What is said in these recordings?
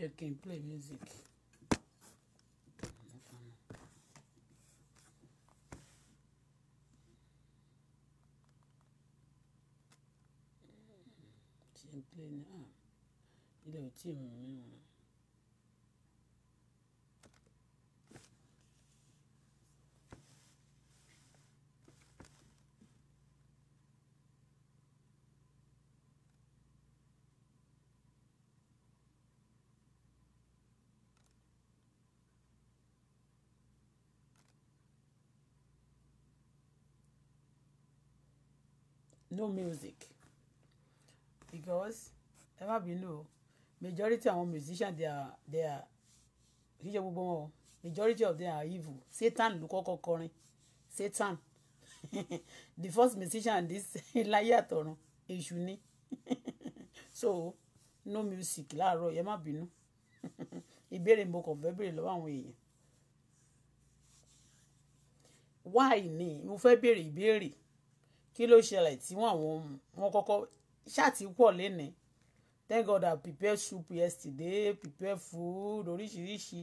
you can play music. ṣe ń play ní à ah, ilé ò tí no music because ẹ má bínú o majority àwọn musicians they are they are kì í gbogbo wọn majority of them are evil satan ló kọ́kọ́ kọrin satan the first musician this láyé àtọ̀run èṣù ni so no music láàárọ̀ ẹ má bínú ìbéèrè mo kàn fẹ́ béèrè lọ́wọ́ àwọn èèyàn why ni mo fẹ́ béèrè ìbéèrè kí ló ṣẹlẹ̀ tí wọ́n àwọn wọn kọ́kọ́ ṣáàtì pọ̀ lénìí thank God I prepare soup yesterday prepare food oríṣiríṣi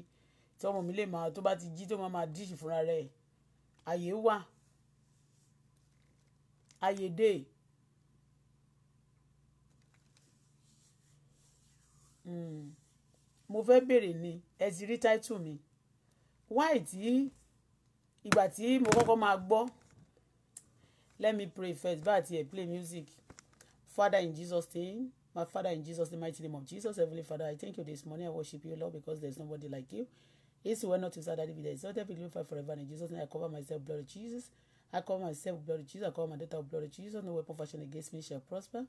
tí ọmọ mi lè máa tó bá ti jí tó máa máa díṣì fúnra rẹ̀ àyè wà àyè dé. Hmm. mo fẹ́ bèrè ni ẹ ti rí táìtù mi wáì tí ìgbà tí mo kọ́kọ́ máa gbọ́. Let me pray first. But here, play music. Father, in Jesus' name, my Father, in Jesus' name, mighty name of Jesus, Heavenly Father, I thank you this morning. I worship you, Lord, because there's nobody like you. It's well not inside say that if there is not every glorified forever. And in Jesus' name, I cover myself, blood of Jesus. I cover myself, blood of Jesus. I cover my daughter, blood of Jesus. No weapon fashioned against me shall prosper.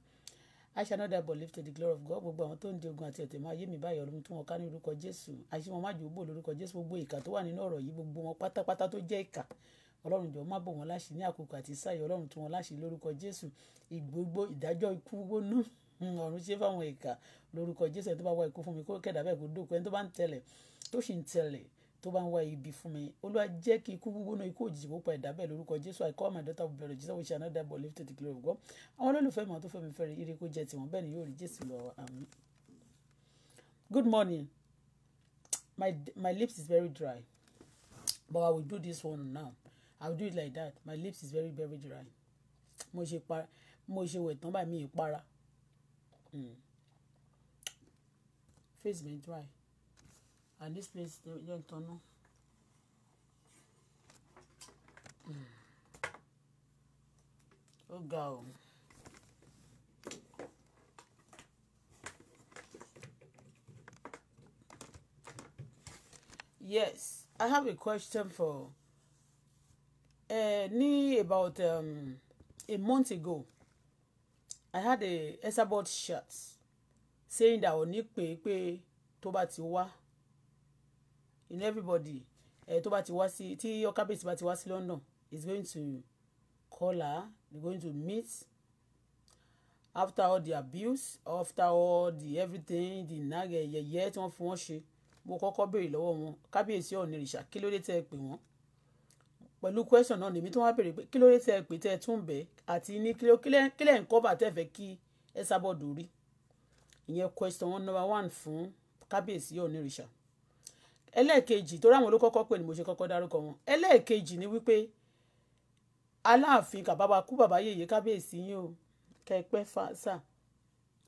I shall not die but live to the glory of God. Gbogbo àwọn tó ń di ogun àti ẹ̀tẹ̀ máa yé mi báyọ̀ lóhun tí wọ́n ká ní orúkọ Jésù. Àṣìwọ̀n má jòwó bò lórúkọ Jésù. Gbogbo ìkà tó wà nínú ọ̀rọ̀ yìí gbogbo wọn pátápátá tó jẹ́ ìkà ọlọ́run jọ̀ọ́ má bò wọ́n láṣì ní àkókò àti sáyé ọlọ́run tú wọn láṣì lórúkọ jésù ìgbógbó ìdájọ́ ikú gbónú hmm, ọ̀run ṣe fáwọn ìkà lórúkọ jésù ẹni tó bá wá ikú fún mi kó kẹ̀dá bẹ́ẹ̀ kó dóko ẹni tó bá ń tẹ̀lẹ̀ tó sì ń tẹ̀lẹ̀ tó bá ń wá ibi fún mi olúwa jẹ́ kí ikú gbígbóná ikú òjijì kó pa ẹ̀dá bẹ́ẹ̀ lórúkọ jésù I good morning my my lips is very dry but I will do this one now I will do it like that my lips is very very dry mo ṣe para mo ṣe wẹ̀ tán báyìí mi para mm. face mi dry and this place yẹn tán náà. Hmm. ó o. Yes, I have a question for uh, ní about um, a month ago I had a Esabod shirt saying that oni pepe pé tó bá ti wá in everybody uh, tó bá ti wá sí tí Ọkábíyèsí bá ti wá sí London is going to call her they going to meet after all the abuse after all the everything the nage yẹyẹ tí wọ́n fi wọ́n ṣe mo kọ́kọ́ béèrè lọ́wọ́ wọn kábíyèsí ọ̀nìrìṣà kí ló dé tẹ́ ẹ pẹ̀lú question náà nìmi tó wá béèrè pé kí ló dé tẹ pé tẹ tún bẹ́ẹ̀ àti ní kí ló kí lẹ́ ń kọ́ bá tẹ̀ fẹ́ kí ẹ sábọ̀ dórí ìyẹn question one number one fún kábíyèsí onírìṣà ẹlẹ́ẹ̀kejì tó ráwọn ló kọ́kọ́ pè ní mo ṣe kọ́kọ́ dárúkọ wọn ẹlẹ́ẹ̀kejì ni wípé aláàfin kàbábà kú bàbá yèyé kábíyèsí yín o kẹpẹ́ fásà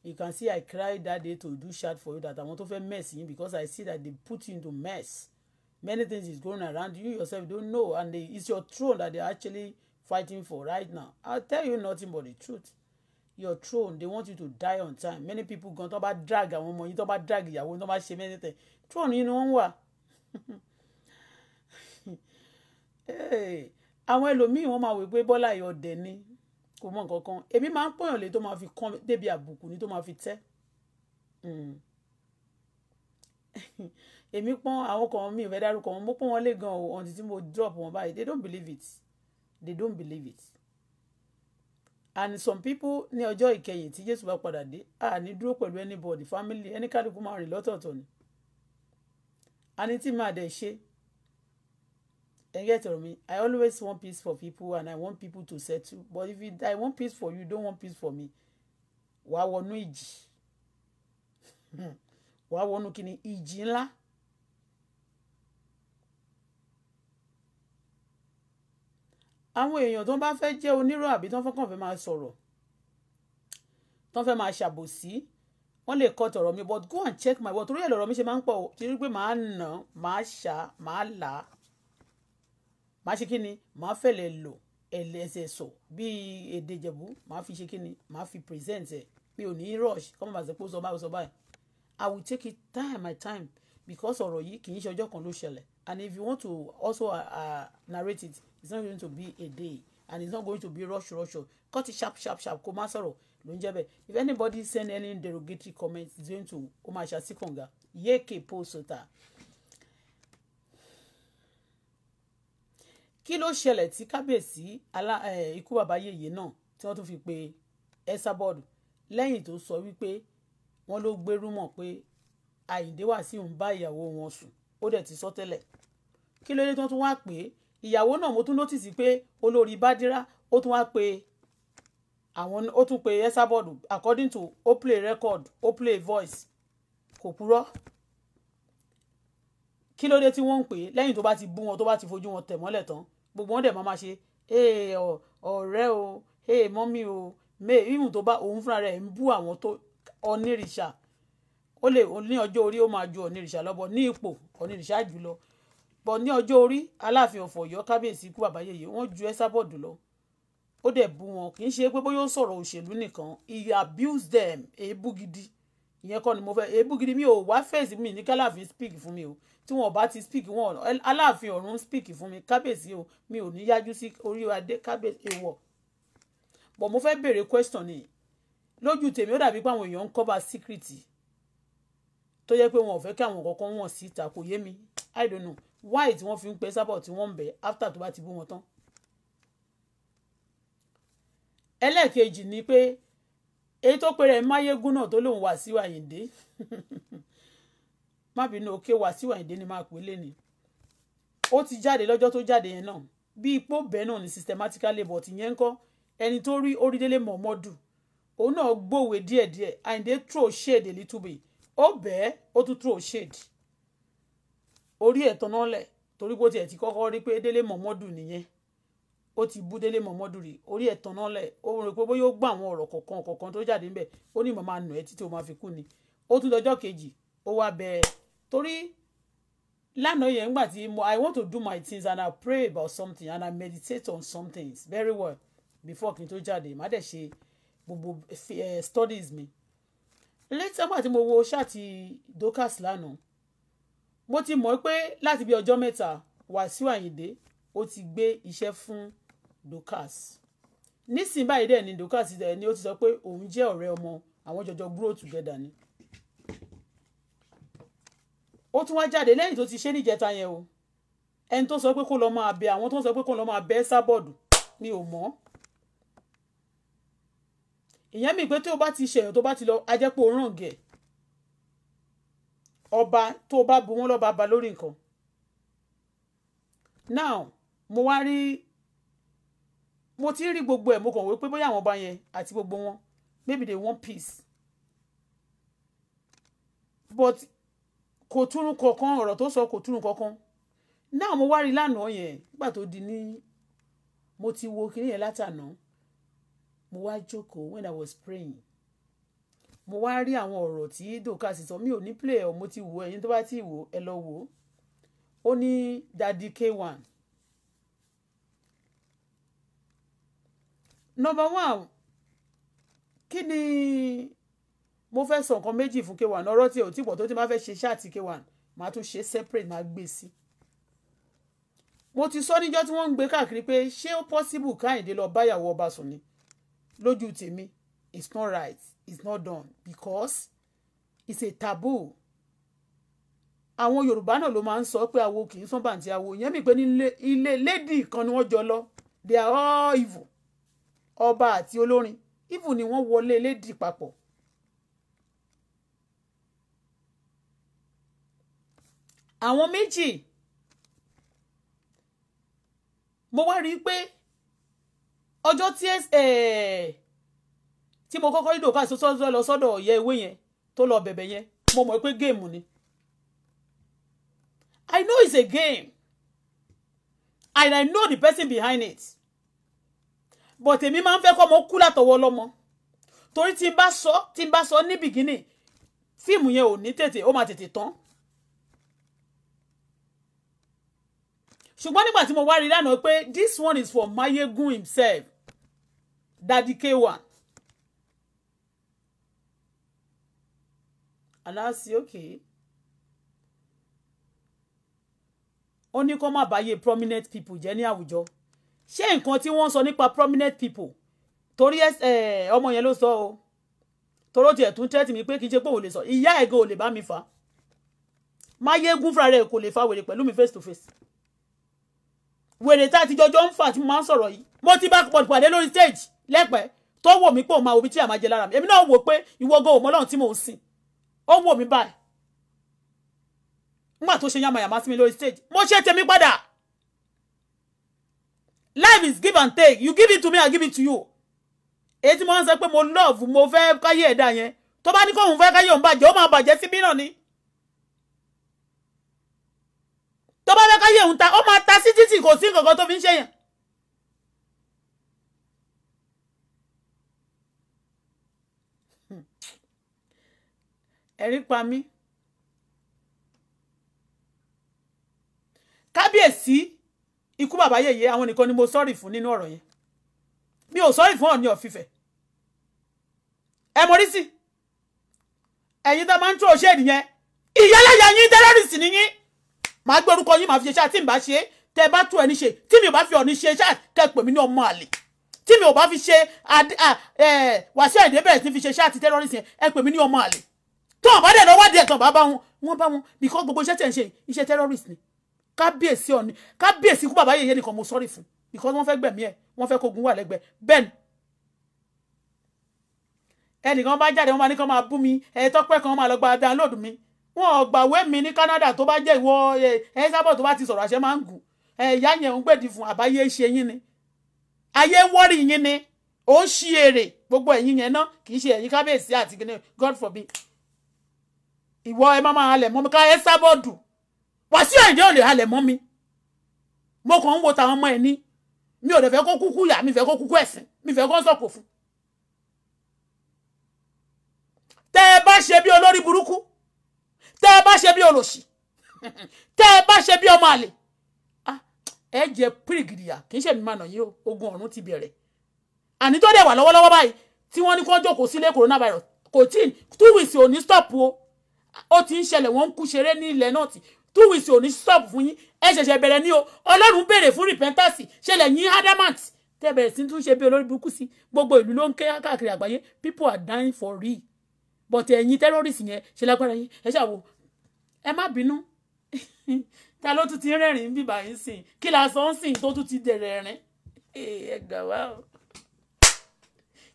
you can see I cried that day to do shout for you that àwọn to fẹ́ mess yín because I see that they put you into mess many things is going around you yourself don't know and they, it's your throne that they're actually fighting for right now i'll tell you nothing but the truth your throne they want you to die on time many people gan talk about drag àwọn ọmọ You talk about drag ìyàwó tó bá about shame anything. throne you know, wọ́n ń wà àwọn ẹlòmíì wọ́n máa wò pé bọ́lá yọ ọ̀dẹ̀ ni kò mọ nǹkan kan èmi máa ń pọ̀yàn lé tó máa fi kán débi àbùkù ni tó máa fi tẹ́. Hmm. èmi pọ́n àwọn kan mi ò fẹ́ dárúkọ wọn mo pọ́n wọn lé gan o ọ̀ǹtí tí mo drop wọn báyìí they don't believe it they don't believe it and some people ní ọjọ́ ìkẹyìn tí Jésù bá padà dé a ní dúró pẹ̀lú anybody family ẹni kálukú máa rìn lọ́tọ̀ọ̀tọ̀ ni a ní tí máa dẹ̀ ṣe and get on me i always want peace for people and i want people to settle but if it, i want peace for you don't want peace for me wàá wọnú ìjì wàá wọnú kíni ìjì ńlá àwọn èèyàn tó bá fẹ́ jẹ́ onírọ̀ àbí tó fọ́kàn fẹ́ máa sọ̀rọ̀ tó fẹ́ máa ṣàbòsí wọ́n lè kọ́ tọ̀rọ̀ mi but go and check my word torí ẹ̀ lọ̀rọ̀ mi ṣe máa ń pọ̀ torí pé màá nà màá ṣá màá là á màá ṣe kíni màá fẹ̀lẹ̀ lò ẹlẹ́sẹ̀ sọ bíi èdè Ìjẹ̀bú màá fi ṣe kíni màá fi present ẹ̀ mi ò ní rush kọ́mọ̀ bàtà pé ó sọ báyìí ó sọ báyìí I will take it time by time because ọ̀rọ̀ yìí kì í ṣe ọjọ́ kan ló ṣẹlẹ̀ and if you want to also uh, uh, narrate it it's not going to be a day and it's not going to be rush rush rush cut it sharp sharp sharp kó má sọ̀rọ̀ ló ń jẹ́ bẹ́ẹ̀ if anybody send any derogatory comment it's going to ó máa ṣàṣì kànga yéèké po sota. kí ló ṣẹlẹ̀ tí kábíyèsí eh, ikú bàbá yèyé náà tí wọ́n tún fi pe Esabod lẹ́yìn tó sọ wípé wọ́n ló gbé rúmọ̀ pé Àyìndé Wàsíù ń bá ìyàwó wọn sùn ó dẹ̀ ti sọ tẹ́lẹ̀ kí ló dé tó tún wá pé ìyàwó náà mo tún nọ́tìsì pé olórí bádírá ó tún wá pé àwọn ó tún pe ẹsàbọọdù according to ó play record ó play voice kò purọ́ kí ló dé tí wọ́n ń pè lẹ́yìn tó bá ti bú wọn tó bá ti fojú wọn tẹ̀ mọ́lẹ̀ tán gbogbo wọn dẹ̀ máa ma ṣe ọ̀rẹ́ o hey mọ́mí o ìmù tó bá òun fúnra rẹ̀ ń bú àwọn onírìṣà ó lè ní ọjọ́ orí ó máa ju onírìṣà lọ́bọ̀ ní ipò onírìṣà jùlọ bọ̀ ní ọjọ́ orí aláàfin ọ̀fọ̀ ọ̀yọ́ kábíyèsí ikú bàbá yèyé wọ́n ju Ẹsábọ̀dù lọ ó dẹ̀ bú wọn kì í ṣe pé bóyá ó sọ̀rọ̀ òṣèlú nìkan he abuse them èébú gidi ìyẹn kọ́ ni mo fẹ́ èébú gidi mi ò wá fèsì mi ní káláàfin speak fún mi o tí wọn bá ti speak wọn aláàfin ọ̀run speak fún mi kábíyèsí o mi ò ní yájú sí orí adé kábíyèsí wọ̀ bọ̀ mo fẹ́ béèrè question ni lójú tèmi ó dàbí pé àwọn èèyàn ń cover secret tó yẹ pé wọn ò fẹ́ kí àwọn kankan wọ̀n síta kò yé mi i don't know why tí wọ́n fi ń pẹ́ sábà tí wọ́n ń bẹ̀ after tó bá ti bú wọn tán. ẹlẹ́ẹ̀kejì ni pé èyí tó pèrè máyégún náà tó lòun wá sí wàyíǹde má bínú òkè wá sí wàyíǹde ni máa pè é lẹ́ni ó ti jáde lọ́jọ́ tó jáde yẹn náà bí ipò bẹ́ẹ̀ náà ni systematically but ìyẹn ń kọ́ ẹni tó rí orílẹ̀-èdè mọ̀ọ́mọ́dù òun náà gbòwe díẹ̀díẹ̀ àyìndé throw shade a little bit ó bẹ́ẹ̀ ó tún throw shade orí ẹ̀ tán náà lẹ̀ torí bó tiẹ̀ ti kọ́kọ́ rí pé délé mọ̀mọ́dù nìyẹn ó ti bú délé mọ̀mọ́dù rí orí ẹ̀ tán náà lẹ̀ ó rò pé bóyá ó gbọ́ àwọn ọ̀rọ̀ kọ̀ọ̀kan kọ̀ọ̀kan tó jáde ńbẹ̀ ó ní màmá nù ẹ́ títí o máa fi kú ni ó tún lọ́jọ́ kejì ó wá bẹ̀ torí lánàá yẹn ńgbà tí i want to do my things and i pray about something and i meditate on some things very well before kí n tó jáde má dẹ̀ ṣe gbogbo eh, studies mi later nígbà tí mo wo ṣáàtì Dorcas lánàá mo ti mọ̀ pé láti bí ọjọ́ mẹ́ta Wàsíù Àyìndé ó ti gbé iṣẹ́ fún Dorcas nísìnyí báyìí dẹ̀ ni Dorcas dẹ̀ eh, ni ó ti sọ pé òun jẹ́ ọ̀rẹ́ ọmọ àwọn jọjọ grow together ni ó tún wá jáde lẹ́yìn tó ti ṣe níjẹta yẹn o ẹni tó sọ pé kó lọ máa bẹ àwọn tó sọ pé kó lọ máa bẹ sábọ̀dù mi ò mọ̀ ìyẹn mi pé tí o bá ti ṣẹ̀yàn tó bá ti lọ ajẹ́pọ̀ òórùn gẹ̀ ọba tó o bá bu wọn lọ́ba ba lórí nǹkan now mo wá rí mo ti rí gbogbo ẹ̀ mo kàn wí pé bóyá àwọn ọba yẹn àti gbogbo wọn maybe they want peace but kò túrú kankan ọ̀rọ̀ tó sọ kò túrú kankan náà mo wá rí lánàá yẹn nígbà tó di ní mo ti wo kinní yẹn látànàá mo wá jókòó when I was praying mo wá rí àwọn ọ̀rọ̀ tí dòkàsì sọ mi ò ní play ọ̀ mo ti wò ẹ̀yin tó bá ti wò ẹ lọ wò ó ní dadi k1 number one kí ni mo fẹ́ sọ nǹkan méjì fún k1 ọ̀rọ̀ tí ò tí pọ̀ tó ti máa fẹ́ ṣe ṣáàtì k1 màá tún ṣe separate màá gbé e sí mo ti sọ níjọ́ tí wọ́n ń gbé káàkiri pé ṣé ó possible káyìndé lọ báyàwó ọba sùn ni lójú tèmi it's not right it's not done because it's a taboo àwọn yorùbá náà ló máa ń sọ pé awo kì í sán bàǹtí awo ìyẹn mi pé ní ilé lady kan ni wọ́n jọ lọ they are all evil ọba àti olórin evil ni wọ́n wọlé lady papọ̀ àwọn méjì mo wá rí i pé ọjọ́ tí eh, tí mo kọ́kọ́ rí dòkà sọ́sọ́ lọ sọ́dọ̀ ọ̀yẹ́ ewé yẹn tó lọ bẹ̀bẹ̀ yẹn mo mọ̀ pé géèmù ni I know it's a game and I know the person behind it but èmi máa ń fẹ́ kọ́ ọmọ kú látọwọ́ lọ́mọ torí tí n bá sọ tí n bá sọ ní bìgínì fíìmù yẹn ò ní tètè ó máa tètè tán ṣùgbọ́n nígbà tí mo wá rí lánàá pé this one is for Mayegun himself Daddy K1. And I say, okay. Only come kó má prominent people jẹ́ ní àwùjọ ṣé nǹkan tí wọ́n sọ prominent people torí ọmọ yẹn ló sọ o toró tiẹ̀ tún tẹ́tì mi pé kì í ṣe pé òun lè sọ ìyá ẹ̀ gan ò lè bá mi fà á máyégún fúnra rẹ̀ face to face wèrè tá a ti jọjọ́ ń fà tí mo máa ń stage lẹ́pẹ́ tó wò mí pé òun máa wo bí tí àmà jẹ lára mi èmi náà wò pé ìwọ gan òun ọlọ́run tí mò ń sìn ó wò mí báyìí nígbà tó ṣe yàmàyàmá sí mi lórí stage mo ṣe tèmi padà life is give and take you give it to me i give it to you èyí tí mo ń sọ pé mo love mo fẹ́ káyé ẹ̀dá yẹn tó bá ní kóun fẹ́ káyé òun bàjẹ́ ó máa bàjẹ́ síbí náà ni tó bá fẹ́ káyé òun ta ó máa ta sí títì kò sí nǹkan kan tó fi ń ṣèyàn ẹ̀rí pa mí. kábíyèsí ikú bàbá yèyé àwọn nìkan ni mo sọ́ọ̀rì fún nínú ọ̀rọ̀ yẹn mi ò sọ́ọ̀rì fún ọ̀ní ọ̀fìfẹ́ ẹ mọ̀ sí ẹ̀yin tó máa ń tú òṣèlú yẹn ìyálẹ́yà yín tẹ́lẹ̀rìsì ni yín màá gbé orúkọ yín màá fi ṣe ṣáà tí n bá ṣe é tẹ́ bá tú ẹni ṣe tí mi ò bá fi ọ̀ní ṣe ṣáà kẹ́ pè mí ní ọmọ àlè tí mi ò bá fi ṣe wàṣẹ́ ìdẹ́bẹ̀rẹ̀ tí fi ṣe ṣáà ti tẹ́lẹ̀rìsì yẹn ẹ pè mí ní ọmọ àlè tó ọ̀bá dẹ̀ lọ́wọ́ díẹ̀ tó ọ̀bá bá wọn wọn bá wọn because gbogbo iṣẹ́ tẹ̀ ń ṣe iṣẹ́ terrorist ni kábíyèsí ọ̀ni kábíyèsí ikú bàbá yèyé nìkan mo sọ́rí fún because wọ́n fẹ́ gbẹ̀mí ẹ̀ wọ́n fẹ́ kógun wà lẹ́gbẹ̀ẹ́ bẹ́ẹ̀ ni ẹnìkan bá jáde wọn máa ní kí wọn máa bú mi ẹ̀ẹ́dọ́pẹ́ kan wọn máa lọ gba download mi wọn ò gbàwé mi ní Canada tó bá jẹ́ ìwọ ẹ̀ sábọ̀ tó bá ti sọ̀rọ̀ àṣẹ máa ń gùn ẹ̀yà yẹn ń gbèdì fún àbáyé ṣe yín ni ayé wọ́rì yín ni ó ń ṣí èrè gbogbo ẹ̀yin yẹn náà kì í ṣe ẹ̀yin kábíyèsí àti God forbid ìwọ ẹ má máa halẹ̀ mọ́ mi ká ẹ sábọ́ọ̀dù Wàsíù Àyìndé ò lè halẹ̀ mọ́ mi mo kàn ń wo tàwọn ọmọ ẹ ní mi ò dẹ̀ fẹ́ kó kúkú yà mi fẹ́ kó kúkú ẹ̀sìn mi fẹ́ kó sọ̀kò fún. tẹ́ ẹ bá ṣe bí olórí burúkú tẹ́ ẹ bá ṣe bí olòṣì tẹ́ ẹ bá ṣe bí ọmọ àlè ah, ẹ jẹ pírìgìdìyà kì í ṣe mi máa nà yín o ogun ọ̀run ti bẹ̀rẹ̀ àní tó dẹ̀ wà lọ́wọ́lọ́wọ́ báyìí tí wọ́n ní kó jókòó sílé coronavirus kò tí two weeks ò ní stop o ó ti ń ṣẹlẹ̀ wọ́n ń kú ṣeré ní ilẹ̀ náà tí two weeks ò ní stop fún yín ẹ ṣẹ̀ṣẹ̀ bẹ̀rẹ̀ ní o ọlọ́run béèrè fún repentance ṣẹlẹ̀ yín adamant tẹ́ bẹ̀rẹ̀ sí tún ṣe bí olórí burúkú sí gbogbo ìlú ló ń ké káàkiri àgbáyé people are dying for real but ẹ̀yin terrorist yẹn ṣe lágbára yín ẹ ṣàwò ẹ má bínú ta ló tún ti rẹ́rìn bíbá yín sìn kí la sọ ń sìn tó tún ti dẹ̀rẹ̀ rìn ẹ gbà wá o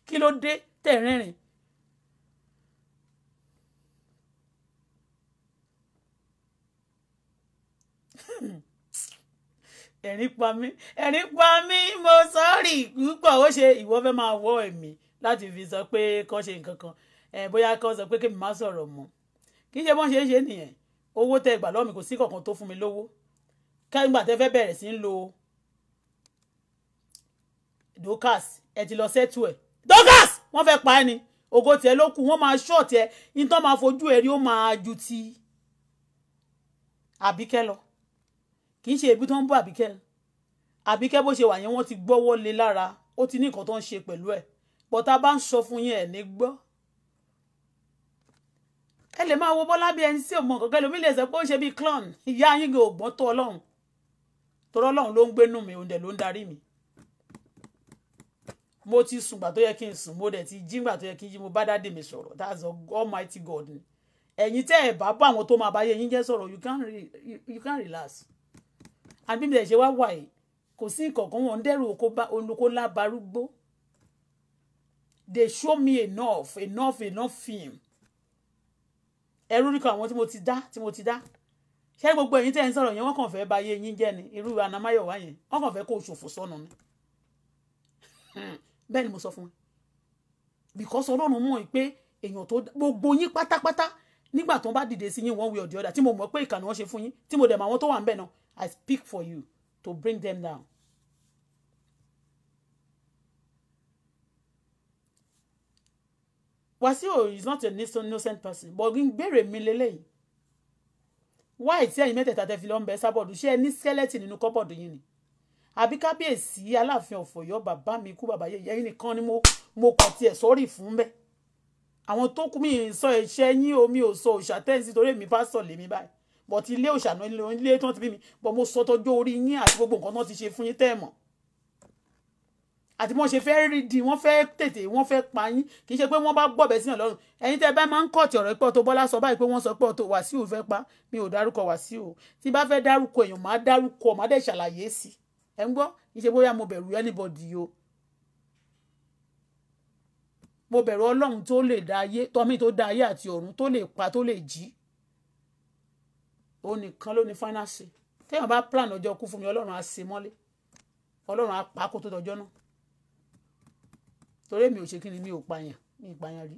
kí ló dé tẹ̀ rẹ́rìn ẹ̀rín pa mí ẹ̀rín pa mí mo sọ́ọ̀rì púpọ̀ ó ṣe ìwọ fẹ́ máa wọ ẹ̀mí láti fi sọ pé kán ṣe nǹkan kan ẹ̀ bóyá kán sọ pé kémi má sọ̀rọ̀ mọ́ kì í ṣe bọ́n ṣe é ṣe nìyẹn owó tẹ gbà lọ́mì kò sí kankan tó fún mi lówó kẹ́gbà tẹ fẹ́ bẹ̀rẹ̀ sí ń lo dokas ẹ ti lọ sẹ́tù ẹ̀ dokas wọ́n fẹ́ pa ẹ́ ni ògo tiẹ̀ ló kù wọ́n máa ṣọ́ọ̀tì ẹ̀ nítorí máa fojú ẹ̀rí ó máa ju ti àbíkẹ́ lọ kì í ṣe ibi tó ń bọ́ àbíkẹ́ àbíkẹ́ bó ṣe wà yẹn wọ́n ti gbọ́wọ́ lé lára ó ti ní nǹkan tó ń ṣe pẹ̀lú ẹ̀ bọ́tà bá ń sọ fún yín ẹ̀ ní gbọ́ ẹ lè máa wo bọ́lá bí ẹni tí ò mọ nǹkan kẹ́ lómi lè sọ pé ó ṣe bíi clown ìyá yín kò gbọ́n tó ọlọ́run torọ́ ọlọ́run ló ń gbénú mi òun dẹ̀ ló ń darí mi mo ti sùn gbà tó yẹ kí n sùn mo dẹ̀ ti jí gbà tó yẹ kí n jí mo bá dáàdì mi sọ̀rọ̀ that's almighty god ni ẹ̀yin tẹ́ ẹ̀ bá bá àwọn tó máa bá yẹ yín jẹ́ sọ̀rọ̀ you can relax àbí mi ẹ̀ ṣe wá wà yìí kò sí ìkọ̀ọ̀kan wọn dẹ́rù olùkó lábarúgbó they show me enough enough enough film ẹrú nìkan àwọn tí mo ti dá tí mo ti dá ṣé gbogbo ẹ̀yin tẹ́ ń sọ̀rọ̀ yẹn wọ́n kàn fẹ́ ba ayé yín jẹ́ ni irú anamáyọ̀wá yẹn wọ́n kàn fẹ́ kó o ṣòfò sọnù ni bẹ́ẹ̀ ni mo sọ fún wọn because ọlọ́run mọ̀ pé èèyàn tó gbogbo yín pátápátá nígbà tó ń bá dìde sí yín one way or the other tí mo mọ̀ pé ìkànnì wọn ṣe fún yín tí mo dẹ̀ mọ̀ àwọn tó wà ń bẹ̀ náà I speak for you to bring them down. Wasio is not an innocent person but gbèrè mi lélẹ́yìn why tí ẹ̀yin mẹ́tẹ̀ẹ̀ta tẹ́ at the film bẹ about ṣé Share any skeleton in the nínú kọ́bọ̀dù yín ni àbí kábíyèsí aláàfin ọ̀fọ̀yọ́ Baba mi ikú bàbá yẹyẹ yín nìkan ni mo kàn tiẹ̀ sọ́rí fún bẹ́ẹ̀ àwọn to kú mi so ẹ̀ṣẹ̀ yín o mi ò sọ òṣà tẹ́ǹsì torí èmi bá sọ lèmi báyìí bọ̀tí ilé òṣàánú ilé tí wọ́n ti bí mi bọ̀ mo sọ tọjọ́ orí yín àti gbogbo nǹkan tí wọ́n ti ṣe fún yín tẹ́ mọ̀ àti bí wọ́n ṣe fẹ́ rí di wọ́n fẹ́ tètè wọ́n fẹ́ pa yín kì í ṣe pé wọ́n bá gbọ̀bẹ̀ síyàn lọ́rùn ẹ̀yin tẹ́ bá máa ń kọ̀tì ọ̀rọ̀ pé Auto Bola sọ báyìí pé wọ́n sọ pé Auto Wasiu fẹ́ pa mi ò dárúkọ Wasiu tí bá fẹ́ dárúkọ èèyàn máa dárúkọ máa dẹ̀ ṣàlàyé sí ẹ̀ ń gbọ́ kì í ṣe bóyá mo bẹ̀rù anybody o mo bẹ̀rù ọlọ́run tó lè dá ayé tọ́mí tó dá ayé àti ọ̀run tó lè pa tó lè jí òun nìkan ló ní final se téèyàn bá plan ọjọ́ kú fún mi ọlọ́run á ṣe mọ́lé ọlọ́run á pa kó tó dọjọ́ náà torí mi ò ṣe kí ni mi ò pààyàn mi ò pààyàn rí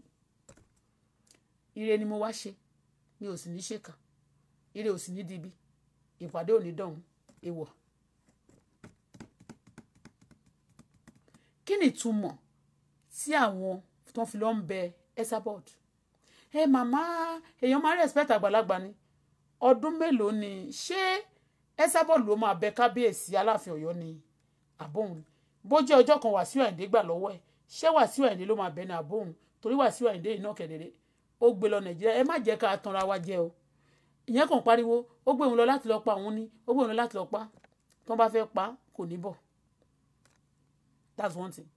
ire ni mo wá ṣe mi ò sì ní ṣèkà ire ò sì ní dibi ìpàdé ò ní dọ̀hún èèwọ̀. kí ni ìtumọ̀ tí àwọn tó fi lọ́ ń bẹ Esabod ẹ màmá èèyàn máa rí ẹ̀sìpẹ́tà àgbàlagbà ni ọdún mélòó ni ṣé ẹsábọ́ọ̀lù ló máa bẹ kábíyèsí aláàfin ọ̀yọ́ ni àbóhùn bó jẹ́ ọjọ́ kan wàsíù àyìndé gbà lọ́wọ́ ẹ̀ ṣé wàsíù àyìndé ló máa bẹ ní àbóhùn torí wàsíù àyìndé iná kẹ̀dẹ̀rẹ́ ó gbé lọ nàìjíríà ẹ má jẹ́ ká tanra wa jẹ o ìyẹn kàn pariwo ó gbé òun lọ láti lọ pa òun ni ó gbé òun lọ láti lọ pa tó bá fẹ́ pa kò ní bọ̀ that's one thing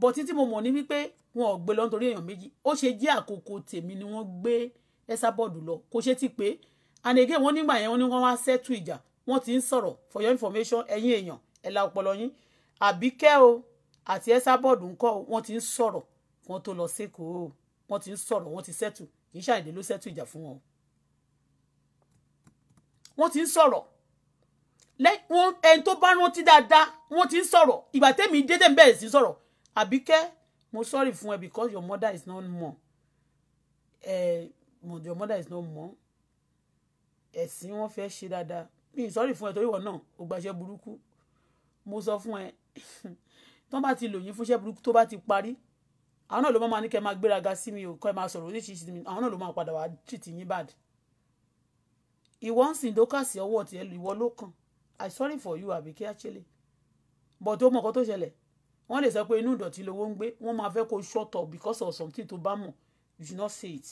bọ̀tí tí mo mọ̀ ní wípé wọn ò gbé lọ nítorí èèyàn méjì ó ṣe jẹ́ àkókò tèmi ni wọ́n gbé ẹ́sà bọ́ọ̀dù lọ kò ṣe ti pé and again wọ́n nígbà yẹn wọ́n ní wọ́n wá settle ìjà wọ́n ti ń sọ̀rọ̀ for your information ẹ̀yin èèyàn ẹ la ọpọlọ yín àbíkẹ́ o àti ẹ́sàbọ̀dù ńkọ́ o wọ́n ti ń sọ̀rọ̀ wọ́n tó lọ sékòó o wọ́n ti ń sọ̀rọ̀ wọ́n ti settle kì í ṣàìdè ló settle ìjà fún wọn o wọ́n ti ń sọ̀rọ̀ lẹ́wọ́n ẹni tó bá rántí dáadáa wọ́n ti ń sọ̀rọ̀ ìgbà tẹ́mi dédé ń bẹ̀rẹ̀ sí sọ̀rọ̀ àbíkẹ́ mo sorry fún ẹ because your mother is not more eh, your mother is not more ẹ̀sìn wọn fẹ́ ṣe dáadáa mi sọ́rí fún ẹ torí ìwọ náà ò gbàṣẹ burúkú mo sọ fún ẹ tó bá ti lò yín fúnṣẹ́ burúkú tó bá ti parí àwọn náà ló máa ní kẹ́ máa gbéraga sí mi ò kọ́ ẹ máa sọ̀rọ̀ oríṣiríṣi mi àwọn náà ló máa padà wá tìtì yín bad ìwọ ń sìn dókàsì ọwọ́ tiẹ̀ ìwọ ló kàn i sorry for you Àbíkẹ́ Achele but ó mọ̀ nǹkan tó ṣẹlẹ̀ wọ́n lè sọ pé inú ìdọ̀tí lowó ń gbé wọ́n máa fẹ́ kó shut up because of something tó bá mọ̀ you should not say it.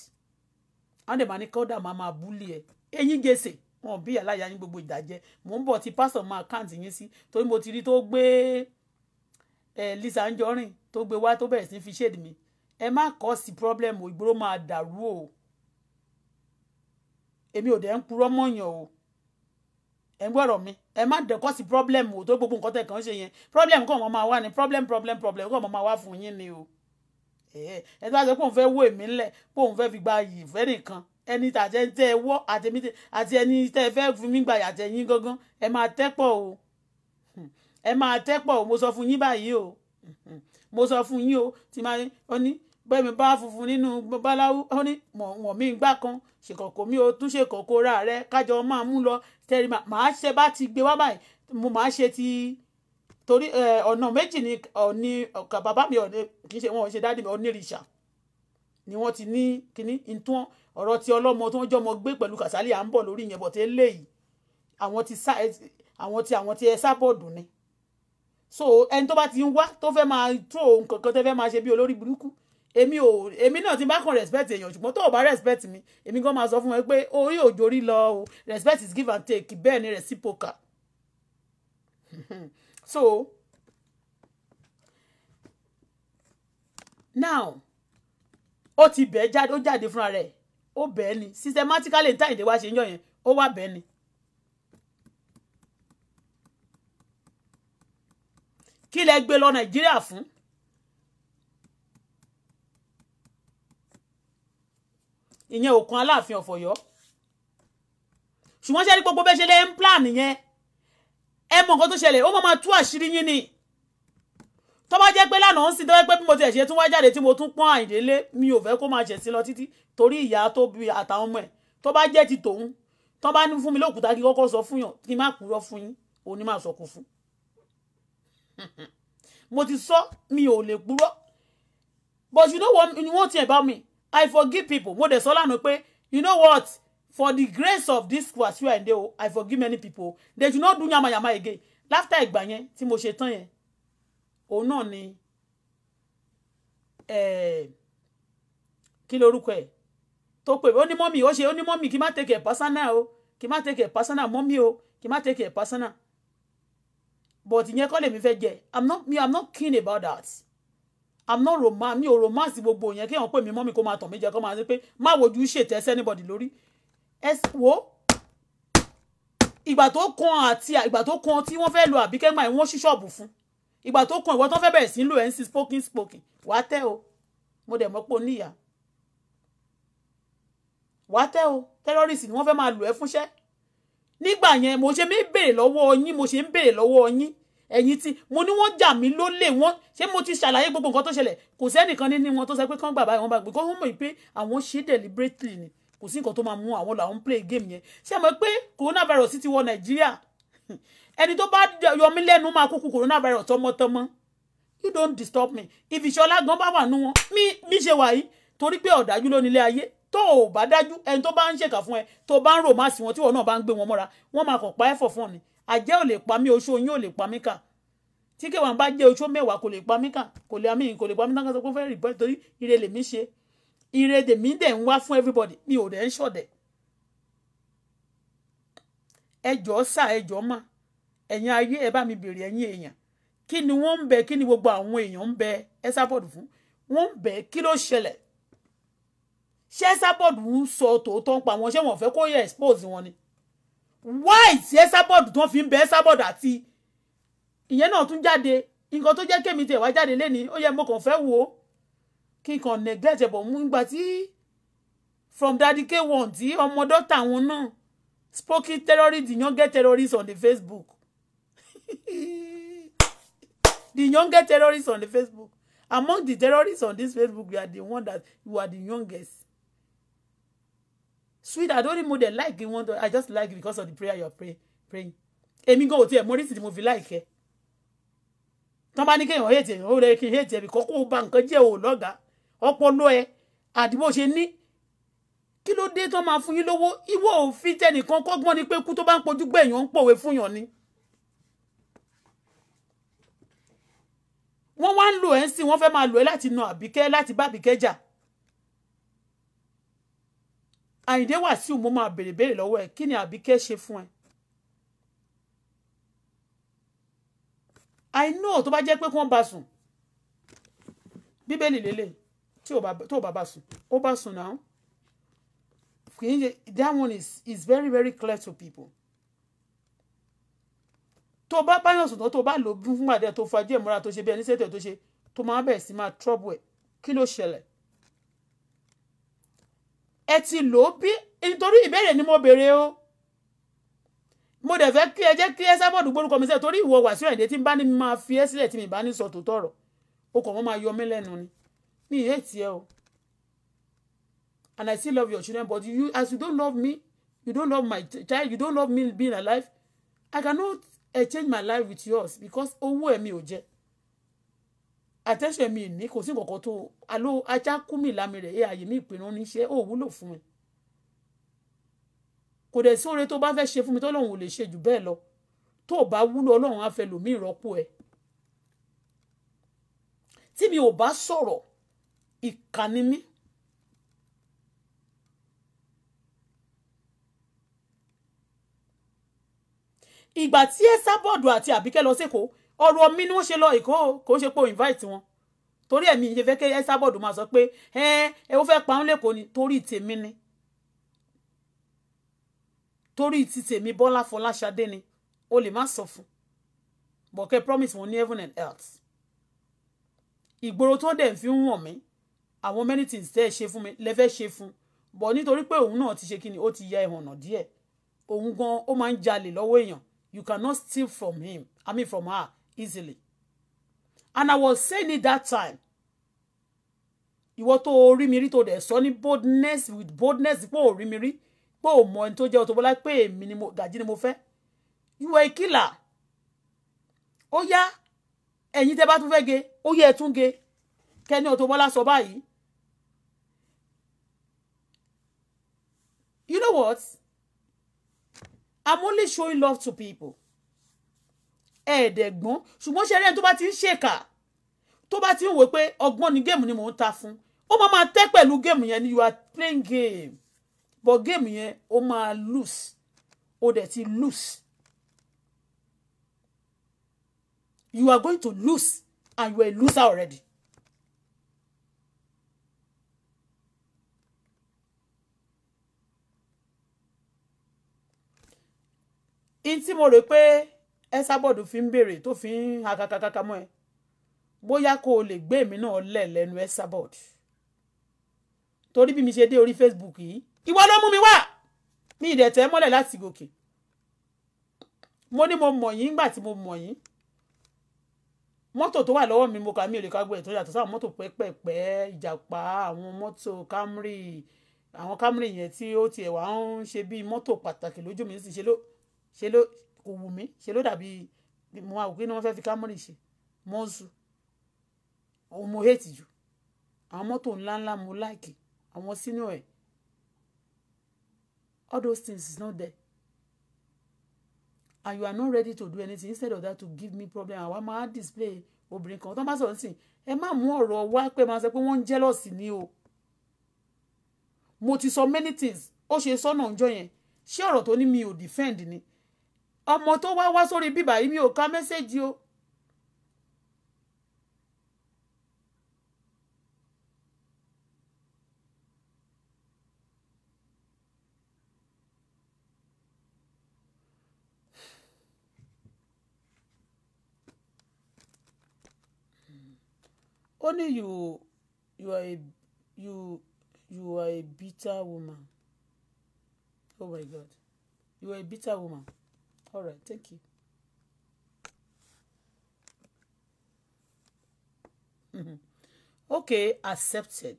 àwọn dẹ̀ máa ní kọ́dà máa máa búlì ẹ̀ eyín gèsè wọn bí aláya ní gbogbo ìdájẹ mò ń bọ̀ tí pásítọ̀ máa káǹtì yín sí torí mo ti rí tó gbé ẹ Lisa Anjorin tó gbé wá tó bẹ̀rẹ̀ sí fi ṣèdí mi ẹ má kọ́ sí problem o ìgboro máa dàrú o èmi ò dẹ̀ ń purọ́ mọ́yàn o ẹ ń gbọ́dọ̀ mi ẹ má dẹ̀ kọ́ sí problem o tó gbogbo nǹkan tẹ̀ kàn ṣe yẹn problem kàn wọ́n máa wá ni problem problem problem kàn wọ́n máa wá fún yín ni o ẹ ẹ tí wọ́n á sọ pé òun fẹ́ wó èmi ńlẹ̀ pé òun fẹ́ fi gba yìí nìkan ẹni tàjẹ́ tẹ́ ẹ wọ́ àti ẹni tẹ́ ẹ fẹ́ fún mi gbà yàtẹ̀ yín gangan ẹ máa tẹ́pọ̀ o ẹ máa tẹ́pọ̀ o mo sọ fún yín báyìí o mo sọ fún yín o tí máa ọ ní bẹ́ẹ̀ mi bá funfun nínú babaláwo ọ ní wọ̀n mi gbà kan ṣèkọ̀kọ̀ mi ò tún ṣèkọ̀kọ̀ ra rẹ kájọ máa mú lọ tẹ́rì máa ṣe bá ti gbé wá báyìí mo máa ṣe ti torí ọ̀nà méjì ni ọ̀ni bàbá mi ọ̀ni kì í ṣe wọn ò ṣe dáàdì mi ọ̀ni rìṣà ni wọ́n ti ní kíní ìtún ọ̀rọ̀ ti ọlọ́mọ tó ń jọmọ gbé pẹ̀lú kàsálì à ń bọ̀ lórí ìyẹn bọ̀ tẹ́ léyìí àwọn àwọn ti àwọn ti ẹ sábọ̀dù ni so ẹni tó bá ti ń wá tó fẹ́ máa tó nǹkan tó fẹ́ máa ṣe bí olórí burúkú èmi ò èmi náà ti bá kàn respect èèyàn ṣùgbọ́n tó o bá respect mi èmi gan máa sọ fún ẹ pé orí òjò rí lọ o respect is give and take bẹ́ẹ̀ ni reciprocal so now ó ti bẹ̀ẹ́ jáde ó jáde fúnra rẹ̀ ó bẹ́ẹ̀ ni systematically táyìn tí wàá ṣe ń yọ yẹn ó wà bẹ́ẹ̀ ni. kí lẹ gbé lọ nàìjíríà fún. ìyẹn òkun aláàfin ọ̀fọ̀yọ́ ṣùgbọ́n ṣe ní gbogbo bẹ́ẹ̀ ṣe lé ń plan yẹn ẹ mọ nǹkan tó ṣẹlẹ̀ ó mọ̀ máa tú àṣírí yín ni tó bá jẹ́ pé lánàá ń sin tó jẹ́ pé bí mo tiẹ̀ ṣe tún wá jáde tí mo tún pọ́n àìdélé mi ò fẹ́ kó máa ṣẹ̀ sí lọ títí torí ìyá tó bí àtàwọn ọmọ ẹ̀ tó bá jẹ́ ti tòun tó bá ní fún mi lóòkúta kí kọ́kọ́ sọ fún yàn kí n má kúrọ́ fún yín òun ni má sọ kó fún. mo ti sọ mi ò lè kúrọ́ but you know what ni wọ́n tiẹ̀ bá mi i forgive people mo dẹ̀ sọ lánàá pé you know what for the grace of this kwasiwa ende o i forgive many people they do not do yamayama again láfta ìgbà yẹn tí mo ṣe tán yẹn òun náà ni kí lorúkọ ẹ̀ tó pè ó ní mọ́mì ó ṣe ó ní mọ́mì kí má take it personal o kí má take it personal mọ́mì o kí má take it personal but ìyẹn kọ́ lèmi fẹ́ jẹ i'm not me i'm not keen about that i'm not romance mi ò romance gbogbo yẹn kéèyàn pè mí mọ́mì kó máa tàn mí jẹ kó máa ṣe pé má wojú ṣètẹ́ ẹsẹ́ anybody lórí ẹ wo ìgbà tó kan àti ìgbà tó kan tí wọ́n fẹ́ lo àbíkẹ́ máa ń wọ́n ṣí ṣọ́ọ̀bù fún ìgbà tó kàn ìwọ tó fẹ́ bẹ̀rẹ̀ sí ń lò ẹ̀ ń sin spoken spoken wà á tẹ́ o mo dẹ̀ mọ́ pé o níyà wà á tẹ́ o terrorist ni wọ́n fẹ́ máa lò ẹ́ fúnṣẹ́ nígbà yẹn mo ṣe mí béèrè lọ́wọ́ yín mo ṣe ń béèrè lọ́wọ́ yín ẹ̀yin tí mo ní wọ́n jà mí lólè wọ́n ṣé mo ti ṣàlàyé gbogbo nǹkan tó ṣẹlẹ̀ kò sẹ́nìkan nínú wọn tó sọ pé kán bàbá ìwọ̀n bá gbé kó wọ́n mọ̀ pé àwọn ṣe deliberately ni kò sí nǹkan tó máa mú àwọn làwọn play game yẹn ṣé mo pé coronavirus ti wọ nàìjíríà ẹni tó bá yọmí lẹ́nu máa kúkú coronavirus tọmọtọmọ you don't disturb me if ìṣọlá gan bá wà nú wọn mi mi ṣe wà yìí torí pé ọ̀dájú ló nílé ayé tó o bá dájú ẹni tó bá ń ṣèkà fún ẹ tó bá ń rò má sí wọn tí wọn náà bá ń gbé wọn mọ́ra wọn máa kàn pa ẹ̀fọ̀ fún ọ ni àjẹ́ ò lè pa mí oṣó yín ò lè pa mí kà tí kéwàá bá jẹ́ oṣó mẹ́wàá kò lè pa mí kà kò lè amí kò lè pa mí náà kó fẹ́ rìpọ́ torí ire lèmi ṣe ire lèmi dẹ̀ ń wá fún everybody mi ò dẹ̀ ń ṣọ̀dẹ̀ ẹjọ́ sà ẹjọ́ máa ẹ̀yin ayé ẹ bá mi bèrè ẹ̀yin èèyàn kí ni wọ́n ń bẹ kí ni gbogbo àwọn èèyàn ń bẹ Esabod fún wọ́n ń bẹ kí ló ṣẹlẹ̀ ṣé Esabod ń sọ tòótọ́ ń pa wọn ṣé wọ́n fẹ́ kó yẹ expose wọn ni why tí Esabod tó fi ń bẹ Esabod àti ìyẹn náà tún jáde nǹkan tó jẹ́ kémi tẹ̀ wá jáde lẹ́ni ó yẹ mo kàn fẹ́ wò ó kí n kàn neglect ẹ̀bọ̀ mú ìgbà tí from daddy k1 tí ọmọ dọ́tà wọn náà spoken terrorist yan get terrorist on the Facebook the youngest terrorists on the Facebook among the terrorists on this Facebook you are the one that you are the youngest sweet I don't even know the like you want I just like it because of the prayer you're pray, praying èmi gan ò tiẹ̀ mọ oríṣi tí mo fi láìkẹ́ tán bá ní kéèyàn hate èèyàn ó rẹ kí n hate ẹ̀mí kọ́kọ́ ó ba nǹkan jẹ́ ò lọ́gàá ọpọlọ ẹ àdìbò ṣe ní kí ló dé tán máa fún yín lówó ìwọ òfin tẹnìkan kọ́gbọ́n ni pé kú tó bá ń pojú gbẹ̀yàn ń pòwe fún wọ́n wá ń lò ẹ́ sí wọ́n fẹ́ máa lò ẹ́ láti na àbíkẹ́ láti bá àbíkẹ́ jà àyìndé wàsíù mo máa béèrè béèrè lọ́wọ́ ẹ̀ kí ni àbíkẹ́ ṣe fún ẹ. I know tó bá jẹ́ pé kí wọ́n bá sùn bíbélì lélẹ̀ tí ò bá bá sùn ó bá sùn náà that one is is very very clear to people tó bá báyọ̀ sọ̀tọ̀ tó bá lò gún fúngbà tó fajú ẹ̀ múra tó ṣe bí ẹni sẹ́tẹ̀ tó ṣe tó máa bẹ̀rẹ̀ sí máa trọ́bù ẹ̀ kí ló ṣẹlẹ̀ ẹ ti lò ó bí nítorí ìbéèrè ni mo béèrè o mo dẹ̀ fẹ́ kí ẹ jẹ́ kí ẹ sábọ̀dù gbórúkọ mi sẹ́ẹ̀ torí ìwọ Wàsíù Àyìndé tí n bá ní máa fi ẹ́ sílẹ̀ tí mi bá ní sọ tòótọ́ ọ̀rọ̀ o kàn wọ́n máa yọ mí lẹ́nu ni mi ì hẹ́ẹ̀tì ẹ o and I still love your children but you as you don't love me you don't love my child you don't love me being alive I cannot exchange my life with yours because owó ẹ̀mí ò jẹ́ àtẹ́sẹ̀ mi ní kò sí nǹkan tó alo ajá kú mi lámì rẹ̀ ẹ àyè mi ìpinnu níṣẹ́ ò wúlò fún mi kò dẹ̀ sí oore tó bá fẹ́ ṣe fún mi tọ́lọ́run ò lè ṣe jù bẹ́ẹ̀ lọ tó o bá wúlò ọlọ́run á fẹ́ lòmí ìrọ́pò ẹ̀ tí mi ò bá sọ̀rọ̀ ìkànnì mi ìgbà tí ẹ sábọ̀dù àti àbíkẹ́ lọ sékòó ọ̀rọ̀ mi ni wọ́n ṣe lọ èkó kò ṣe pé o invite wọn torí ẹ̀mí ṣe fẹ́ kí ẹ sábọ̀dù máa sọ pé ẹ ẹ ó fẹ́ pa ń lẹ́kọ̀ọ́ ni torí tèmi ni torí ti tèmi bọ́lá fọláṣadé ni o lè má sọ fún bọ̀kẹ́ promise wọn ní heaven and earth ìgboro tó dẹ̀ fi ń wọ̀n mí àwọn many things tẹ́ ẹ ṣe fún mi lẹ́fẹ́ ṣe fún bọ̀ nítorí pé òun náà ti ṣe kí ni ó ti ya ẹ̀hànà díẹ̀ òun gan ó máa ń jalè lọ́wọ́ èèyàn you cannot steal from him i mean from her easily and i was saying it that time ìwọ tó orí mi rí tó dẹ̀ sọ ní boldness with boldness pé orí mi rí pé mọ ẹni tó jẹ́ Auto Bola pé èmi ni mo Gàjí ni mo fẹ́ you were a killer ó yá ẹ̀yin tẹ́ bá tún fẹ́ ge ó yẹ ẹ tún ge kẹ́ni Auto Bola sọ báyìí you know what i'm only showing love to people ẹ̀ẹ́dẹ̀gbọ́n ṣùgbọ́n ṣe eré tó bá ti ń ṣèkà tó bá ti ń wò pé ọgbọ́n ni géèmù ni mò ń ta fún ó máa máa tẹ́ pẹ̀lú géèmù yẹn ni you are playing game but géèmù yẹn ó máa lose ó dẹ̀ ti lose you are going to lose and you are a loser already. in tí mo rò pé ẹsábọ̀dù fi ń béèrè tó fi ń hakakakaka mọ́ ẹ bóyá kó o lè gbé èmi náà lẹ̀ lẹ́nu ẹsábọ̀dù torí bí mi ṣe dé orí Facebook yìí ìwọ ló mú mi wá mi ìdẹ̀tẹ̀ mọ́lẹ̀ láti gòkè mo ní mo mọ̀ yín nígbà tí mo mọ̀ yín mọ́tò tó wà lọ́wọ́ mi mo kà mí ò lè ká yàtọ̀ sáwọn mọ́tò pẹ́pẹ́pẹ́ ìjàpá àwọn mọ́tò Camry àwọn Camry yẹn tí ó tiẹ̀ wá ń ṣe bíi mọ́tò pàtàkì lójú mi sì ṣe ló ṣe ló kò wù mí ṣe ló dàbí mo máa wò kí ni wọ́n fẹ́ fi Camry ṣe mọ́ọ̀sù òun mo hate jù àwọn mọ́tò ńláńlá mo like àwọn sínú ẹ̀ all those things is not there and you are not ready to do anything instead of that to give me problem àwa máa display obìnrin kan tó bá sọ̀rọ̀ sí ẹ má mú ọ̀rọ̀ wá pé máa sọ pé wọ́n ń jẹ́lọ́sì ni o mo ti sọ many things ó ṣe sọ́nà ọjọ́ yẹn ṣé ọ̀rọ̀ tó ní mi ò defend ni ọmọ tó wá wá sórí bíbà yìí mi ò ka mẹ́sẹ̀gì o. only you you are a you you are a bitter woman oh my god you are a bitter woman. All right, thank mm-hmm. you. Okay, accepted.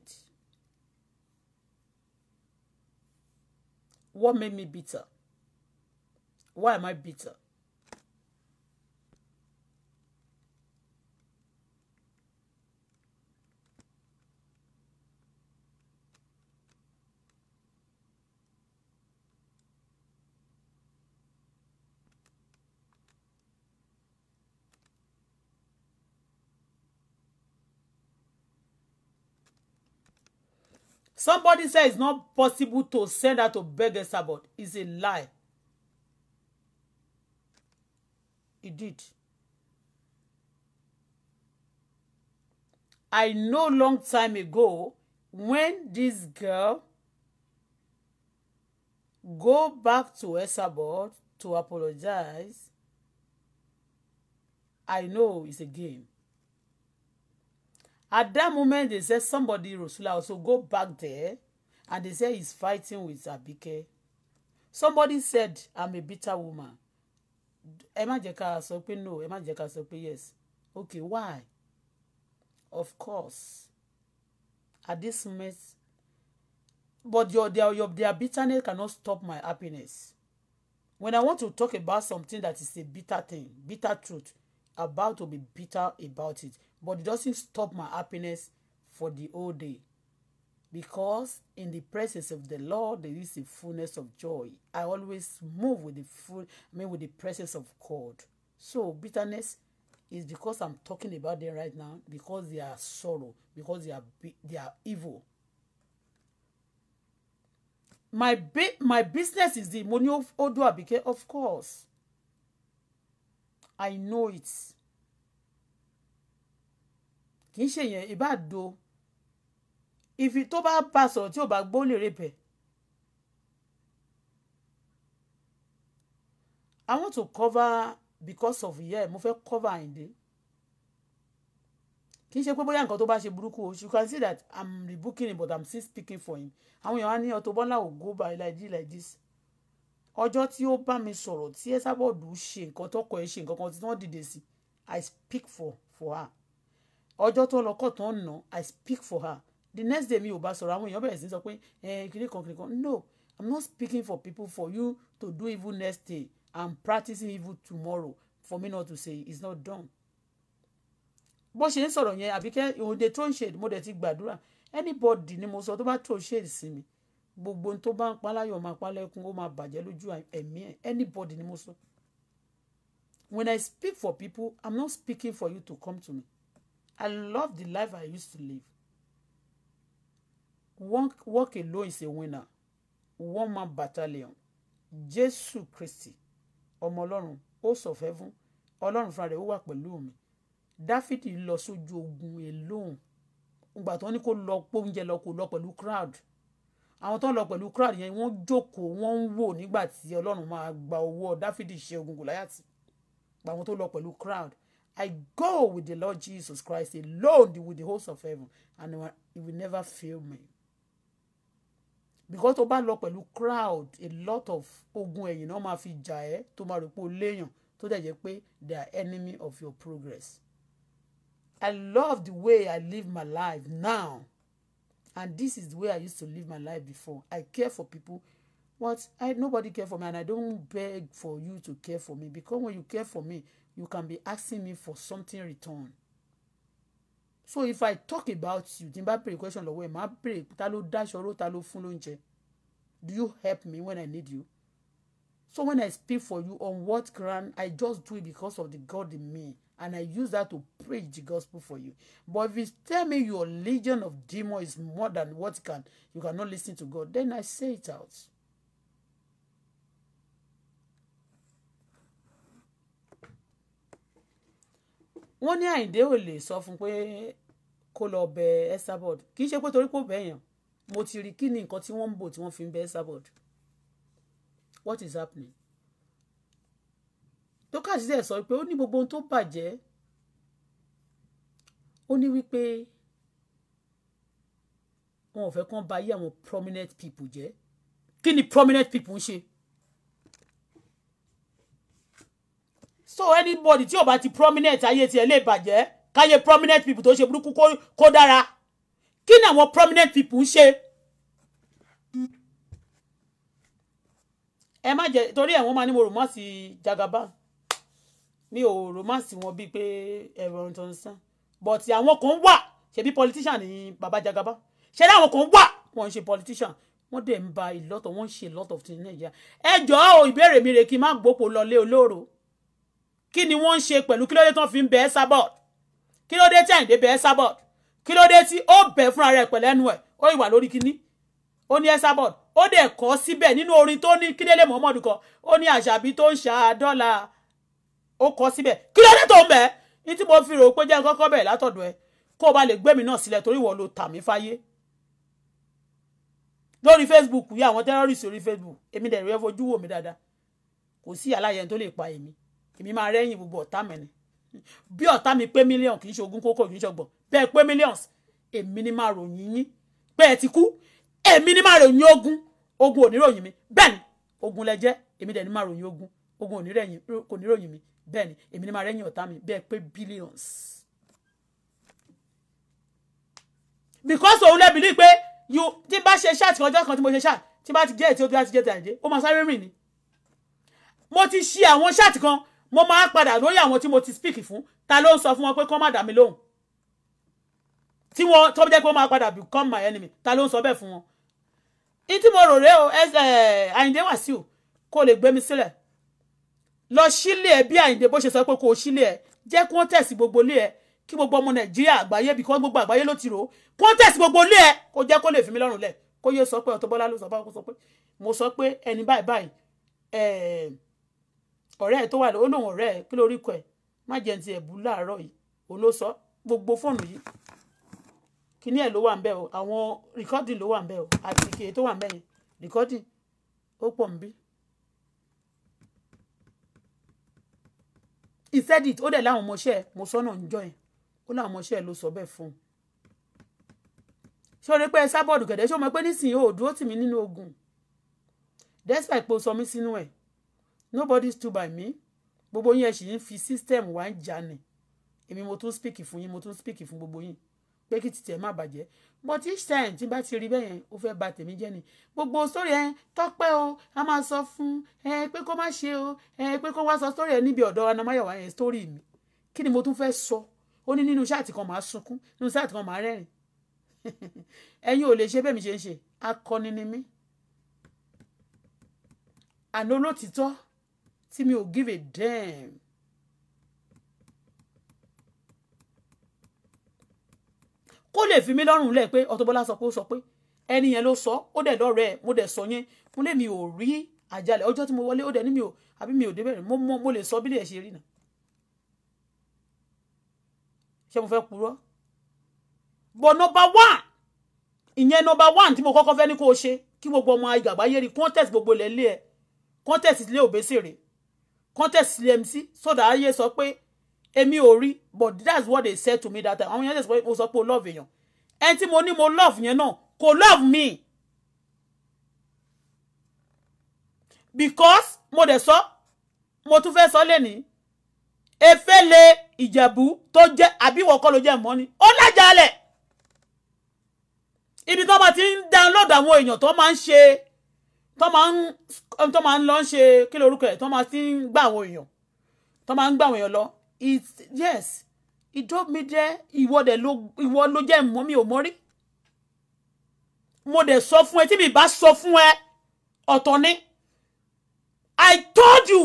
What made me bitter? Why am I bitter? Somebody said it's not possible to send her to beg Sabbath. It's a lie. He did. I know long time ago when this girl go back to Esabod to apologize. I know it's a game. At that moment, they said somebody, Rosula, also go back there. And they said he's fighting with Abike. Somebody said, I'm a bitter woman. Ẹ má jẹ́ ká no, ẹ má jẹ́ ká yes. Okay, why? Of course. At this moment, but your their, your their bitterness cannot stop my happiness. When I want to talk about something that is a bitter thing, bitter truth, about to be bitter about it but it doesn't stop my happiness for the whole day because in the presence of the Lord there is a fullness of joy. I always move with the full, I mean with the presence of God. So bitterness is because I'm talking about them right now because they are sorrow because they are they are evil. My bi my business is the money of Odua because of course. I know it kì í ṣe yẹn ìbá do ìfi tó bá bá sọ̀rọ̀ tí ò bá gbọ́ lè rè I want to cover because of here. mo fẹ́ cover Àyìndé kì í ṣe pé bóyá nǹkan tó bá ṣe burúkú o you can see that I'm rebooking him but I'm still speaking for him àwọn èèyàn á ní Auto Bola ò go by like this like this ọjọ́ tí ó bá mi sọ̀rọ̀ tí ẹ sábọ̀dù ṣe nǹkan tọkọ ẹ ṣe nǹkan kan tí wọ́n dìde sí I speak for for her ọjọ́ tó lọ kọ̀tàn ọ̀nà i speak for her the next day mi ò bá sọ̀rọ̀ àwọn èèyàn bẹ̀rẹ̀ sí sọ pé eh, kiri kan kiri kan no i'm not speaking for people for you to do evil next day i'm practicing evil tomorrow for me not to say it's not done. bó ṣe ń sọ̀rọ̀ yẹn àbíkẹ́ òde tó ń ṣèdí mo dẹ̀ ti gbàdúrà anybody ni mo sọ tó bá tó ṣèdí sí mi gbogbo ohun tó bá ń paláyọ̀ máa palẹ́kún ó máa bàjẹ́ lójú ẹ̀mí ẹ̀ anybody ni mo sọ. when i speak for people i'm not speaking for you to come to me I love the life I used to live. Walk, walk alone is a winner. One man battalion. Jésù Kristi ọmọ host of heaven Ọlọ́run fúnra rẹ̀ ó wà pẹ̀lú mi. Dáfídì lọ sójú ogun alone. Ìgbà tó ní kó lọ pé oúnjẹ lọ kó lọ pẹ̀lú crowd. Àwọn tó ń lọ pẹ̀lú crowd yẹn wọ́n jókòó wọ́n ń wò nígbà tí Ọlọ́run máa gba owó Dáfídì ṣe ogun Gòláyàtì. Àwọn tó lọ pẹ̀lú crowd I go with the Lord Jesus Christ alone with the host of heaven and he will never fail me. Because tó bá lọ pẹ̀lú crowd a lot of ogun ẹ̀yìn náà máa fi jà ẹ́ tó máa rò pé o léèyàn tó their enemy of your progress. I love the way I live my life now and this is the way I used to live my life before. I care for people What I nobody care for me and I don't beg for you to care for me because when you care for me you can be asking me for something in return so if i talk about you tí n bá question the way my pèrè talo dash dáṣọ talo ta ló do you help me when i need you so when i speak for you on what ground i just do it because of the God in me and i use that to preach the gospel for you but if you tell me your legion of demons is more than what can you cannot listen to God then i say it out. wọ́n ní àyíndé ò lè sọ fún pé kó lọ bẹ Esabod kì í ṣe pé torí kò bẹ̀yàn mo ti rí kí ni nǹkan tí wọ́n ń bò tí wọ́n fi ń bẹ Esabod what is happening dókàsí dẹ̀ sọ pé ó ní gbogbo ohun tó bàjẹ́ ó ní wípé wọn ò fẹ́ kán ba ayé àwọn prominent people jẹ́ kí ni prominent people ń ṣe so anybody tí ò bá ti prominent ayé tiẹ̀ lè bàjẹ́ káyé prominent people tó ṣe burúkú kó dára kí ni àwọn prominent people ń ṣe. ẹ má jẹ torí ẹ wọn máa ní mo romance Jagaban mi ò romance wọn bíi pé ẹ̀rọ tó ń sàn but àwọn kan wà ṣebí politician ni baba Jagaban ṣe ní àwọn kan wà wọn ń ṣe politician wọn dẹ̀ ń ba ìlọ́tọ̀ wọn ń ṣe lot of things Nàìjíríà ẹ jọ̀ọ́ ìbéèrè mi rè kí n má gbópo lọlé olóró kí ni wọ́n ń ṣe pẹ̀lú kí ló dé tán fi ń bẹ ẹ́ sábọ̀d kí ló dé tí àyìndé bẹ ẹ́ sábọ̀d kí ló dé tí ó bẹ̀ fúnra rẹ̀ pẹ̀lú ẹnu ẹ̀ ó ìwà lórí kínní ó ní ẹ́ sábọ̀d ó dẹ̀ kọ́ síbẹ̀ nínú orin tó ní kídélé mọ́mọ́dù kan ó ní àṣàbí tó ń ṣàdọ́là ó kọ́ síbẹ̀ kí ló dé tó ń bẹ̀ ní tí mo fi rò pé jẹ́ kọ́kọ́ bẹ̀ látọ̀dọ̀ ẹ kó o bá lè gbẹ̀mí náà sílẹ̀ torí ìwọ ló tà fáyé lórí Facebook yá àwọn tẹ́rọ́rìsì orí Facebook èmi dẹ̀ rẹ́ fojú wò mí dáadáa kò sí aláyẹn tó lè pa èmi èmi máa rẹ́yìn gbogbo ọ̀tá mi ni bí ọ̀tá mi pé mílíọ̀n kì í ṣe ogún kókò kì í ṣọgbọ̀n bẹ́ẹ̀ pé mílíọ̀ns èmi ni máa ròyìn yín pé ẹ ti kú èmi ni máa ròyìn ogun ogun ò ní ròyìn mi bẹ́ẹ̀ ni ogun lẹ jẹ́ èmi dẹ̀ ni máa ròyìn ogun ogun ò mi bẹ́ẹ̀ ni èmi ni máa rẹ́yìn ọ̀tá mi bẹ́ẹ̀ pé billions. because òun lẹ́bi ní pé tí bá ṣe ṣáàtì ọjọ́ kan tí mo ṣe ṣáàtì tí bá ti jẹ́ ètò tí bá ti jẹ́ tàdé ó máa sáré rìn ni mo ti ṣe àwọn ṣáàtì kan mo máa padà lórí àwọn tí mo ti speak fún ta ló ń sọ fún wọn pé kán má dà mí lóhùn tí wọn tó jẹ́ pé wọ́n máa padà become my enemy ta ló ń sọ bẹ́ẹ̀ fún wọn. ní tí mo rò rè o Àyìndé Wàsíù kó lè gbé mi sílẹ̀ lọ sílé ẹ bí Àyìndé bó ṣe sọ pé kó o sílé ẹ jẹ́ kí wọ́n tẹ̀sí gbogbo ilé ẹ kí gbogbo ọmọ Nàìjíríà àgbáyé bí kí gbogbo àgbáyé ló ti rò ó kí wọ́n tẹ̀sí gbogbo ilé ẹ kó jẹ́ kó lè fi mí lọ́rùn lẹ̀ kó yé sọ pé Auto ló sọ pé mo sọ pé ẹni báyìí báyìí ọ̀rẹ́ ẹ̀ tó wà ó lóun ọ̀rẹ́ ẹ̀ kí ló rí kọ ẹ̀ má jẹ́ ti ẹ̀bù láàárọ̀ yìí òun ló sọ gbogbo fóònù yìí kíní ẹ̀ ló wà ń bẹ̀ o àwọn rìkọ́dì ló wà ń bẹ̀ o àti kìí tó wà ń bẹ̀ yẹn rìkọ́dì ó pọ̀ ń bí. he said it ó dẹ̀ láwọn ọmọọṣẹ́ mo sọ́nà ń jọ yẹn ó láwọn ọmọọṣẹ́ ẹ̀ ló sọ bẹ́ẹ̀ fún un. ṣé o rí pé ẹ sábọ̀dù kẹ̀dẹ́ ṣé o mọ̀ pé nísìnyí o dúró tì mí nínú ogun despite pé o sọ mí sínú ẹ̀ nobody stood by me gbogbo yín ẹ sì ń fi system wa ń jà ní èmi mo tún speak fún yín mo tún speak fún gbogbo yín pé kí tìtẹ̀ má bàjẹ́ but each time tí n bá ti rí bẹ́ẹ̀ yẹn ó fẹ́ ba tèmi jẹ́ ni gbogbo sórí ẹ tọ́pẹ́ o a máa sọ fún ẹ pé kó má ṣe o ẹ pé kó wá sọ sórí ẹ níbi ọ̀dọ̀ anamáyọ̀wá yẹn sórí mi kí ni mo tún fẹ́ sọ ó ní nínú ṣáàtì kan màá sunkún nínú ṣáàtì kan màá rẹ́rìn ẹ̀yin ò lè ṣe bẹ́ẹ̀ mi ṣe ń ṣe akọni ni mí àná olótìtọ́ tí mi ò give a damn. kó lè fi mí lọ́rùn lẹ̀ pé Auto Bola sọ pé ó sọ pé ẹni yẹn ló sọ ó dẹ̀ lọ́rẹ́ mo dẹ̀ sọ yẹn mo lè mi ò rí àjálẹ̀ ọjọ́ tí mo wọlé ó dẹ̀ ní mi ò àbí mi ò débẹ̀ mo mo mo lè sọ bílẹ̀ ṣe rí nà ṣé mo fẹ́ purọ́ bọ̀ nọmba one ìyẹn nọmba one tí mo kọ́kọ́ fẹ́ ní kó o ṣe kí gbogbo ọmọ àgbàgbá yẹri contest gbogbo ilẹ̀ ilé ẹ̀ contest ilé òbẹ́sẹ̀ rèé contest MC sódà ayé sọ pé èmi ò but that's what they said to me that time àwọn yẹn tẹ̀sí mo sọ pé o love èèyàn ẹni tí mo ní mo love yẹn náà kò love me because mo dẹ̀ so, mo tún fẹ́ sọ lẹ́nìí efele ìjẹ̀bú tó jẹ́ àbíwọ̀ kọ́ ló jẹ́ mọ́ money. ó lájàálẹ̀ ibi tó bá ti ń download àwọn èèyàn tó máa ń tó máa ń tó máa ń lọ ṣe kí lorúkọ ẹ̀ tó máa ti ń gbà àwọn èèyàn tó máa ń gbà àwọn èèyàn lọ it yes ìjọ mi jẹ́ ìwọ dẹ̀ ló ìwọ ló jẹ́ mọ́ mi ò mọ́ rí mo dẹ̀ sọ fún ẹ tí mi bá sọ fún ẹ ọ̀tọ̀ ni i told you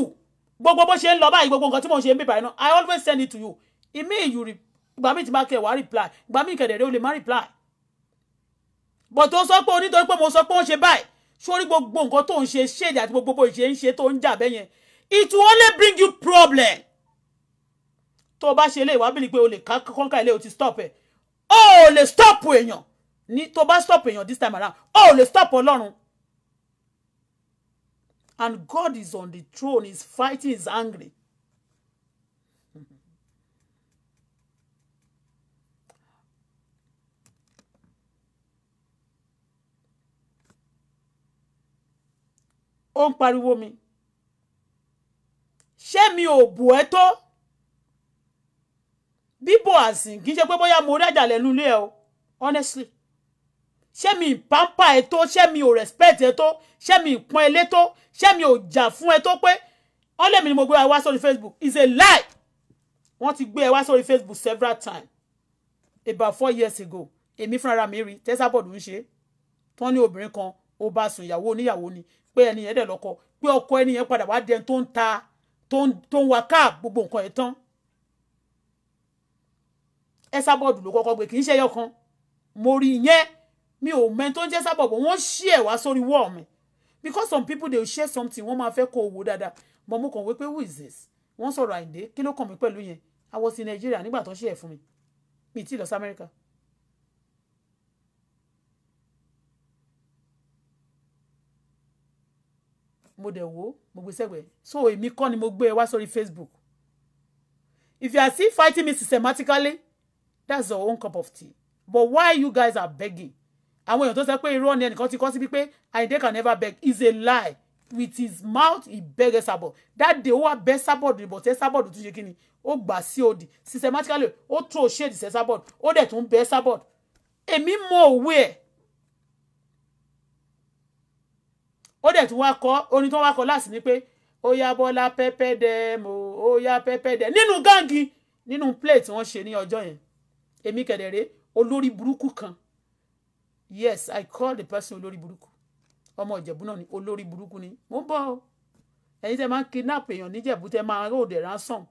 gbogbo bó ṣe ń lọ báyìí gbogbo nǹkan tí mo ṣe ń bèbà iná i always send it to you ìmí ìyùrì ìgbà míì tí máa kẹ wàá reply ìgbà míì kẹ̀dẹ̀rẹ́ o lè má reply but ó sọ pé onítorí pé mo sọ pé ó ṣe báyìí sórí gbogbo nǹkan tó ń ṣe ṣéèdì àti gbogbo ìṣe ń ṣe tó ń jà bẹ́yẹn it will only bring you problem tó o bá ṣe ilé ìwà bìlì pé o lè kọ́ńkà ilé o ti stop ẹ̀ o ò lè stop èèyàn ní tó o bá stop èèyàn this time around o ò lè stop ọlọ́run and God is on the throne he is fighting he is angry ó ń pariwo mi ṣé mi ò bù ẹ́ tó bíbò àsìn kì í ṣe pé bóyá mo rẹ́jà lẹ́nu ilé ẹ o honestly ṣé mi pampa. ẹ tó ṣé mi ò respect ẹ tó ṣé mi ìpọ́n ẹ lé tó ṣé mi ò jà fún ẹ tó pé ọlẹ́mi ni mo gbé ẹ wá sórí Facebook is a lie wọ́n ti gbé ẹ wá sórí Facebook several times about four years ago èmi fúnra mi rí tẹ́sàbọ̀dù ń ṣe tán ní obìnrin kan ó bá sùn ìyàwó oníyàwó ni pé ẹni yẹn dẹ̀ lọ́kọ pé ọkọ ẹni yẹn padà wá dẹni tó ń ta tó ń wa káà gbogbo nǹkan ẹ̀ tán ẹ sábọ̀dù ló kọ́kọ́ gbé kì í ṣe ẹyọ kan mo rí yẹn mi ò mẹ́ni tó ń jẹ́ sábọ̀dù wọ́n ṣí ẹ̀ wá sórí wọ́ọ̀ mi because some people dey share something wọ́n máa fẹ́ kó owó dáadáa but mo kàn wí pé who is this wọ́n sọ̀rọ̀ àìndé kí ló kàn mí pẹ̀lú yẹn I was in Nigeria nígbà tó ṣe ẹ̀ fún mi mi ì tí ì lọ sí America mo dẹ̀ wò mo gbé sẹ́gbẹ̀ẹ́ so èmi kọ́ ni mo gbé ẹ wá sórí Facebook if you are still fighting me systematically that's your own cup of tea but why you guys are begging àwọn èèyàn tó sọ pé irọ́ ni ẹnìkan ti kọ́ sí wípé Àyìndé can never beg is a lie with his mouth he beg Esabod that day ó wá bẹ Esabod rìbọ̀ tí Esabod tún ṣe kí ni ó gbà sí òdì systematically ó throw shade sí Esabod ó dẹ̀ tún bẹ Esabod èmi mọ òwe ẹ̀ ó dẹ̀ tún wá kọ orin tó wá kọ láti ní pé ó yá bọ́lá pẹ́pẹ́ dẹ mo ó yá pẹ́pẹ́ dẹ nínú gáàngì nínú play tí wọ́n ṣe ní ọjọ́ yẹn èmi kẹ̀dẹ̀rẹ́ olórí burúkú kan yes i call the person olórí burúkú ọmọ ìjẹ̀bú náà ni olórí burúkú ni mo ń bọ̀ ọ́ ẹ̀yin tẹ́ máa ń kidnap èèyàn níjẹ̀bú tẹ́ máa rò dẹ̀ ransom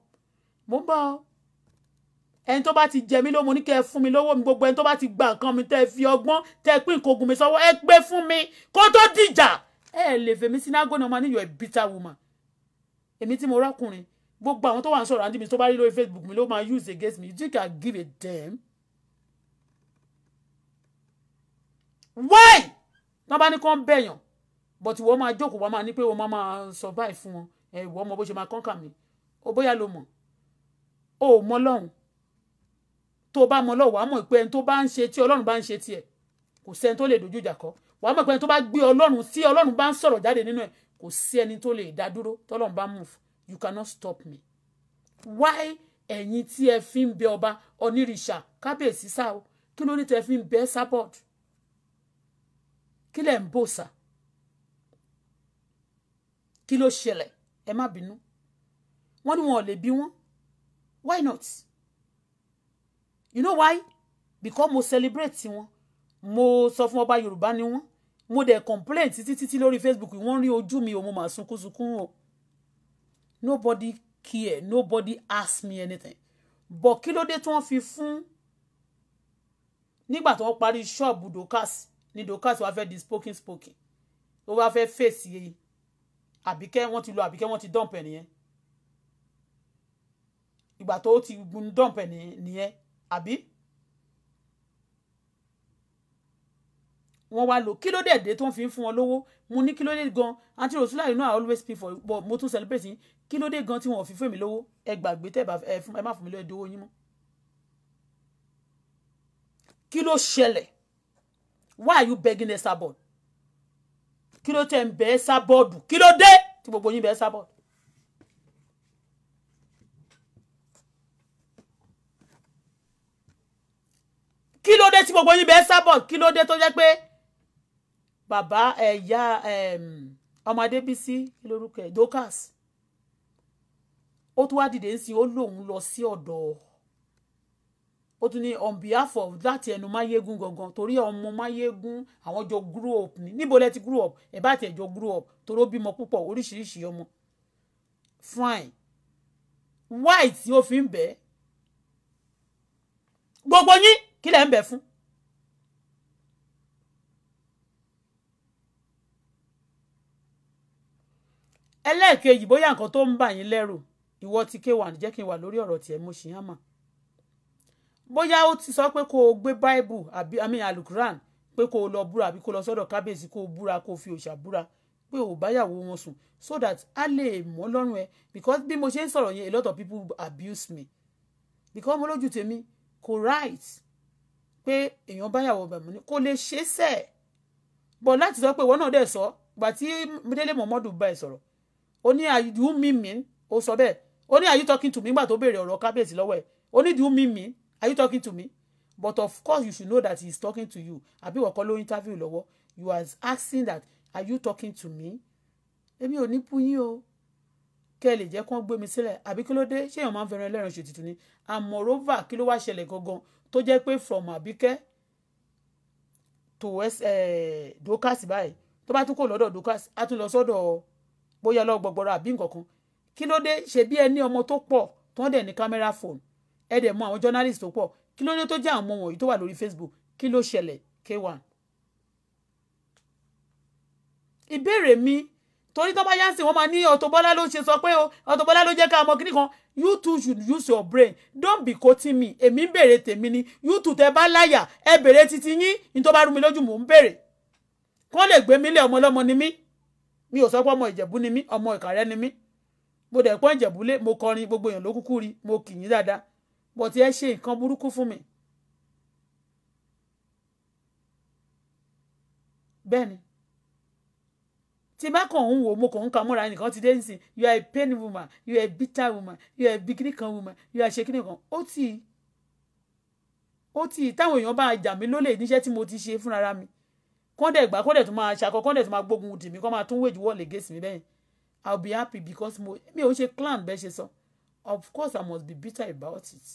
mo ń bọ̀ ọ́ ẹni tó bá ti jẹ mí ló mo ní kẹ́ ẹ fún mi lówó mi gbogbo ẹni tó bá ti gba nǹkan mi tẹ́ fi ọgbọ́n tẹ́ pín nǹkan mi sọ́wọ́ ẹ gbé fún mi kó tó dìjà ẹ lè fèmí sí nágọ́ni ọmọ níyọ̀ ẹ̀ bitter woman èmi tí mo rákùnrin gbogbo àwọn tó wà ń sọ̀rọ̀ àǹdí mi tó bá rí lórí Facebook mi ló máa use against me you think I give a damn. why wọ́n bá ní kó ń bẹ̀yàn but wọ́n máa jókòó wọ́n máa ní pé wọ́n máa máa sọ báyìí fún wọn ẹ̀ wọ́n mọ bó ṣe máa kọ́ńkà mi ó bóyá lo mọ̀ ó mọ lọ́hùn tó bá mọ lọ́wọ́ àmọ́ ìpẹ́ ẹni tó bá ń ṣe tí Ọlọ́run bá ń ṣe tiẹ̀ kò sẹ́ni tó lè dojú ìjà kọ́ wàá mọ̀ pé ẹni tó bá gbé ọlọ́run tí ọlọ́run bá ń sọ̀rọ̀ jáde nínú ẹ̀ kò sí ẹni tó lè dá dúró tọ́lọ́run bá move you cannot stop me why ẹ̀yin tí ẹ fi ń bẹ ọba onírìṣà kábíyèsí sá o kí ló ní tẹ fi ń bẹ sábọ̀d kí lẹ̀ ń bò sá kí ló ṣẹlẹ̀ ẹ má bínú wọ́n ní wọn ò lè bí wọ́n why not you know why because mo celebrate wọn mo sọ fún ọba yorùbá ni wọ́n mo dẹ̀ complain títí títí lórí facebook wọ́n rí ojú mi o mo máa sunkún sunkún o nobody care nobody ask me anything but kí ló dé tí wọ́n fi fún nígbà tí wọ́n parí ṣọ́ọ̀bù dokas ni dokas wàá fẹ́ di spoken spoken ó wàá fẹ́ fèsì àbíkẹ́ wọ́n ti lọ àbíkẹ́ wọ́n ti dump ẹ̀ nìyẹn ìgbà tó ti gun dump ẹ̀ nìyẹn àbí. wọ́n wá lò kí ló dẹ̀ dé tó ń fi fún wọn lówó mo ní kí ló dé gan àǹtí rosula you know i always pay for but mo tún celebrate yín kí ló dé gan tí wọn ò fi fún mi lówó ẹ gbàgbé tẹ́ ẹ má fún mi lówó ẹ dówó yín mọ́ kí ló ṣẹlẹ̀ why are you begging ẹ sábọ̀d kí ló tẹ̀ ń bẹ́ẹ́ sábọ̀dù kí ló dé tí gbogbo yín bẹ́ẹ́ sábọ̀dù. kí ló dé tí gbogbo yín bẹ́ẹ̀ sábọ̀ kí ló dé tó jẹ́ pé bàbá ẹ̀yà eh, ọmọ adébísí lórúkọ ẹ̀ dokas ó tún wá dìde ń sin ó lóun lọ sí ọ̀dọ̀ ó tún ní on behalf of láti ẹnu máyégún gangan torí ọmọ máyégún àwọn jọ grow up ní níbo lẹ ti grow up ẹ bá tiẹ̀ jọ grow up torí ó bímọ púpọ̀ oríṣiríṣi ọmọ fine white ni ó fi ń bẹ́ẹ̀ gbogbo yín kí lẹ ń bẹ̀ fún ẹlẹ́ẹ̀kejì bóyá nǹkan tó ń bà yín lẹ́rù ìwọ ti ké wà jẹ́ kí n wà lórí ọ̀rọ̀ tiẹ̀ mo ṣì ń hàn bóyá ó ti sọ pé kó o gbé bible àbí àmì alukuran pé kó o lọ búra àbí kó o lọ sọ́dọ̀ kábíyèsí kó o búra kó o fi òòṣà búra pé ò báyàwó wọn sùn so that a lè mọ́ lọ́rùn ẹ because bí mo ṣe ń sọ̀rọ̀ yẹn a lot of people abuse me because mo lójú tèmi kò right pé èèyàn báyàwó bàmú ni kò lè ṣe é sẹ́ẹ̀ but láti sọ pé ìwọ náà dẹ̀ sọ gbà tí délé mọ̀mọ́dù bá ẹ sọ̀rọ̀ ó ní are you mean me ó sọ bẹ́ẹ̀ ó ní are you talking to me nígbà tó béèrè ọ̀rọ̀ kábíyèsí lọ́wọ́ ẹ̀ ó ní do you mean me are you talking to me but of course you should know that he is talking to you àbí wọ́n kọ́ ló interview lọ́wọ́ you are asking that are you talking to me èmi ò ní puyin o kẹ́ ẹ lè jẹ́ kán gbé mi sílẹ̀ àbí kí ló dé ṣé èèyàn máa ń fẹ́ràn ẹlẹ́rìn oṣù tuntun ni àmọ́rọ́bà kí ló wá ṣẹlẹ̀ gangan tó jẹ́ pé from àbíkẹ́ to eh, dókàsì báyìí tó bá tún kò lọ́dọ̀ dókàsì á tún lọ sọ́dọ̀ bóyá lọ gbọgbọrọ àbí nǹkan kan kí ló dé ṣe bí ẹni ọmọ tó pọ̀ tó ń dẹ̀ ní kámẹ́rà fóònù ẹ dẹ̀ mọ àwọn journalist tó pọ̀ kí ló dé tó jẹ́ àwọn ọmọ wọ̀nyí tó wà lórí Facebook kí ló ṣẹlẹ̀ k1. ìbéèrè mi torí tó bá yá sí wọn máa ní Auto Bola ló ṣe sọ pé o Auto Bola ló jẹ́ ká mọ kíní kan you too should use your brain don't be quoting me èmi ń béèrè tèmi ni you too tẹ bá láyà ẹ béèrè títí yín ní tó bá rú mi lójú mò ń béèrè kán lè gbé mi lé ọmọ ọlọ́mọ ni mí mi ò sọ pé ọmọ ìjẹ̀bú ni mí ọmọ ìkàrẹ́ ni mí mo dẹ̀ pọ́n ìjẹ̀bú lé mo kọrin gbogbo èèyàn ló kúkú rí mo kì yín dáadáa bọ̀ tí ẹ ṣe nǹkan burúkú fún mi. bẹ́ẹ̀ni tí bá kàn ń wò mo kàn ń ka mọ́ra nìkan ti dé nísìn you are a pain woman you are a bitter woman you are a bikini kan woman you are a ṣekini kan ó tì í ó tì í táwọn èèyàn bá jà mí lólè níṣẹ́ tí mo ti ṣe fúnra mi kọ́ dẹ̀ gbà kọ́ máa ṣakọ kọ́ dẹ̀ máa gbógun tì mí kọ́ máa tún wage war against mi bẹ́ẹ̀ i will be happy because mo mi ò ń ṣe clan bẹ́ẹ̀ ṣe sọ of course i must be bitter about it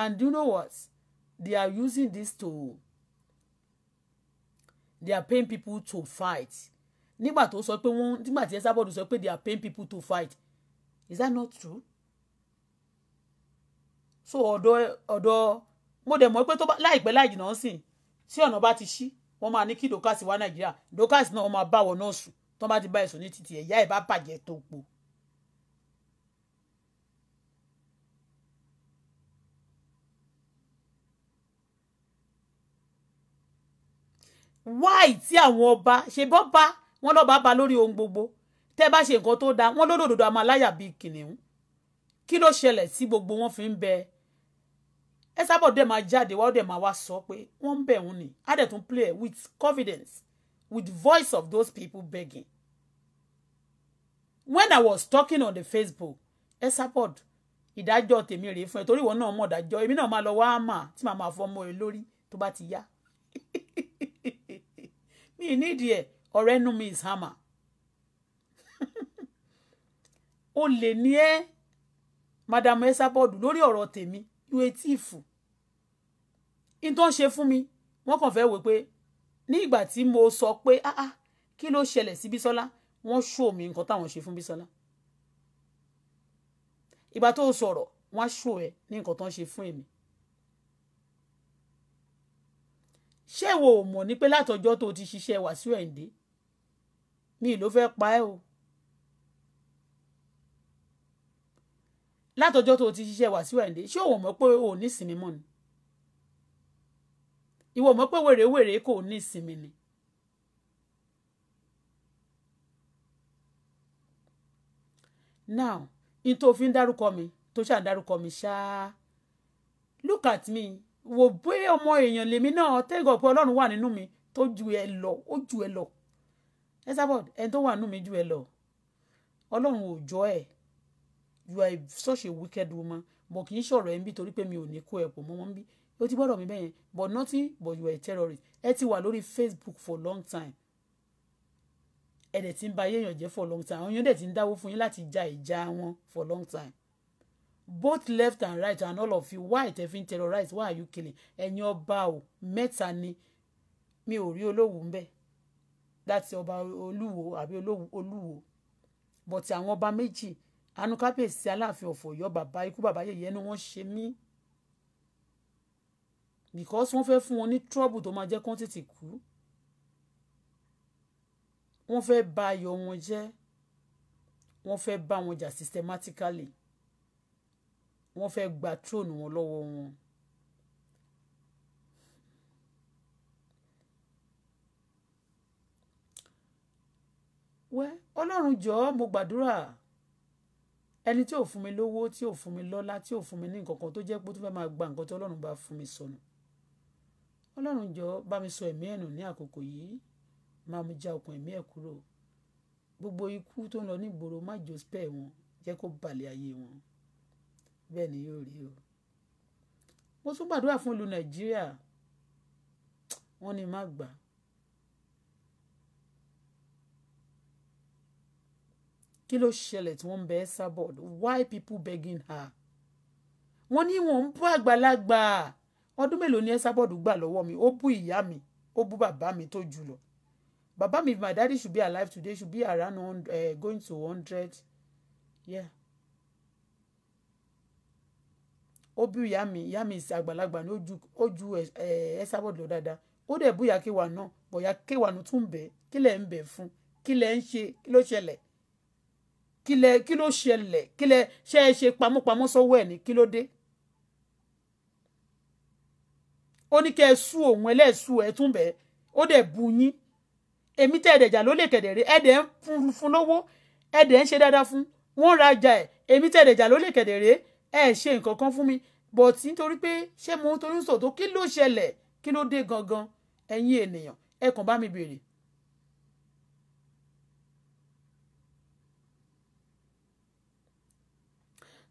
and you know what they are using this to they are paying people to fight nígbà tó sọ pé wọ́n nígbà tí Esabod sọ pé they are paying people to fight is that not true so ọ̀dọ̀ ọ̀dọ̀ mo dẹ̀ mọ̀ pé tó bá láìpẹ́ láì jìnnà sìn tí ọ̀nà bá ti ṣí wọ́n máa ní kí dókàsì wá nàìjíríà dókàsì náà wọ́n máa bá wọn náà sùn tó bá ti bá ẹ̀sùn ní títì ẹ̀yà ẹ̀ bá bàjẹ́ tó po. wáì tí àwọn ọba ṣe bọ́ wọn lọ́ba bá lórí ohun gbogbo tẹ́ bá ṣe nǹkan tó dáa wọ́n lódòdó àmọ́ aláyà bíi kìnìún kí ló ṣẹlẹ̀ tí gbogbo wọn fi ń bẹ ẹ sábọ̀ dẹ̀ máa jáde wá ó dẹ̀ máa wá sọ pé wọ́n ń bẹ̀ wọ́n ni á dẹ̀ tún play with confidence with voice of those people begging. when I was talking on the Facebook ẹ sábọ̀ ìdájọ́ tèmi rèé fún ẹ torí ìwọ náà mọ̀ dájọ́ èmi náà máa lọ wá àmà tí màá máa fọmọ rẹ lórí tó bá ti yá mi nídìí ẹ ọ̀rẹ́ nu mi is hammer o lè ní ẹ madam ẹ sábọ̀dù lórí ọ̀rọ̀ tèmi you a thief in tó ń ṣe fún mi wọ́n kàn fẹ́ wò pé ní ìgbà tí mo sọ pé ah ah kí ló ṣẹlẹ̀ sí Bísọ́lá wọ́n ṣó mi nǹkan táwọn ṣe fún Bísọ́lá ìgbà tó sọ̀rọ̀ wọ́n á ṣó ẹ ní nǹkan tó ń ṣe fún èmi ṣé ìwọ ò mọ̀ ní pé látọjọ́ tó ti ṣiṣẹ́ Wàsíù Ẹ̀ǹdé mi ló fẹ́ pa ẹ́ o látọjọ́ tó ti ṣiṣẹ́ wà síwáyé ṣé òun mọ̀ pé òun ní ìsinmi mọ́ ni ìwọ mọ̀ pé wèrèwèrè kò ní ìsinmi ni. now in tó fi ń dárúkọ mi tó ṣáà dárúkọ mi ṣáá look at me wò bóyá ọmọ èèyàn lèmi náà tẹ́gọ̀ pé ọlọ́run wà nínú mi tó ju ẹ lọ ó ju ẹ lọ Esabod ẹni tó wà nínú mi ju ẹ lọ ọlọ́run ò jọ ẹ̀ you are such a wicked woman but kì í ṣọ̀rọ̀ ẹ̀ ń bí torí pé mi ò ní kó ẹ̀ mọ́ wọn bí ó ti gbọ́dọ̀ mi bẹ́yẹn but nothing but you are a terrorist ẹ ti wà lórí Facebook for long time ẹ dẹ̀ ti ń ba ayé èèyàn jẹ́ for long time àwọn èèyàn dẹ̀ ti ń dáwó fún yín láti ja ìjà wọn for long time both left and right and all of you why tẹ fi ń terrorize why are you killing ẹ̀yin ọba o mẹ́ta ni mi ò rí olówù ń bẹ láti ọba olúwo àbí olúwo but àwọn ọba méjì àánú kábíyèsí aláàfin ọ̀fọ̀ yọ bàbá ikú bàbá yẹ̀yẹ́ ni wọ́n ṣe mí because wọ́n fẹ́ fún wọn ní trouble tó máa jẹ́ kán tètè kú wọ́n fẹ́ bà ayọ̀ wọn jẹ́ wọ́n fẹ́ bá wọn jà systematically wọ́n fẹ́ gba tróònù wọn lọ́wọ́ wọn. wẹ́ ọlọ́run jọ̀ọ́ mo gbàdúrà ẹni tí ò fún mi lówó tí ò fún mi lọ́lá tí ò fún mi ní nǹkan kan tó jẹ́ pé ó tún fẹ́ máa gba nǹkan tí ọlọ́run bá fún mi sọnù ọlọ́run jọ bá mi sọ ẹ̀mí ẹ̀nù ní àkókò yìí máa mú já okùn ẹ̀mí ẹ̀ kúrò gbogbo ikú tó ń lọ nígboro má jò spẹ́ wọn jẹ́ kó balẹ̀ ayé wọn bẹ́ẹ̀ ni yóò rí o mo tún gbàdúrà fún ìlú nàìjíríà wọ́n ní má gbà kí ló ṣẹlẹ̀ tí wọ́n ń bẹ Esabod why people begging her wọ́n ní wọ́n ń bú àgbàlagbà ọdún mélòó ni Esabod gbà lọ́wọ́ mi ó bú ìyá mi ó bú bàbá mi tó jù lọ bàbá mi my daddy should be alive today should be around uh, going to hundred yeah ó bú ìyá mi ìyá mi ìsì àgbàlagbà ni ó ju eh, Esabod lọ dáadáa ó dẹ̀ bú ìyá kéwà náà bọ̀yá kéwà náà tún bẹ̀ kí lẹ̀ ń bẹ̀ fún kí lẹ̀ ń ṣe kí ló ṣẹlẹ̀ kílẹ̀ kí ló ṣẹlẹ̀ kílẹ̀ ṣe é ṣe pamọ́pamọ́ sọ́wọ́ ẹ̀ ní kí ló dé. ó ní kẹ́ ẹ sú òun ẹlẹ́sù ẹ tún bẹ́ẹ̀ ó dẹ̀ bu yín èmi tẹ́ ẹ̀dẹ̀jà ló lè kẹ̀dẹ̀ rí ẹ̀dẹ̀ ń fún fún lówó ẹ̀dẹ̀ ń ṣe dáadáa fún wọ́n ra ọjà ẹ̀ èmi tẹ́ ẹ̀dẹ̀jà ló lè kẹ̀dẹ̀ rí ẹ̀ ṣe nǹkan kan fún mi but nítorí pé ṣé mo ń torí ń sòtó kí ló ṣẹlẹ̀ kí ló dé gangan ẹ̀yin ènìyàn ẹ kàn bá mi béèrè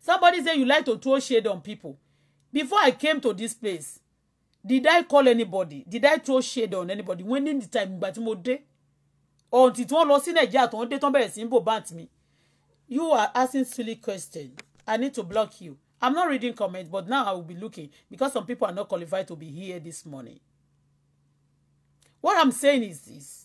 Somebody say you like to throw shade on people. Before I came to this place, did I call anybody? Did I throw shade on anybody? When in the time ìgbà tí mo dé? Until tí wọ́n lọ sí Nàìjíríà tó ń dé tó ń bẹ̀rẹ̀ sí ń You are asking silly questions. I need to block you. I'm not reading comments, but now I will be looking because some people are not qualified to be here this morning. What I'm saying is this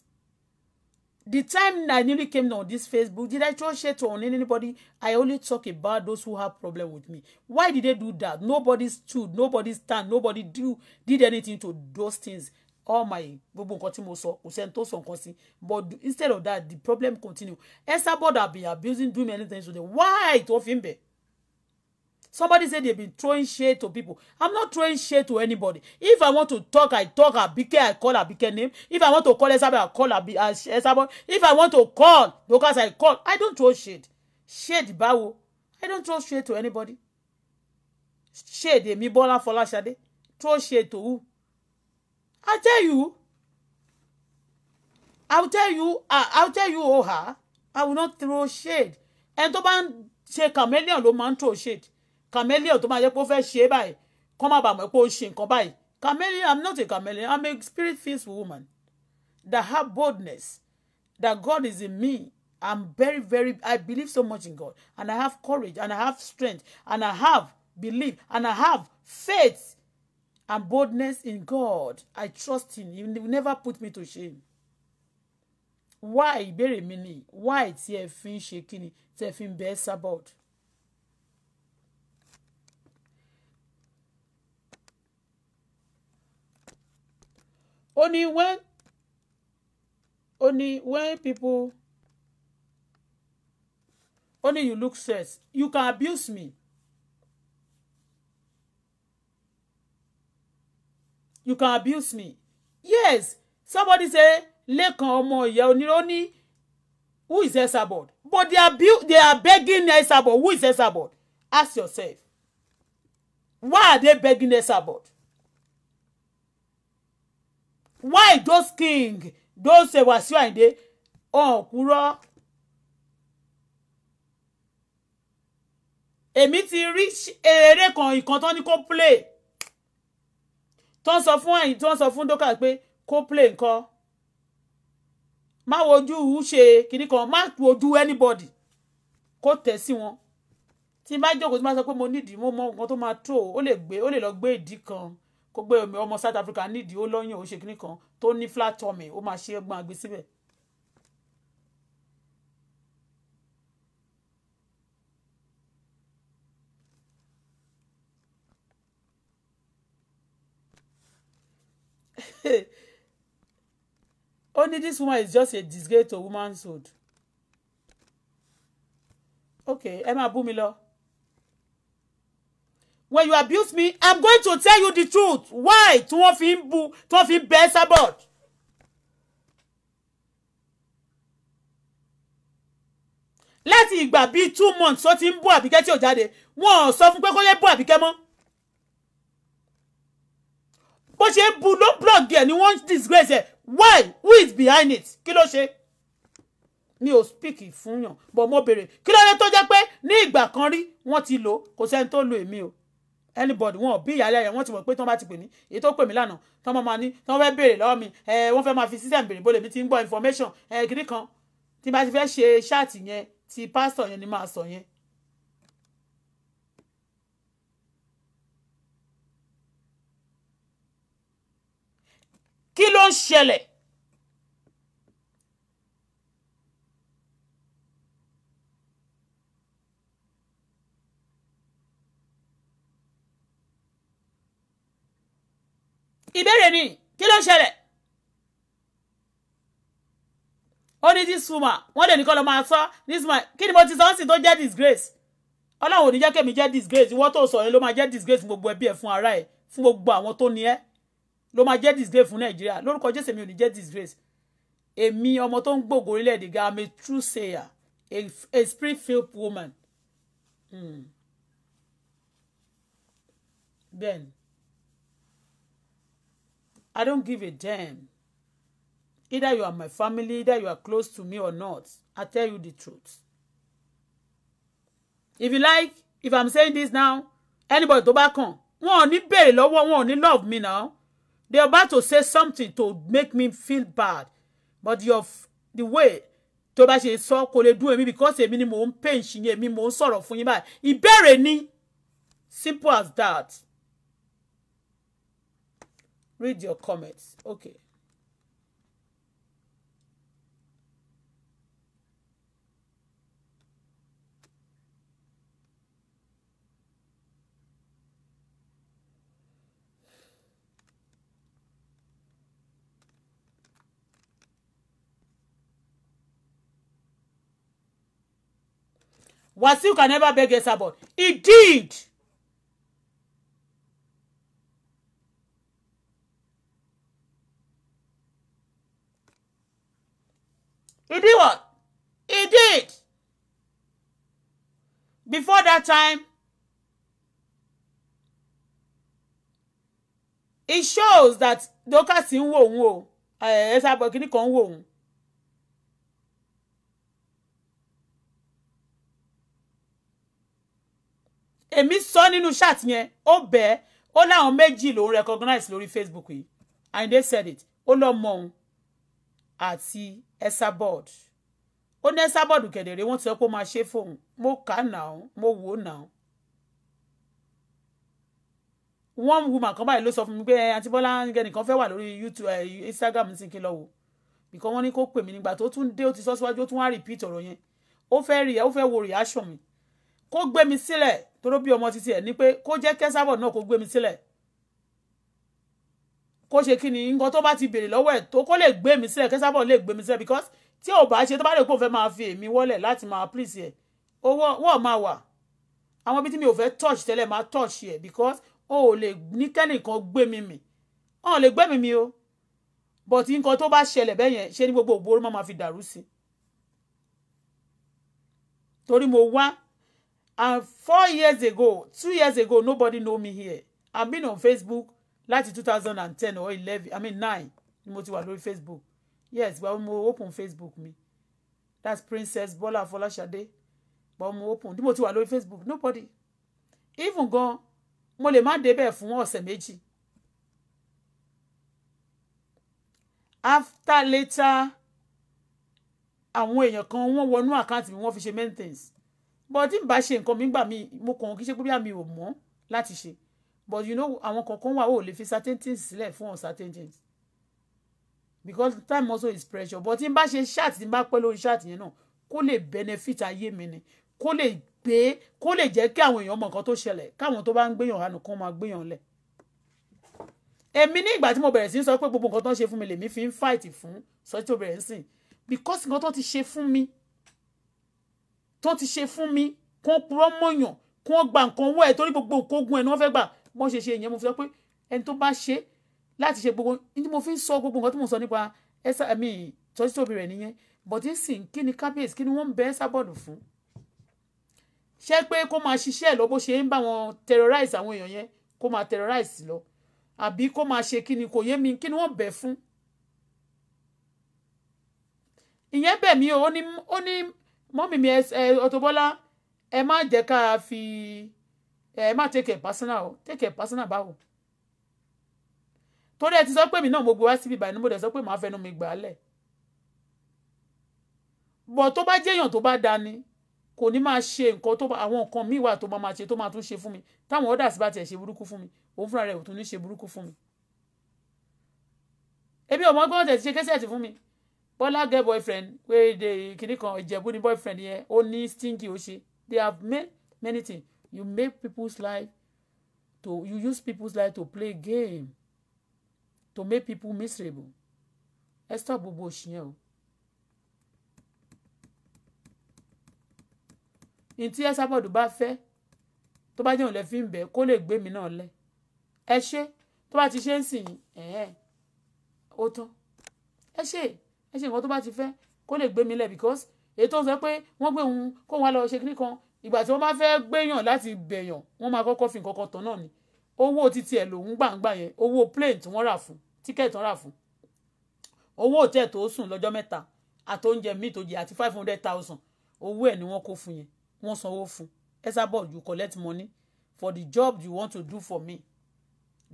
the time I nearly came on this Facebook, did I throw shade on anybody? I only talk about those who have problem with me. Why did they do that? Nobody stood, nobody stand, nobody do did anything to those things. All my gbogbo nǹkan tí mo sọ kò sẹ́ni tó sọ nǹkan but instead of that the problem continue. Esabod have been abusing doing many things to them. Why tó fi ń bẹ̀? Somebody said they've been throwing shade to people. I'm not throwing shade to anybody. If I want to talk, I talk Abike, I call Abike name. If I want to call Esabod, I call uh, Esabod. If I want to call, because I call, I don't throw shade. Shade bawo. I don't throw shade to anybody. Shade èmi Bọ́lá Fọláṣadé. Throw shade to who? I tell you. I will tell you, I, uh, I will tell you, Oha, oh, I will not throw shade. Ẹni tó bá ń ṣe chameleon ló máa throw shade chameleon tó máa jẹ́ pé ó fẹ́ ṣe é báyìí kọ́ má bàa mọ̀ pé ó ṣe nǹkan báyìí chameleon i'm not a chameleon i'm a spirit filled woman that have boldness that God is in me i'm very very i believe so much in God and i have courage and i have strength and i have belief and i have faith and boldness in God i trust him he will never put me to shame why ìbéèrè mi ni why tí ẹ fi ń ṣe kíni tí ẹ fi ń bẹ Sabbath only when only when people only you look stress you can abuse me you can abuse me yes somebody say lẹ́kàn ọmọ ìyá onírọ́ ní who is Esabod but they are, bu- they are begging Esabod who is Esabod ask yourself why are they begging Esabod why those king those ṣe Wasiu Ayinde ọ̀hún oh, kúrọ́. èmi ti rí eré kan ìkan tán ní kó play tó ń sọ fún ẹ̀yìn tó ń sọ fún dókà pé kó play nǹkan má wojú ṣe kinní kan má wojú anybody kó tẹ̀ sí wọn tí n bá jókòó tí n bá sọ pé mo nídìí mo mọ nǹkan tó máa tó ó lè gbé ó lè lọ gbé ìdí kan kó gbé ọmọ South Africa nídìí ó lọ́yàn ó ṣe kíní kan tó ní flat tummy ó máa ṣe ẹgbọ́n agbe síbẹ̀. Only this woman is just a disgrace to womanhood. Okay, ẹ máa bú mi lọ when you abuse me i'm going to tell you the truth why tí wọ́n fi ń bu tí wọ́n fi ń bẹ́ Esabod. láti ìgbà bíi two months tó ti ń bú àbíkẹ́ tí ò jáde wọn ò sọ fún pé kó lè bú àbíkẹ́ mọ́ bó ṣe ń bu ló ń blog ẹ̀ ni wọ́n disgrace ẹ̀ why who is behind it kí ló ṣe mi ò speak fún yàn bọ̀ mo béèrè kí ló dé tó jẹ́ pé ní ìgbà kan rí wọ́n ti lò kò sẹ́ni tó lo èmi o anybody wọn ò bí ìyálẹ̀ rẹ̀ wọ́n ti mọ̀ pé tí wọ́n bá ti pè mí èyí tó pè mí lánàá tí wọ́n máa ní tí wọ́n fẹ́ béèrè lọ́wọ́ mi wọ́n fẹ́ máa fi system béèrè bó lèmi ti ń gbọ́ information kiri kan tí bá ti fẹ́ ṣe ṣáàtì yẹn ti pásítọ̀ yẹn ni máa sọ yẹn. kí ló ń ṣẹlẹ̀ ìbéèrè mi kí ló ń ṣẹlẹ̀ ó ní this woman wọ́n lè ní kọ́ lọ máa sọ this woman kí ni mo ti sọ ọ́ sì tó jẹ́ disgrace ọlọ́run ò ní jẹ́ kémi jẹ́ disgrace ìwọ́n tó sọ yẹn ló máa jẹ́ disgrace fún gbogbo ẹbí ẹ̀ fún ara ẹ̀ fún gbogbo àwọn tó ní ẹ́ ló máa jẹ́ disgrace fún nàìjíríà lórúkọ jésù mi ò ní jẹ́ disgrace èmi ọmọ tó ń gbòògò orílẹ̀-èdè ga i'm a true sayer a, a spirit filled woman. Hmm. bẹ́ẹ̀ni I don't give a damn. Either you are my family, either you are close to me or not. I tell you the truth. If you like, if I'm saying this now, anybody to back on one, ò ní love one. wọn ò love me now. They're about to say something to make me feel bad. But your the way tó bá ṣe sọ kò lè dùn because èmi ni mò ń pè ń ṣiyẹn èmi mò ń sọ̀rọ̀ fún yín báyìí. Ìbéèrè simple as that. Read your comments. Okay. Wasiu can never beg Esabod. He did. He did what? He did. Before that time, it shows that Dorcas ń wò òun o ẹsẹ abọ kìíní kan ń wò òun. èmi chat nínú chat be, ó bẹ́ẹ̀ ó láwọn méjì lòún recognize lórí Facebook yìí and they said it ó lọ mọ òun àti Esabod ó ní Esabod kẹ̀dẹ̀rẹ́ wọ́n ti sọ pé ó máa ṣe fóun mo kà á nà án mo wò ó nà án one woman kan báyìí ló sọ fún mi pé àǹtí eh, Bọ́lá ẹnìkan fẹ́ wà lórí YouTube eh, Instagram sí kí lọ́wọ́ because wọ́n ní kó pè mí nígbà tó tún dé ó ti sọ síwájú ó tún wá repeat ọ̀rọ̀ yẹn ó fẹ́ rí ẹ ó fẹ́ wo reaction mi kó gbé mi sílẹ̀ toró bí ọmọ títí ẹ̀ ní pé kó jẹ́ kẹ́sàbọ̀ náà kó gbé mi sílẹ̀ kó ṣe kí ni nǹkan tó bá ti béèrè lọ́wọ́ ẹ̀ tó kó lè gbé mi sílẹ̀ kẹ́sàbọ̀ lè gbé mi sílẹ̀ because tí ò bá ṣe tó bá lè kó fẹ́ máa fi èmi wọlẹ̀ láti máa please ẹ̀ owó wọ́n máa wà àwọn ibi tí mi ò fẹ́ touch tẹ́lẹ̀ máa touch ẹ̀ because o ò lè ní kẹ́nìkan gbé mi mì ọ̀n lè gbé mi mi o but nǹkan tó bá ṣẹlẹ̀ bẹ́ẹ̀ yẹn ṣe ni gbogbo òbóró máa fi dàrú sí torí mo wá and four years ago two years ago nobody know me here I've been on Facebook láti two thousand and ten or eleven i mean nine ni mo ti wà lórí facebook yes gba mo open facebook mi that's princess bola folashade gba mo open ni mo ti wà lórí facebook nobody even gan mo lè má débẹ̀ fún ọ̀sẹ̀ méjì after later àwọn èèyàn kan wọ́n wọnú àkáǹtì mi wọ́n fi ṣe maintenance but tí n bá ṣe nǹkan mi gbà mí mo kàn kí ṣe pé bí àmì ò mọ́ láti ṣe but you know àwọn kọ̀ọ̀kan wà ó lè fi certain things sílẹ̀ fún certain things because time also is pressure but tí n bá ṣe ṣáàtì tí n bá pẹ́ lórí ṣáàtì yẹn náà kó lè benefit ayé mi ni kó lè gbé kó lè jẹ́ kí àwọn èèyàn mọ nǹkan tó ṣẹlẹ̀ káwọn tó bá ń gbéyàn hànú kán máa gbéyàn lẹ̀ èmi ní ìgbà tí mo bẹ̀rẹ̀ sí sọ pé gbogbo nǹkan tó ń ṣe fún mi lèmi fi ń fight fún sọ tí mo bẹ̀rẹ̀ ń sìn because nǹkan tó ti ṣe fún mi tó ti ṣe fún mi kó purọ́ mọ̀yàn kó gba nǹkan wọ́ ẹ̀ torí gbogbo nǹkan ogun ẹ̀ ni wọ́n fẹ́ gbà bọ́n ṣe ṣe ìyẹn mo fi sọ pé ẹni tó bá ṣe láti ṣe gbogbo ní mo fi ń sọ gbogbo nǹkan tí mo sọ nípa ẹsà mi tọ́jú tóbi rẹ̀ nìyẹn but nsìn kí ni kábíyèsí kí ni wọ́n ń bẹ ẹsà bọ́ọ̀dù fún ṣé pé kó máa ṣiṣẹ́ lọ bó ṣe ń bá wọn terrorize àwọn èèyàn yẹn kó máa terrorize lọ àbí kó máa ṣe kí ni kò yé mi kí ni wọ́n bẹ̀ fún ìyẹn bẹ̀ mí o ó ní mọ́mì mi Auto Bola ẹ má jẹ́ ká fi ẹ má take a personal o take it personal báwo torí ẹ ti sọ pé mi náà mo gbé wá síbi ìbàdàn mo dẹ̀ sọ pé màá fẹnu mi gbà á lẹ̀ bọ̀ tó bá jẹ́yàn tó bá dání kò ní máa ṣe nǹkan tó àwọn nǹkan míì wà tó máa máa ṣe tó máa tún ṣe fún mi táwọn ọ̀dà síbá tiẹ̀ ṣe burúkú fún mi òun fúnra rẹ̀ ò tún ní ṣe burúkú fún mi. ebi ọmọ gbọ́dọ̀ tẹ̀ ti ṣe kẹ́sẹ̀ ti fún mi bọ́lá gẹ́ boyfriend wey dey kìnnìkan ìjẹ̀bú ni boyfriend yẹn ó ní stingy ó ṣe they have made many things You make people's life to you use people's life to play game to make people miserable. Ẹ stop gbogbo òṣì yẹn o. Ntí ẹ sábọ̀dù bá fẹ́ tó bá jẹ́ òun lẹ fi ń bẹ̀ kó lè gbé mi náà lẹ. Ẹ ṣe tó bá ti ṣe ń sìn ẹ̀ẹ́ ó tán. Ẹ ṣe ẹ ṣe nǹkan tó bá ti fẹ́ kó lè gbé mi lẹ because èyí tó ń sọ pé wọ́n gbé òun kó wọn lọ ṣe kíní kan ìgbà tí wọ́n bá fẹ́ gbéyàn láti bẹ̀yàn wọ́n máa kọ́kọ́ fi nǹkan kan tán náà ni owó títí ẹ̀ lòún gbàǹgbà yẹn owó plane tí wọ́n rà fún tíkẹ́ẹ̀tì wọ́n rà fún owó òtẹ́ tó sùn lọ́jọ́ mẹ́ta àti míì tó jẹ àti five hundred thousand owó ẹ̀ ni wọ́n kó fún yẹn wọ́n sanwó fún Esabod you collect money for the job you want to do for me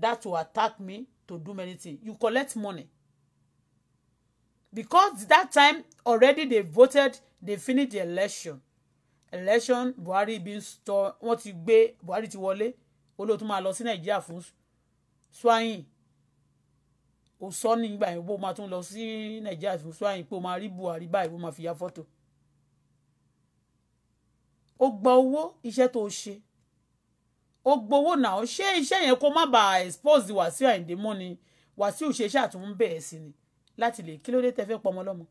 that will attack me to do many things you collect money because that time already they voted they finish the election election Buhari been store wọ́n ti gbé Buhari ti wọlé olóòtú máa lọ sí Nàìjíríà fún swahili ó sọ nígbà yẹn bó máa tún lọ sí Nàìjíríà fún swahili pé ó máa rí Buhari báyìí bó máa fi ya fọ́tò ó gba owó iṣẹ́ tó ṣe ó gbowó náà ṣé iṣẹ́ yẹn kó má bàa expose Wàsíù Àyìndé mọ́ ni Wàsíù ṣe ṣàtúnbẹ̀ẹ́ sí ni láti lè kí ló dé tẹ́ fẹ́ pọmọ lọ́mọ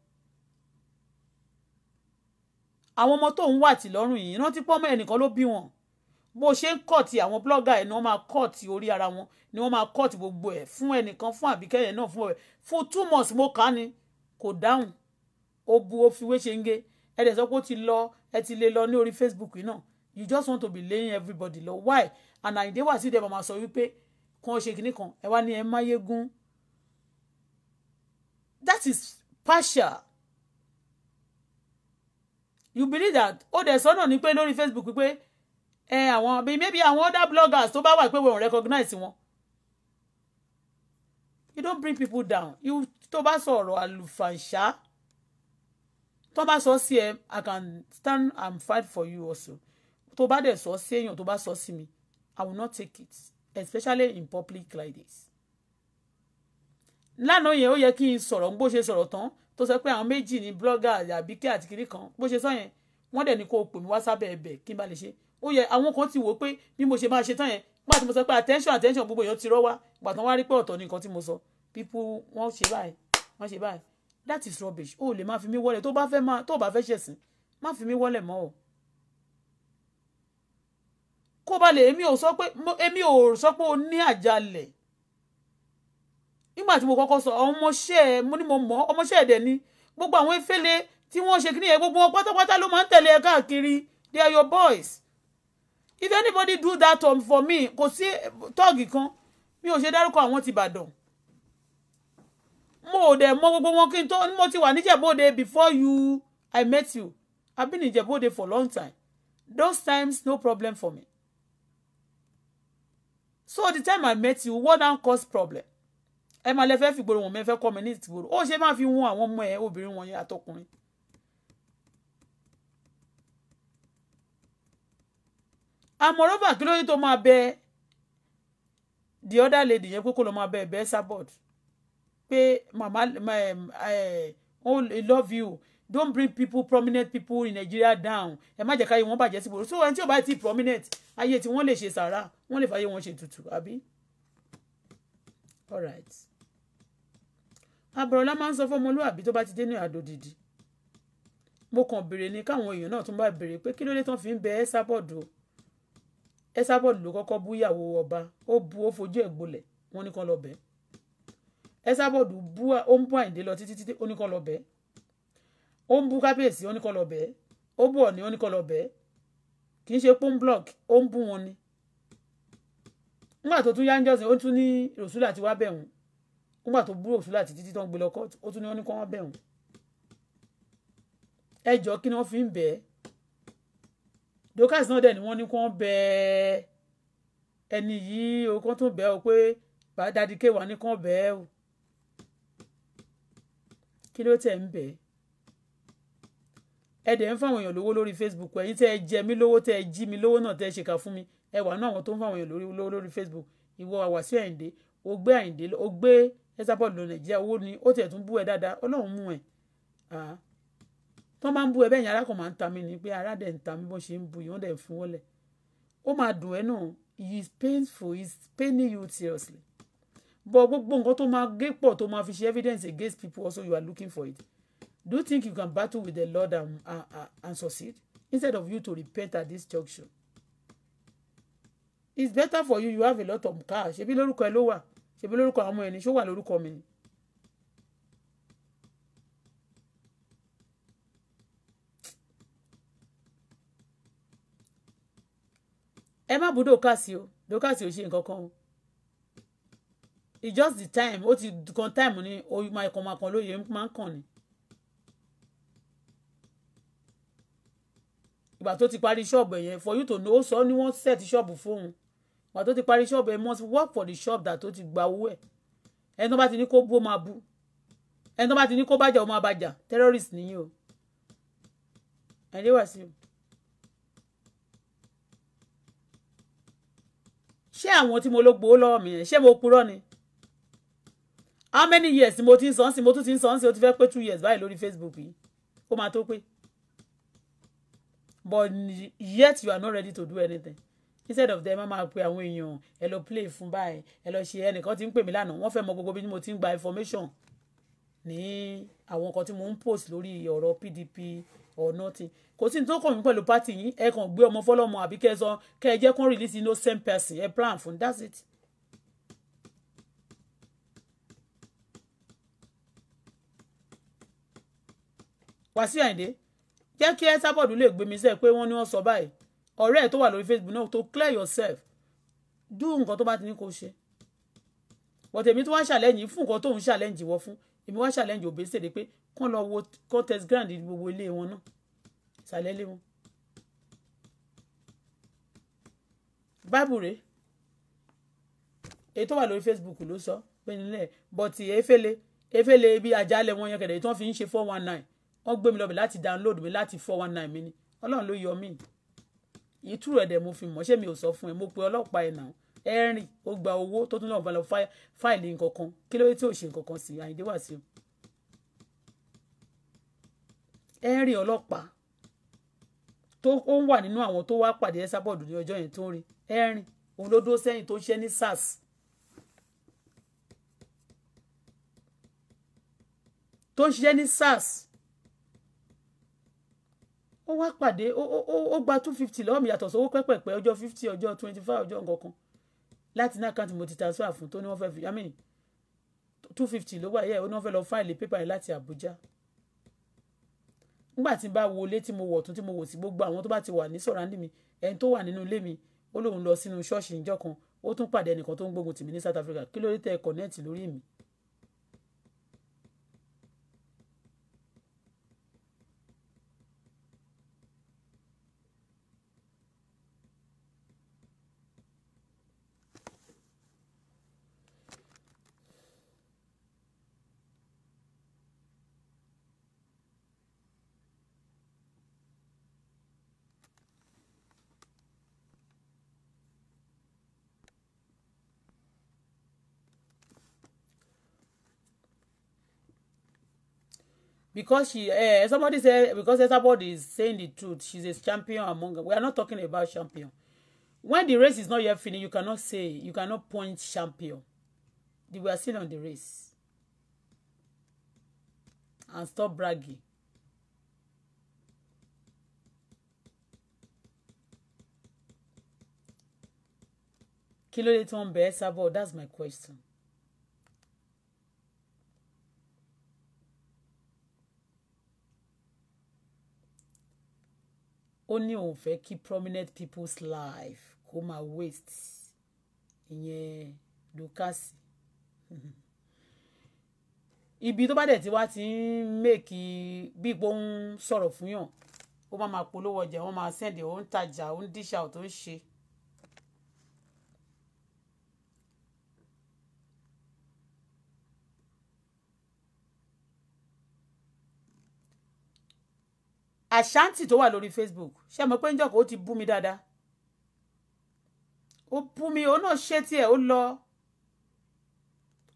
àwọn ọmọ tó ń wà tí lọ́rùn yìí rántí pọ́mọ ẹnìkan ló bí wọn bó ṣe ń kọ́ọ̀tì àwọn blọ́gà ẹ̀ ni wọ́n máa kọ́ọ̀tì orí ara wọn ni wọ́n máa kọ́ọ̀tì gbogbo ẹ̀ fún ẹnìkan fún àbíkẹ́ yẹn náà fún ẹ̀ fún two months mo kà á ni kò dáhùn ó bu ó fi wé ṣe ń gé ẹ dẹ̀ sọ pé ó ti lọ ẹ ti lè lọ ní orí Facebook yìí náà you just want to be laying everybody lọ why and àyìndé wà sí ìdẹ́bà máa sọ wípé kan ṣe kìnnìkan ẹ wá ní ẹ máyégún that is partial you believe that ó dẹ̀ sọ́nà ní pé lórí facebook pé ẹ àwọn bíi maybe àwọn other bloggers tó bá wà pé wọ́n recognize wọn you don't bring people down you tó bá sọ ọ̀rọ̀ àlùfàǹṣá tó bá sọ sí ẹ i can stand and fight for you also tó bá dẹ̀ sọ sí èèyàn tó bá sọ sí mi i will not take it especially in public like this lánàá yẹn ó yẹ kí n sọ̀rọ̀ bó ṣe sọ̀rọ̀ tán tó sọ pé àwọn méjì ní blogger àbíkẹ́ àti kiri kan bó ṣe sọ yẹn wọ́n dẹ̀ ní kó o pè mí wá sábẹ́ ẹ̀bẹ̀ kí n bá lè ṣe ó yẹ àwọn kan ti wò ó pé bí mo ṣe máa ṣe tán yẹn nígbà tí mo sọ pé attention attention gbogbo èèyàn ti rọ́ wá ìgbà tán wá rí pé ọ̀tọ̀ ní nǹkan tí mo sọ people wọ́n ṣe báyìí wọ́n ṣe báyìí that is rubbish o lè má fi mí wọlé tó bá fẹ́ máa tó bá fẹ́ ṣẹ̀sìn má fi mí wọlé mọ́ o kó ba èmi ò sọ pé èmi ò sọ pé o ní àjálẹ̀ nígbà tí mo kọ́kọ́ sọ ọmọọṣẹ́ mo ní mo mọ̀ ọmọọṣẹ́ ẹ̀dẹ̀ ni gbogbo àwọn efele tí wọ́n ṣe kíni yẹn gbogbo wọn pátápátá ló máa ń tẹ̀lé ẹ káàkiri they are your boys if anybody do that um, for me kò sí eh, tọ́ọ̀gì kan mi ò ṣe dárúkọ àwọn ti Ìbàdàn mo ò dẹ̀ mọ gbogbo wọn kí n tó mo ti wà níjẹ̀bóde before you I met you I've been in Ìjẹ̀bóde for long time those times no problem for me so the time I met you what now cause problem ẹ máa lẹ fẹ́ fi gbòòrò wọn mẹ́fẹ́ kọ́ mi ní ìtìgbòòrò ó ṣe máa fi hun àwọn ọmọ ẹ obìnrin wọn yẹn àtọkùnrin. àmọ́rọ́bà kí ló dé tó máa bẹ the other lady yẹn pé kó lọ máa bẹ ẹ̀bẹ̀ sábọ̀d pé mama oh I love you don't bring people prominent people in Nigeria down ẹ má jẹ́ ká yẹ wọ́n bàjẹ́ sí ìgboro so ẹni tí ò bá ti prominent ayé tí wọ́n lè ṣe sàrà wọ́n lè fàyè wọn ṣe tutù àbí all right abọ̀rọ̀lá máa ń sọ fún ọmọlúwàbí tó bá ti dé ní àdó dìdí mo kàn béèrè ni káwọn èèyàn náà tún bá béèrè pé kí ló dé tán fi ń bẹ ẹ́sàbọ̀dù ẹ́sàbọ̀dù ló kọ́kọ́ bú ìyàwó ọba ó bu ó fojú ẹ̀ gbolẹ̀ wọ́n ní kan lọ bẹ́ẹ̀ ẹ́sàbọ̀dù bú ó ń bú àyíndé lọ títí títí ó ní kan lọ bẹ́ẹ̀ ó ń bú kábíyèsí ó ní kan lọ bẹ́ẹ̀ ó bú ọ̀ní ó ní kan lọ bẹ́ẹ̀ kì í ṣe pọ́n block ó ń bú wọn ni nígbà tó tún yá ń jọ́sìn ó tún ní rọ̀ṣúlà nígbà tó búrò fún láti títí tó ń gbé lọ kóòtù ó tún ní wọn ní kó wọn bẹ̀rùn ẹjọ́ kí ni wọ́n fi ń bẹ̀ẹ́ Dorcas náà dẹ̀ ni wọ́n ní kó wọn bẹ ẹni yìí o kó tún bẹ́ẹ̀ o pé dadi kéwà ní kó bẹ́ẹ̀ o kí ló tẹ̀ ń bẹ̀ẹ́ ẹ dẹ̀ ń fáwọn èèyàn lówó lórí Facebook ẹ̀yin tẹ́ ẹ jẹ mí lówó tẹ́ ẹ jí mi lówó náà tẹ́ ẹ ṣèkà fún mi ẹ wà náà àwọn tó ń fáwọn èèyàn lówó lórí Facebook ìwọ àwàsí àyìndé o gbé àyìndé o gbé. Esther lọ nàìjíríà owó ni ó tiẹ̀ tún bú ẹ dáadáa ọlọ́run mú ẹ tó máa ń bú ẹ bẹ́ẹ̀ yẹn ara máa ń ta mi ni pé ara dẹ̀ ń ta mi bó ṣe ń bu yìí wọ́n dẹ̀ ń fún wọ́lẹ̀ ó máa dùn ẹ́ náà it's painful it's paining you seriously but gbogbo nǹkan tó máa gé pọ̀ tó máa fi ṣe evidence against people also you are looking for it do you think you can battle with the Lord and, and, and, and succeed instead of you to repent at this junction it's better for you you have a lot of cash ebi lórúkọ ẹ ló wà ṣebí lórúkọ àwọn ọmọ ṣó wà lórúkọ mi ẹ má bú dókàsí o dókàsí ò ṣe nǹkan kan o it's just the time ó ti kan time ni oyún máa kan máa kan lóye máa ń kàn ni. ìgbà tó ti parí ṣọ́ọ̀bù ẹ̀yẹn for you to know ó sọ ọ́ ni wọ́n set ṣọ́ọ̀bù fóun wà tó ti parí ṣọ́ọ̀bù ẹ̀ must work for the shop that tó ti gba owó ẹ̀ ẹni tó bá ti ní kó bú ó máa bú ẹni tó bá ti ní kó bàjẹ́ ó máa bàjẹ́ terrorist nìyí o ẹ̀dẹ́ wà sí o. ṣé àwọn tí mo ló gbowó lọ́wọ́ mi yẹn ṣé mo purọ́ ni how many years mo ti ń sọ́nsìn mo tún ti ń sọ́nsìn ó ti fẹ́ pé two years báyìí lórí Facebook yìí kó máa tó pé but yet you are not ready to do anything instead of them a máa pe àwọn èèyàn ẹ lọ play fún báyìí ẹ lọ ṣe ẹnìkan tí ń pè mí lánàá wọ́n fẹ́ mọ gbogbo bí mo ti ń gba information ní àwọn nǹkan tí mo ń post lórí ọ̀rọ̀ PDP or nothing kò sí ní tó kàn mí pẹ̀lú party yín ẹ kàn gbé ọmọ fọlọ́mọ àbí kẹ́ ẹ sọ kẹ́ ẹ jẹ́ kán release innocent person ẹ plan fún that's it. Wàsíù Àyìndé jẹ́ kí ẹ sábọ̀dù lè gbé mi sẹ́ pé wọ́n ní wọ́n sọ báyìí ọ̀rẹ́ ẹ̀ tó wà lórí Facebook náà to clear yourself do nǹkan tó bá ti ní kó ṣe but èmi tó wá challenge fún nǹkan tó ń challenge wọ fún èmi wá challenge òbèsè de pé kán lọ wo contest grand, gbogbo ilé wọn náà ìsàlẹ̀ ilé wọn. báàbù rèé èyí tó wà lórí Facebook ló sọ pé nílẹ̀ but efele efele ibi àjálẹ̀ wọn yẹn kẹ̀dẹ̀ tí wọ́n fi ń ṣe four one nine wọ́n gbé mi lọ bẹ̀ láti download mi láti four one nine mi ni ọlọ́run ló yọ mí ìtúrò ẹ̀dẹ̀ mo fi mọ̀ ṣé mi ò sọ fún ẹ mo pe ọlọ́pàá ẹ̀ náà ẹ̀rìn ó gba owó tó tún lọ́nà lọ fáìlì nǹkan kan kí ló dé tí ò ṣe nǹkan kan sí Àyìndé Wàsíù ẹ̀rìn ọlọ́pàá tó ó ń wà nínú àwọn tó wá pàdé ẹ̀ sábọ̀dù ní ọjọ́ yẹn tó ń rí ẹ̀rìn òun ló dúró sẹ́yìn tó ń ṣe ní SARS tó ń ṣiṣẹ́ ní SARS ó wá pàdé ó ó ó gba two fifty lọ́wọ́ mi yàtọ̀ sówó pẹ́pẹ́pẹ́ ọjọ́ fifty ọjọ́ twenty five ọjọ́ nǹkan láti ní àkáǹtì mo ti transfer fún tó ní wọ́n fẹ́ fi amí two fifty ló wà yẹ ó ní wọ́n fẹ́ lọ fáìlì pépà yẹn láti Àbújá nígbà tí n bá wo ilé tí mo wọ̀ tún tí mo wò sí gbogbo àwọn tó bá ti wà ní sọ̀ràndì mi ẹni tó wà nínú ilé mi ó lóun lọ sínú ṣọ́ọ̀ṣì níjọ́ kan ó tún pàdé ẹnìkan tó ń gbógun tì mí ní South Africa kí ló dé tẹ́ ẹ kọ̀nẹ́ẹ̀tì lórí mi because she uh, somebody said because everybody is saying the truth she's a champion among we are not talking about champion when the race is not yet finished you cannot say you cannot point champion we are still on the race and stop bragging kí ló on tí wọ́n that's my question ó ní òun fẹ́ kí prominent people's life kó máa waste ìyẹn dukasi ibi tó bá dẹ̀ ti wá ti ń mèkì bí ipò ń sọ̀rọ̀ fún yàn ó máa máa polówó ọjà wọ́n máa sẹ́ndì ó ń tajà ó ń díṣà ó tó ń ṣe. àṣántì tó wà lórí facebook ṣé mo pé níjọ́ kó ti bú mi dáadáa ó bú mi òun náà ṣe tiẹ̀ ó lọ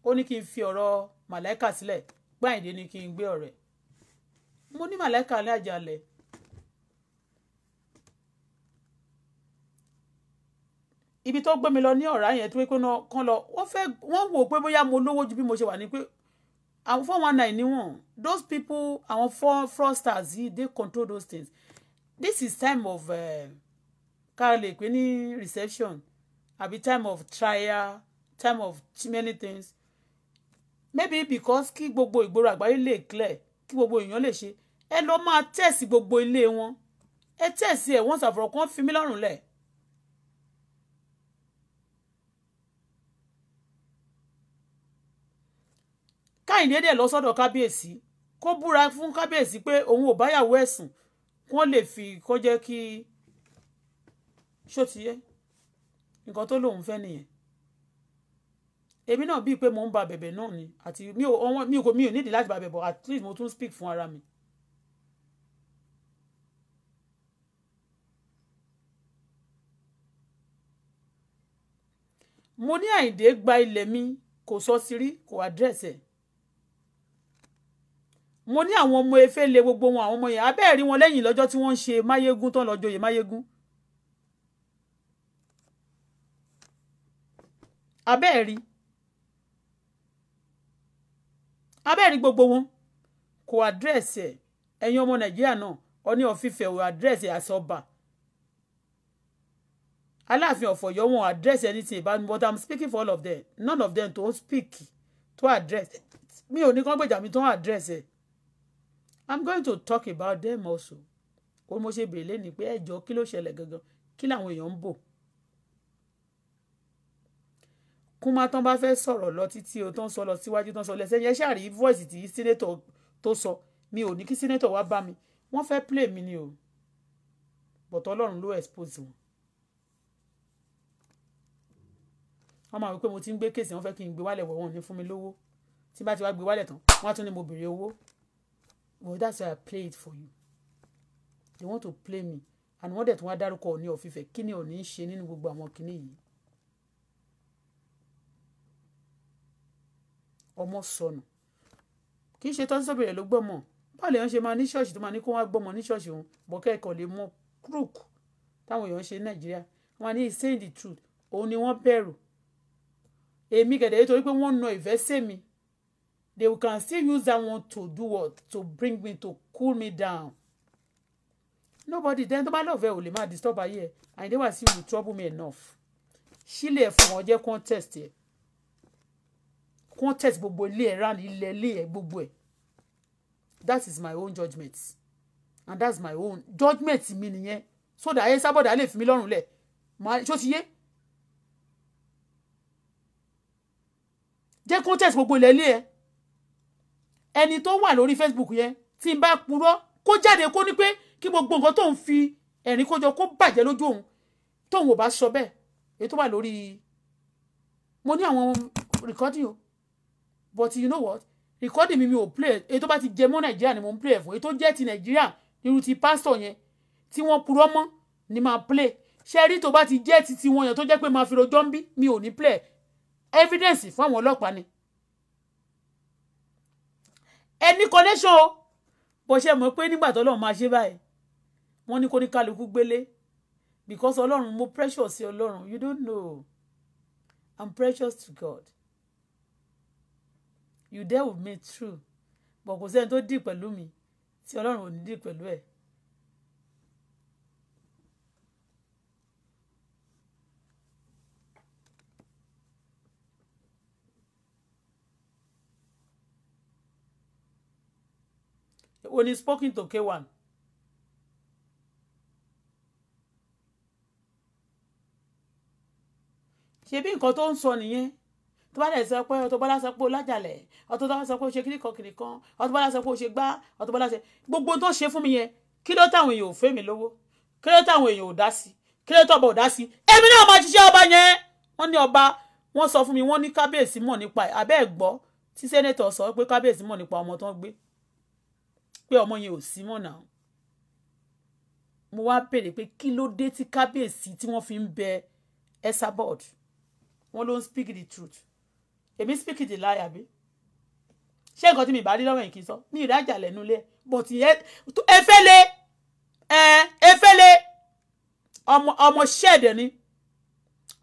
ó ní kí n fi ọ̀rọ̀ màláìkà sílẹ̀ gbáyìndé ni kí n gbé ọ̀rẹ́ mo ní màláìkà alẹ́ àjálẹ̀ ibi tó gbé mi lọ ní ọ̀rá yẹn tó pé kán lọ wọ́n fẹ́ wọ́n wò pé bóyá mo lówó ju bí mo ṣe wà ní pé àwọn four one nine ni those people àwọn four fraudsters yìí they control those things this is time of eh, ká lè pè ní reception àbí time of trial time of many things maybe because kí gbogbo ìgboro àgbáyé lè clear kí gbogbo èèyàn lè ṣe ẹ lọ máa tẹ̀sí gbogbo ilé wọn ẹ tẹ̀sí ẹ̀ wọ́n ṣàfọ̀rọ̀ kan fi mí lẹ̀ káyìndé dẹ̀ lọ sọ́dọ̀ kábíyèsí kó búra fún kábíyèsí pé òun ò báyàwó ẹ̀sùn wọ́n lè fi kó jẹ́ kí ṣó ti yẹ nǹkan tó lòun fẹ́ nìyẹn èmi náà bíi pé mò ń ba bẹ̀bẹ̀ náà ni àti mi ò ọwọ́n mi ò mi ò nídìí láti ba bẹ̀bẹ̀ at least mo tún speak fún ara mi. mo ní àìdè gba ilẹ̀ mi kò sọ sí rí kò àdírẹ́sì ẹ̀ mo ní àwọn ọmọ efe le gbogbo wọn àwọn ọmọ yẹn abẹ́ẹ̀ rí wọn lẹ́yìn lọ́jọ́ tí wọ́n ń ṣe máyégún tán lọ́jọ́ yìí máyégún abẹ́ẹ̀ rí abẹ́ẹ̀ rí gbogbo wọn kò àdírẹ́sì ẹ̀ ẹ̀yin ọmọ nàìjíríà náà ọní ọ̀fífẹ́ ò àdírẹ́sì àsọba aláàfin ọ̀fọ̀ yọ wọn àdírẹ́sì anything about but i'm speaking for all of them none of them to speak to address mi ò ní kán gbèjà mi tán àdírẹ́sì ẹ̀ i'm going to talk about them also ó mo ṣe béèrè lẹ́nu pé ẹ̀jọ́ kí ló ṣẹlẹ̀ gangan kí làwọn èèyàn ń bò kúmá tán bá fẹ́ sọ̀rọ̀ lọ títí o tán sọ lọ síwájú tán sọ lẹ́sẹ̀ yẹn ṣàrí voice tí sínétọ̀ tó sọ mi ò ní kí sínétọ̀ wá bá mi wọ́n fẹ́ play mi ni o but ọlọ́run ló expose wọn. wọ́n máa wí pé mo ti ń gbé kéèsì wọ́n fẹ́ kí n gbé wálẹ̀ wọ̀ wọ́n ní fún mi lówó tí bá ti wá gbé wálẹ̀ tán wọ́n á tún ní mo béèrè owó well that's why I play it for you they want to play me and wọ́n dẹ̀ tún wá dárúkọ Ọọ̀ni of Ifẹ̀ kí ni Ọọ̀ni ń ṣe nínú gbogbo àwọn kinní yìí ọmọ sọnù kì í ṣe tán sọ́bìrẹ̀ ló gbọ́mọ̀ báwo lèèyàn ṣe máa ní ṣọ́ọ̀ṣì tó máa ní kó wá gbọ́mọ̀ ní ṣọ́ọ̀ṣì wọn bọ̀kẹ́ ẹ̀kọ́ lè mọ crook táwọn èèyàn ṣe ní Nàìjíríà wọn ní saying the truth òun ni wọ́n bẹ̀rù èmi gẹ̀dẹ̀ nítorí pé wọ́n na ìfẹ́ sèmi they can still use that one to do what to bring me to cool me down nobody then tó bá love ẹ ò lè máa disturb ayé ẹ àyìndé wà sí you trouble me enough She sílẹ̀ fún ọ jẹ́ contest ẹ contest gbogbo ilé ẹ rán ilẹ̀ ilé ẹ gbogbo ẹ that is my own judgment, and that's my own judgment. mi nìyẹn so that ayé sábọ̀dà lè fi mí lọ́rùn lẹ̀ ṣó ti yé jẹ́ contest gbogbo ilẹ̀ ilé ẹ ẹni tó wà lórí Facebook yẹn tí n bá purọ́ kó jáde kó ní pé kí gbogbo nǹkan tóun fi ẹ̀rín kójọ kó bàjẹ́ lójú òun tóun ò bá sọ bẹ́ẹ̀ èyí tó wà lórí mo ní àwọn recording o but you know what recording mi mi ò play èyí tó bá ti jẹ mọ́ nàìjíríà ni mo ń play ẹ̀ fún èyí tó jẹ́ ti nàìjíríà irú ti pásítọ̀ yẹn tí wọ́n purọ́ mọ́ ni máa play ṣe rí tó bá ti jẹ́ ti tiwọn yẹn tó jẹ́ pé máa fi rojọ́ ń bí mi ò ní play evidence fún àwọn ọlọ́pàá ni ẹni connection o bó ṣe mọ̀ pé nígbà tó ọlọ́run máa ṣe báyìí wọ́n ní kó ní kálukú gbélé because ọlọ́run mo precious sí ọlọ́run you don't know i'm precious to god you there with me true but kò sẹ́ni tó dì pẹ̀lú mi tí ọlọ́run ò ní dì pẹ̀lú ẹ̀ when he spoken to K1. ṣebí nǹkan tó ń sọ nìyẹn tó bá dẹ̀ sọ pé Auto Bola sọ pé ó lájàlẹ̀ Auto Bola sọ pé ó ṣe kíní kan kìnì kan Auto Bola sọ pé ó ṣe gbá Auto Bola ṣe gbogbo tó ṣe fún mi yẹn kí ló táwọn èèyàn ò fẹ́ mi lówó kí ló táwọn èèyàn ò dá sí kí ló tọ́bọ̀ ò dá sí èmi náà máa ṣiṣẹ́ ọba yẹn wọ́n ní ọba wọ́n sọ fún mi wọ́n ní kábíyèsí mọ̀ nípa ẹ̀ abẹ́ ẹ̀ gbọ́ tí sẹ́nẹ́tọ̀ sọ pé kábíyèsí mọ̀ nípa ọmọ tó ń gbé pé ọmọ yẹn ò sí mọ́ náà mo wá béèrè pé kí ló dé tí kábíyèsí tí wọ́n fi ń bẹ Esabod wọ́n ló ń speak the truth èmi speak the lie àbí ṣé nǹkan tí mi bá rí lọ́wọ́ yìí kì í sọ mi ìrajà lẹ́nu lé but efele efele ọmọ ṣẹ́ẹ̀dẹ̀ ni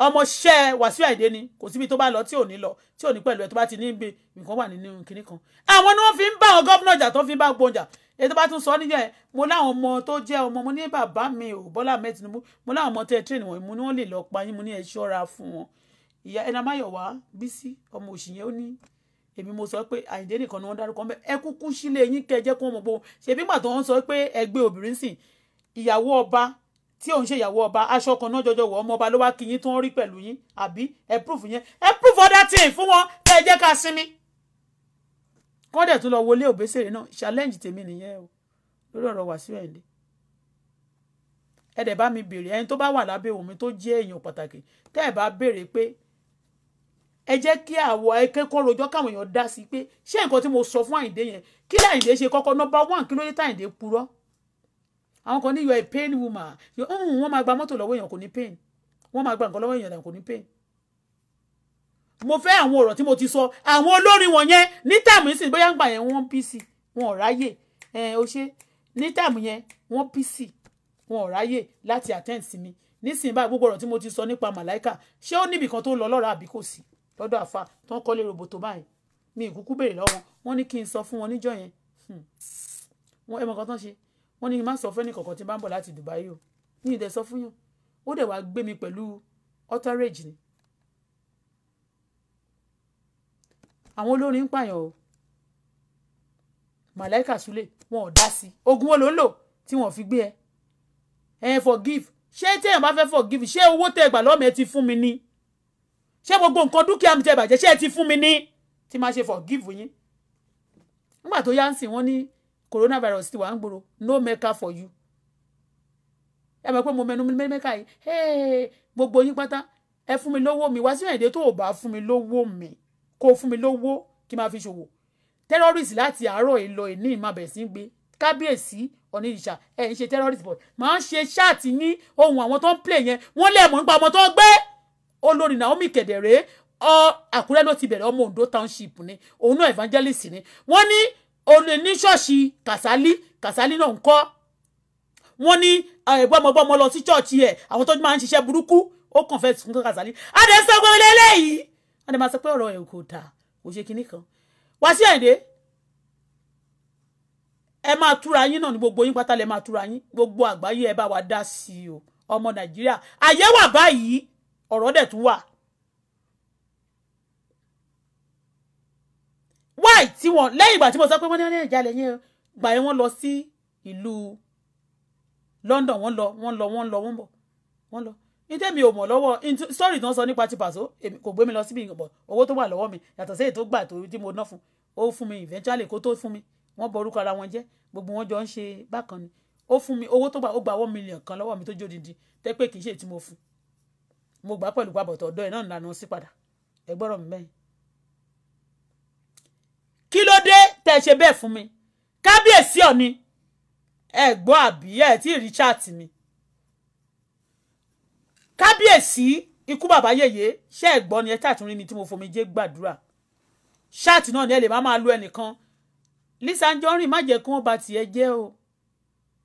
ọmọọṣẹ́ Wàsíù Àyìndé ni kò síbi tó bá lọ tí ò ní lọ tí ò ní pẹ̀lú ẹ̀ tó bá ti ní gbé nǹkan wà nínú kinní kan àwọn ni wọ́n fi ń bá àwọn gómìnà jà tó fi ń bá gbọ́njà èyí tó bá tún sọ níjẹ́ mo láwọn ọmọ tó jẹ́ ọmọ mo ní bàbá mi ò Bọ́lá Ahmed Tinubu mo láwọn ọmọ tẹ́ tírénì wọ̀nyí mo ní wọ́n lè lọ pa yín mo ní ẹ ṣọ́ra fún wọn ìyá ẹnà máyọ̀wá Bísí ọmọ òṣìyẹn ó ní èmi mo sọ pé Àyìndé nìkan ni wọ́n dárúkọ mẹ́ ẹ kúkú sílé yín kẹ́ jẹ́ kó wọn mọ̀ bó ṣe gbà tó ń sọ pé ẹgbẹ́ obìnrin sìn ìyàwó ọba tí òun ṣe ìyàwó ọba aṣọ kan náà jọjọ wọ ọmọ ọba ló wá kí yín tó ń rí pẹ̀lú yín àbí ẹ proof yẹn ẹ proof other thing fún wọn ẹ jẹ́ ká sinmi. kọ́ dẹ̀ tún lọ wọlé òbésèrè náà challenge tèmi nìyẹn o lórí ọ̀rọ̀ Wàsíù Àyìndé. ẹ dẹ̀ bá mi béèrè ẹni tó bá wà lábẹ́ omi tó jẹ́ èèyàn pàtàkì tẹ́ ẹ bá béèrè pé ẹ jẹ́ kí àwọ̀ ẹ̀kẹ́kọ̀ọ́ rojọ́ káwọn èèyàn dá sí pé ṣé nǹkan tí mo sọ fún Àyìndé yẹn kí Àyìndé ṣe kọ́kọ́ number one kí ló dé tí purọ́ àwọn kan ní you are a pain woman mm, wọ́n máa gba mọ́tò lọ́wọ́ èèyàn kò ní pain wọ́n máa gba nǹkan lọ́wọ́ èèyàn kò ní pain. mo fẹ́ àwọn ọ̀rọ̀ tí mo ti sọ àwọn olórin wọ̀nyẹn ní tààmù yìí sì bóyá ń gbà yẹn wọ́n pc wọn ò ráyè o ṣe ní tààmù yẹn wọ́n pc wọn ò ráyè láti attend sí mi nísìnyí báyìí gbogbo ọ̀rọ̀ tí mo ti sọ nípa màláìkà ṣé ó níbì kan tó lọ lọ́rọ̀ àbí kò sí lọ́dọ̀ àfa tó kọ́lé roboto báyìí mi ìkúkú béèrè lọ́wọ́ wọn ní kí n sọ fún wọn níjọ́ yẹn hmm. ẹ mọ̀ kan tán ṣe wọ́n ní má sọ fẹ́ni kọ̀ọ̀kan tí n bá ń bọ̀ láti Dubai o ní ìdẹ sọ fún yàn ó dẹ̀ wá gbé mi pẹ̀lú Utterage ni. àwọn olórin ń pààyàn o Malaika Sule wọn ò dá sí ogun wo ló ń lò tí wọn fi gbé ẹ ẹ forgive ṣé téèyàn bá fẹ́ forgive ṣé owó tẹ ẹgbà lọ́mọ ẹ ti fún mi ni ṣé gbogbo nǹkan dúkìá mi tẹ bàjẹ́ ṣé ẹ ti fún mi ni tí máa ṣe forgive yín nígbà tó yá ń sìn wọ́n ní coronavirus ti wà ń gbòòrò no maker for you ẹ mọ̀ pé mo mẹnu mẹ́ka yìí gbogbo yín pátá ẹ fún mi lówó mi Wasiu Ayinde tó o bá fún mi lówó mi kó o fún mi lówó kí n máa fi ṣòwò terrorist láti àárọ̀ èlò ìní ìmàbẹ̀ sí gbé kábíyèsí ọ̀ní ìṣà ẹ̀ ń ṣe terrorist but máa ń ṣe ṣáàtì ní ohun àwọn tó ń play yẹn wọ́n lè mọ̀ nípa ọmọ tó gbé olórí Naomi kẹ̀dẹ̀rẹ́ ọ Àkúrẹ́ ló ti bẹ̀rẹ̀ ọmọ Ondo township ni òun náà evangelist ni wọ́n ní òun ní ṣọ́ọ̀ṣì kàsálí kàsálí náà ń kọ́ wọ́n ní ẹ̀gbọ́mọgbọ́mọ eh, lọ sí ṣọ́ọ̀ṣì ẹ̀ àwọn tó máa ń ṣiṣẹ́ burúkú ó kàn fẹ́ sùn kàsálí adé sọ pé ó lé léyìí adé máa sọ pé ọ̀rọ̀ ẹ̀ kò dà kò ṣe kinní kan wá sí ẹ̀dẹ́ ẹ máa túra yín náà ní gbogbo yín pátá lẹ máa túra yín gbogbo àgbáyé ẹ bá wa dá sí i o ọmọ nàìjíríà àyè wà báyìí ọ̀rọ̀ dẹ̀ tún wà why tí wọ́n lẹ́yìn ìgbà tí mo sọ pé wọ́n ní ọ̀nà ìjà lẹ́yìn ìgbà yẹn wọ́n lọ sí ìlú London wọ́n lọ wọ́n lọ wọ́n lọ wọ́n bọ̀ wọ́n lọ nítorí mi ò mọ̀ lọ́wọ́ sọ́ọ̀rì tó ń sọ nípa ti Paso kò gbé mi lọ síbi ìgbọ̀n owó tó wà lọ́wọ́ mi yàtọ̀ sí èyí tó gbà tí mo ná fún ó fún mi eventually kó tó fún mi wọ́n bọ orúkọ ara wọn jẹ́ gbogbo wọn jọ ń ṣe bákan ni ó fún mi owó tó gbà ó gba one million kan lọ́wọ́ mi tó jódindi tẹ́ pé kì í ṣe tí mo fún mo gbà pẹ̀lú pàbọ̀tọ̀ ọ̀dọ́ ẹ̀ náà nànà sí padà ẹ mi bẹ́yìn kí ló dé tẹ́ ẹ ṣe bẹ́ẹ̀ fún mi kábíyèsí ọ̀ni ẹ gbọ́ àbí ẹ tí ì rí chaati mi kábíyèsí ikú bàbá yèyé ṣé ẹ gbọ́ ni ẹ tàtún rí mi tí mo fomi jẹ́ gbàdúrà chaati náà ni ẹ lè má máa lo ẹnìkan Lisa Anjorin má jẹ́ kí wọ́n bà tiẹ̀ jẹ́ o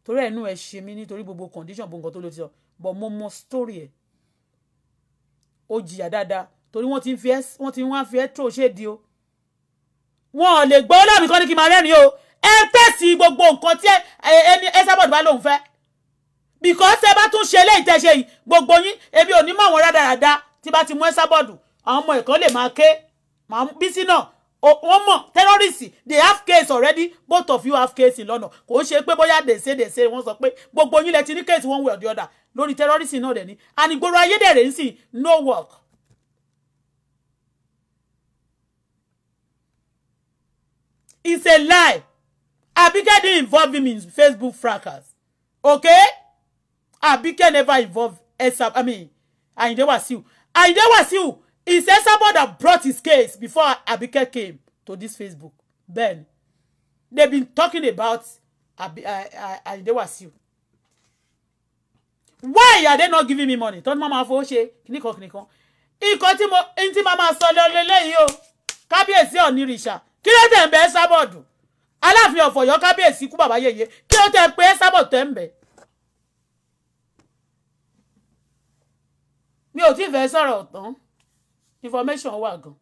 torí ẹnu ẹ ṣe mí nítorí gbogbo condition gbogbo tó ló ti sọ but mo mọ story ẹ ó jìyà dáadáa torí wọ́n ti ń wá fi ẹ́ tó ṣéèdì o wọn ò lè gbọ́ láàbì kan ní kí n máa rẹ́rìn o ẹ tẹ̀sí gbogbo nǹkan tí ẹni Esabod bá lóun fẹ́ because ẹ bá tún ṣe eléyìí tẹ́ ṣe yìí gbogbo yín ebi ò ní mọ̀ wọn rádaràda tí bá ti mú Esabod àwọn ọmọ ẹ̀kọ́ lè máa ké bísí náà wọ́n mọ̀ terrorists they have case already both of you have case in lọ́nà kò ń ṣe pé bóyá they say they say wọ́n sọ pé gbogbo yín lẹ ti ní case one way or the other lórí terrorists náà dẹ̀ ni and ìgboro ayédèrè ń sìn no work it's a lie Abike didn't involve him in Facebook fracas okay Abike never involved Esab I mean Ayinde Wasiu Ayinde Wasiu it's Esabod that brought his case before Abike came to this Facebook then they've been talking about Abi uh, uh, Ayinde Wasiu why are they not giving me money tọ́ni mama fowó she. kìnnìkan kìnnìkan nǹkan tí mo tí mama sọ lọ Kabi o kábíyèsí ọ̀nìrìṣà kí ló tẹ̀ ń bẹ sábọ̀dù aláàfin ọ̀fọ̀yọ́ kábíyèsí kú bàbá yèyé kí ló tẹ̀ ń pé sábọ̀dù tẹ̀ ń bẹ. mi ò tí ì fẹ́ sọ̀rọ̀ tán information wà gan.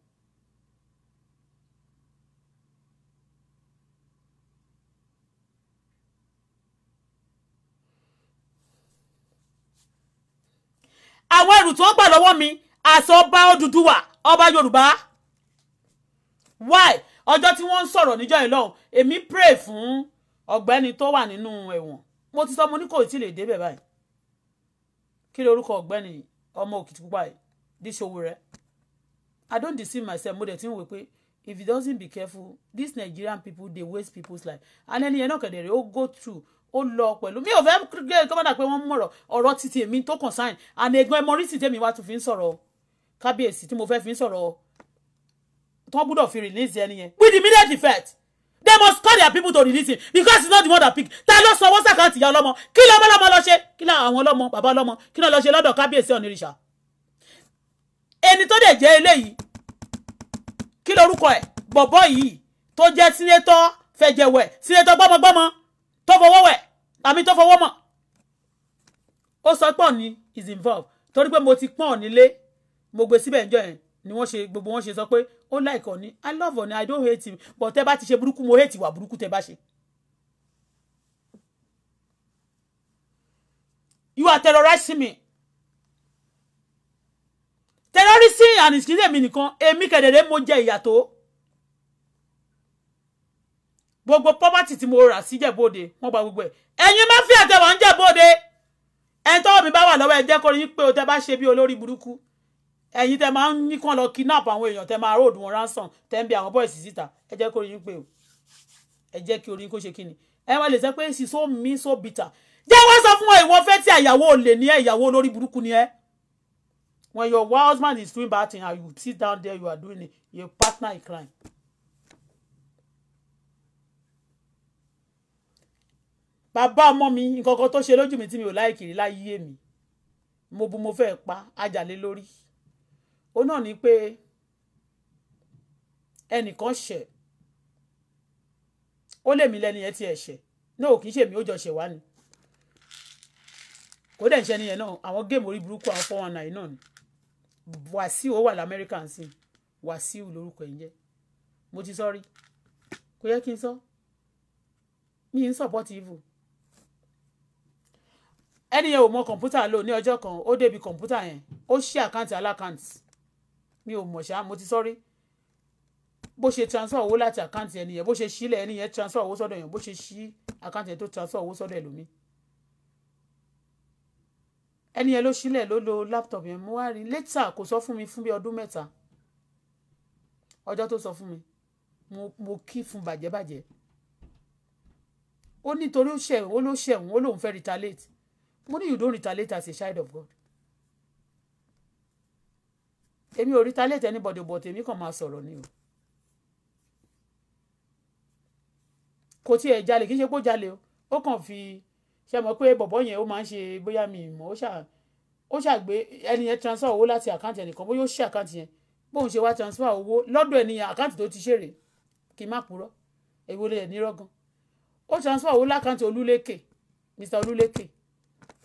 àwọn ẹrù tí wọ́n gbà lọ́wọ́ mi àsọba Odùduwà ọba Yorùbá why ọjọ́ tí wọ́n ń sọ̀rọ̀ níjọ́ yìí lọ́hùn èmi pray fún ọ̀gbẹ́ni tó wà nínú ẹ̀wọ̀n mo ti sọ mo ní kò tí ì lè débẹ̀ báyìí kí lorúkọ ọ̀gbẹ́ni ọmọ Òkìtìpupa yìí díṣòwò rẹ̀ I don't deceive myself mo dẹ̀ ti ń wò pé if you doesn't be careful these Nigerian people dey waste people's life and ẹni yẹn náà kẹ̀dẹ̀ rẹ̀ ó go through ó lọ pẹ̀lú mi ò fẹ́ gbé kọ́mọ́dà pé wọ́n mọ̀rọ̀ ọ̀rọ̀ títí èmi tó concern and ẹ̀gbọ́n ẹmọ orí sì tèmi wá tún fi ń sọ̀rọ̀ kábíyèsí tí mo fẹ́ fi ń sọ̀rọ̀ tó gbúdọ̀ fi release ẹni yẹn with immediate effect they must call their people to release him because he's not the one that pick ta ló sọ owó sàkáǹtì ìyá ọlọ́mọ kí lọ́mọ lọ́mọ lọ ṣe kí lọ́ àwọn ọlọ́mọ bàbá ọlọ́mọ kí lọ́ lọ ṣe lọ́dọ̀ kábíyèsí ọ̀nìrìṣà ẹni tó dẹ̀ jẹ́ eléyìí kí lorúkọ ẹ̀ bọ̀bọ̀ yìí tó jẹ́ sínétọ́ fẹ̀jẹ̀wẹ̀ sínétọ́ gbọ́mọgbọ́mọ tó fọwọ́ wẹ̀ àmì tó fọwọ́ mọ̀ ó sọ pọ̀ ní is involved torí pé mo ti pọ́n nílé mo gbé síbẹ̀ níjọ́ yẹn ni wọ́n ṣe gbogbo wọn ṣe sọ pé ó like Ọọ̀ni i love Ọọ̀ni i don't hate him but tẹ́ bá ti ṣe burúkú mo hate ìwà burúkú tẹ́ bá ṣe. you are terrorizing me Terrorizing and ìṣílẹ̀ mi nìkan èmi kẹ̀dẹ̀dẹ̀ mo jẹ ìyà tó gbogbo property tí mo rà sí jẹ̀bọ́dẹ wọ́n gba gbogbo ẹ̀ ẹ̀yin má fi àtẹ̀wọ̀ ń jẹ̀bọ́dẹ ẹ̀ tọ́wọ́ mi bá wà lọ́wọ́ ẹ̀ jẹ́ kó rí pé o tẹ́ bá ṣe bí olórí burúkú ẹ̀yin tẹ máa ń ní kán lọ kidnap àwọn èèyàn tẹ máa róòdù wọn ransom tẹ ń bẹ àwọn bọ́ọ̀sì síta ẹ jẹ́ kí orí yín o ẹ jẹ́ kí orí kó ṣe kí ni ẹ wá lè sọ pé sì so mi so bitter jẹ́ wọ́n sọ fún ọ ìwọ fẹ́ tí àyàwó olè ní ẹ ìyàwó olórí burúkú ni ẹ when your husband is doing bad thing and you sit down there you are doing it your partner in crime. bàbá ọmọ mi nǹkan kan tó ṣe lójú mi tí mi ò láìkiri láyé mi mo bu mo fẹ́ pa ajalè lórí ó náà ní pé ẹnìkan ṣẹ̀ ó lèmi lẹ́ni yẹn ti ẹ̀ṣẹ̀ náà kì í ṣèmi ó jọ ṣẹ̀ wá ni kò dẹ̀ ń ṣe nìyẹn náà àwọn géèmù orí burúkú àwọn four one nine náà ni Wàsíù ó wà lamẹ́ríkà ń sìn Wàsíù lórúkọ ẹ̀ ń jẹ́ mo ti sọ rí kò yẹ kí n sọ mi ń support evil ẹni yẹn ò mọ kọ̀ǹpútà lò ní ọjọ́ kan ó débi kọ̀ǹpútà yẹn ó ṣí àkáǹtì alákáǹtì mi ò mọ̀ ṣá mo ti sọ́rí bó ṣe transfer owó láti àkáǹtì ẹni yẹn bó ṣe sílẹ̀ ẹni yẹn transfer owó sọ́dọ̀ yẹn bó ṣe sí àkáǹtì yẹn tó transfer owó sọ́dọ̀ ẹlòmíì ẹni yẹn ló sílẹ̀ ló lo laptop yẹn mo wá rí later kò sọ fún mi fún bí ọdún mẹ́ta ọjọ́ tó sọ fún mi mo mo kí fún bàjẹ́bàjẹ́ ó nítorí ó ṣẹ̀ ó ló ṣẹ̀ ó lóun fẹ́ retaliate mo ní you don't retaliate as a child of God èmi ò retaliate anybody but èmi kàn máa sọ̀rọ̀ ni o kò tiẹ̀ jalè kì í ṣe pé jalè o ó kàn fi ṣe mọ̀ pé bọ̀bọ̀ yẹn ó máa ń ṣe bóyá mi mọ̀ ó ṣàgbé ẹni yẹn transfer owó láti àkáǹtì ẹnìkan bóyá ó ṣe àkáǹtì yẹn bóun ṣe wá transfer owó lọ́dọ̀ ènìyàn àkáǹtì tó ti ṣèrè kì í má purọ́ èwo lè nírọ́gàn ó transfer owó lákáǹtì olúlékè mr olúlékè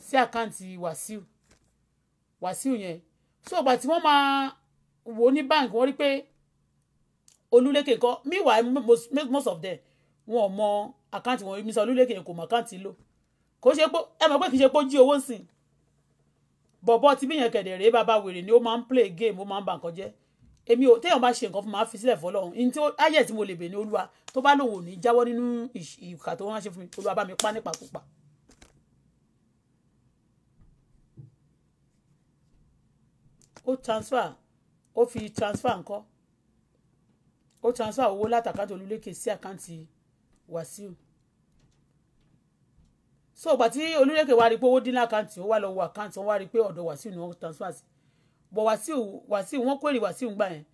sí àkáǹtì wàsíù wàsíù yẹn so ìgbà tí wọ́n máa wò ní bank wọ́n rí pé olúlékè kọ́ meanwhile most most of them wọn ò mọ àkáǹtì wọn mísà olúlékè kò mọ àkáǹtì lò kò ṣe pé ẹ mọ̀ pé kì í ṣe pé ó jí owó sìn bọ̀bọ̀ tí bíyàn kẹ̀dẹ̀ rèé bàbá wèrè ni ó máa ń play game ó máa ń bà nǹkan jẹ́ èmi ò téèyàn bá ṣe nǹkan fún màá fi sílẹ̀ fọlọ́run ní tí ayé tí mo lè bè ní olúwa tó bá lòun ò ní jáwọ́ nínú ìkà tó wọ́n ṣe fún mi olúwa bá mi pa nípa pupa. ó transfer ó fi transfer ńkọ́ ó transfer owó látàkántì olúlékè sí àkáǹtì wàsíù so ìgbà tí olúlékè wá rí pé owó dín lákáǹtì ó wá lọ wo àkáǹtì wọn wá rí pé ọ̀dọ̀ wàsíù ni wọ́n transfer sí bọ̀ wàsíù wàsíù wọ́n kórè wàsíù gbà yẹn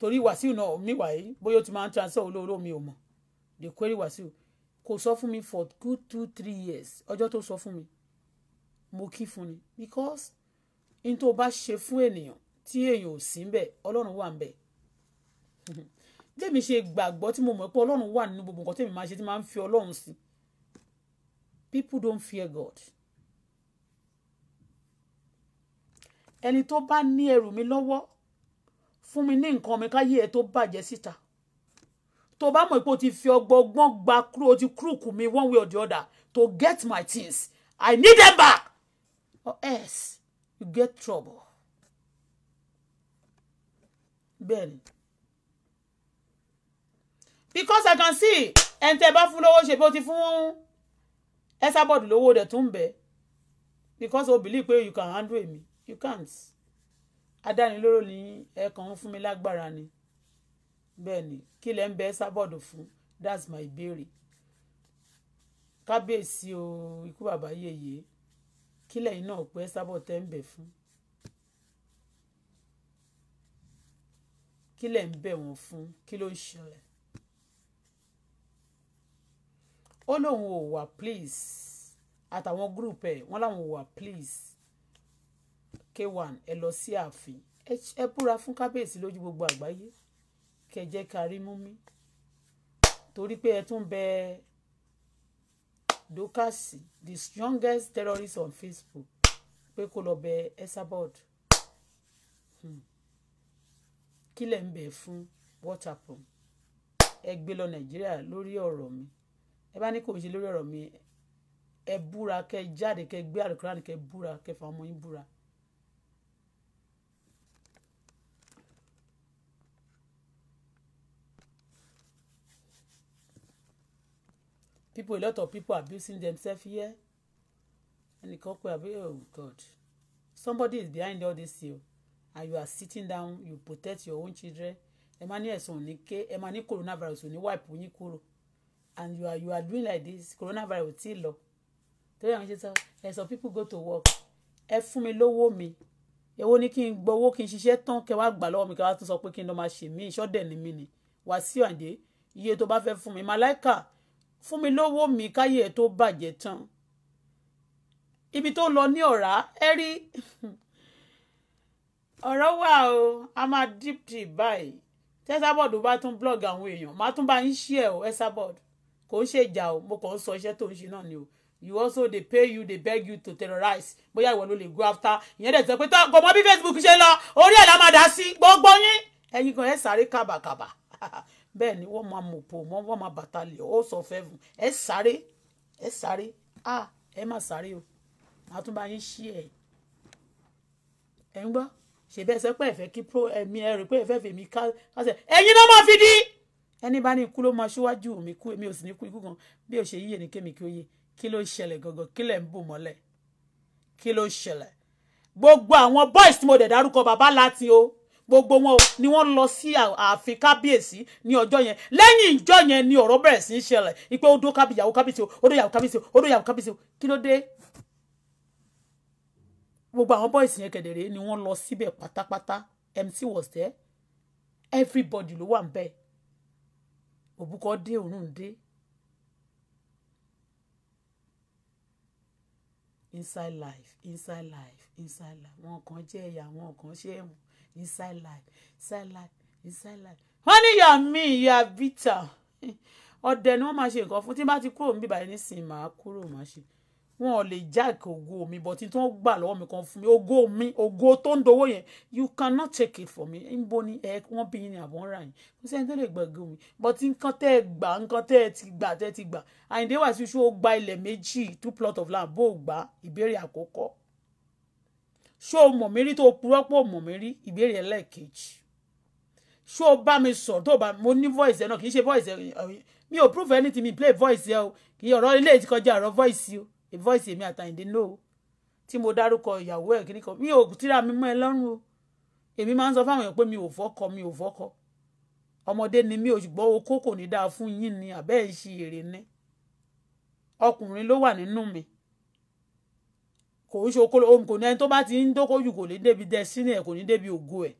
torí wàsíù náà mi wà yìí bóyá ó ti máa ń transfer olóró mi ò mọ̀ they query wàsíù kò sọ fún mi for good two three years ọjọ́ tó sọ fún mi mo kí fún ni because ní tó bá ṣe fún ènìyàn tí èèyàn ò sí ńbẹ̀ ọlọ́run wà ńbẹ̀ tèmi ṣe gbàgbọ́ tí mo mọ̀ pé ọlọ́run wà nínú gbogbo nǹkan tèmi máa ṣe tí máa ń fi ọlọ́run sí people don't fear God ẹni tó bá ní ẹrù mi lọ́wọ́ fún mi ní nǹkan mi káyé ẹ tó bàjẹ́ síta tó bá mọ̀ pé o ti fi ọgbọ́gbọ́n gba kúrò o ti kúrùkù mi one way or the other to get my things I need them back or else you get trouble bẹ́ẹ̀ni because I can see ẹni tẹ́ bá fún lówó ṣe bó ti fún Esabod lówó rẹ̀ tó ń bẹ̀ because o believe pé you can handle me, you can't adánilóró ni ẹ kàn fún mi lágbára ni bẹ́ẹ̀ni kí lẹ ń bẹ Esabod fún that's my ìbéèrè kábíyèsí o ikú bàbá yèyé kílẹ̀ iná ọ̀pẹ́ sábọ̀ tẹ́ ń bẹ̀ fún kílẹ̀ ń bẹ̀ wọ́n fún kí ló ń ṣẹlẹ̀ ó lóun ò wà please àtàwọn group ẹ̀ wọ́n láwọn ò wà please k1 ẹ lọ sí ààfin ẹ búra fún kábíyèsí lójú gbogbo àgbáyé kẹjẹ kárí mú mi torí pé ẹ tún bẹ́ẹ̀ Dorcas the strongest terrorist on Facebook pé kó lọ bẹ Esabod hmm. kí lẹ̀ ń bẹ̀ fún what happen ẹ gbé lọ Nàìjíríà lórí ọ̀rọ̀ mi ẹ bá ní kò ṣe lórí ọ̀rọ̀ mi ẹ búra kẹ jáde kẹ gbé àlùkùránì kẹ búra kẹ fà ọmọ yín búra people a lot of people abusing themselves here ẹnìkan pé àbí oh God somebody is behind all this you and you are sitting down you protect your own children ẹ máa ní ẹ̀sùn òní ké ẹ máa ní coronavirus òní wipe yín kúrò and you are you are doing like this coronavirus ti lọ torí àwọn ṣe sọ ẹ sọ people go to work ẹ fún mi lówó mi èwo ni kí n gbowó kí n ṣiṣẹ́ tán kẹ wá gbà lọ́wọ́ mi kẹ wá tún sọ pé kí n lọ máa ṣe mí ìṣọ́dẹ̀ ni mí ni Wàsíù Àyìndé iye tó bá fẹ́ fún mi màláìkà fún mi lówó mi káyé ẹ̀ tó bàjẹ́ tán ibi tó lọ ní ọ̀rá ẹ rí ọ̀rọ̀ wà o a máa deep deep báyìí tẹ́sàbọ̀dù bá tún blog àwọn èèyàn má tún bá ń ṣí ẹ̀ o ẹ́sàbọ̀dù kò ń ṣèjà o mo kàn ń sọ iṣẹ́ tó ń ṣe náà ni o you also dey pay you dey beg you to terrorize bóyá ìwọ ló lè go after ìyẹn dẹ̀ sọ pé tó kò mọ bí Facebook ṣe lọ orí ẹ̀ la máa dá sí gbogbo yín ẹ̀yin kan ẹ̀ sáré kàbàkàbà bẹ́ẹ̀ ni wọ́n máa mọ̀pọ̀ mọ́ wọ́n máa bàtàlì ó sọ fẹ́fún ẹ sáré ẹ sáré a ẹ má sáré o màá tún bá yín ṣí ẹ ẹ ń gbọ́ ṣèbí ẹsẹ pé ẹfẹ kí pro ẹmí ẹ rè pé ẹfẹ fèmí ká ṣe náà máa fi dí ẹni bá ní ikú ló máa ṣíwájú mi kú èmi ò sì ní kú ikú kan bí ó ṣe yíyẹ ní kémi kí ó yé kí ló ṣẹlẹ̀ gangan kí lẹ̀ ń bò mọ́lẹ̀ kí ló ṣẹlẹ̀ gbogbo àwọn boys mo dẹ̀ dárúkọ bàbá láti o gbogbo wọn ni wọ́n lọ sí ààfin kábíyèsí ní ọjọ́ yẹn lẹ́yìn ìjọ yẹn ni ọ̀rọ̀ bẹ̀rẹ̀ sí í ṣẹlẹ̀ ipe odò kábíyèsí yàwó kábíyèsí odò yàwó kábíyèsí odò yàwó kábíyèsí kí ló dé gbogbo àwọn bọ́ìsì yẹn kẹ̀dẹ̀rẹ́ ni wọ́n lọ síbẹ̀ pátápátá MC was there everybody ló wà ń bẹ̀ òbúkọ dé òórùn dé inside life inside life inside life wọn kàn jẹ ẹyà wọn kàn ṣe ẹ̀wọ̀n inside life inside life inside life you are me, you are bitter ọdẹ ni wọ́n máa ṣe nǹkan fún tí n bá ti kúrò níbí báyìí nísìnyí màá kúrò màá ṣe wọn ò lè jáàkì ògo mi but tí wọ́n gbà lọ́wọ́ mi kan fún mi ògo mi ògo tó ń dowó yẹn you cannot take it from me níbo ni ẹ wọ́n bí yín ni àbọ̀ ń rà yín kò sẹ́ni tó lè gbà ògo mi but nǹkan tẹ́ ẹ gbà nǹkan tẹ́ ẹ ti gbà tẹ́ ẹ ti gbà Àyìndé Wàsíù ó gba ilẹ̀ méjì two plot of land bó o gbà ìbéèrè àkọ́kọ́ ṣó o mọ̀ mí rí tó o purọ́ pé o mọ̀ mí rí ìbéèrè ẹlẹ́ẹ̀kejì ṣó o bá mi sọ tó o bá mo ní voice ẹ náà kì í ṣe voice ẹ mi ò prove anything mi play voice ẹ o kì í ọ̀rọ̀ ilé ti kọjá ọ̀rọ̀ voice o a voice èmi àtàyìndé no tí mo dárúkọ ìyàwó ẹ̀ kíní kan mi ò tíra mi mọ́ ẹ lọ́rùn o èmi máa ń sọ fáwọn èèyàn pé mi ò fọ́kọ mi ò fọ́kọ ọmọdé ni mi ò ṣùgbọ́n okó kò ní dáa fún yín ni àbẹ́ ẹ̀ ni ọkùnrin ló wà nínú mi kò ń ṣe okòlò ohun kò ní ẹni tó bá ti ń dókòjù kò ní débi destiny ẹ̀ kò ní débi ògo ẹ̀.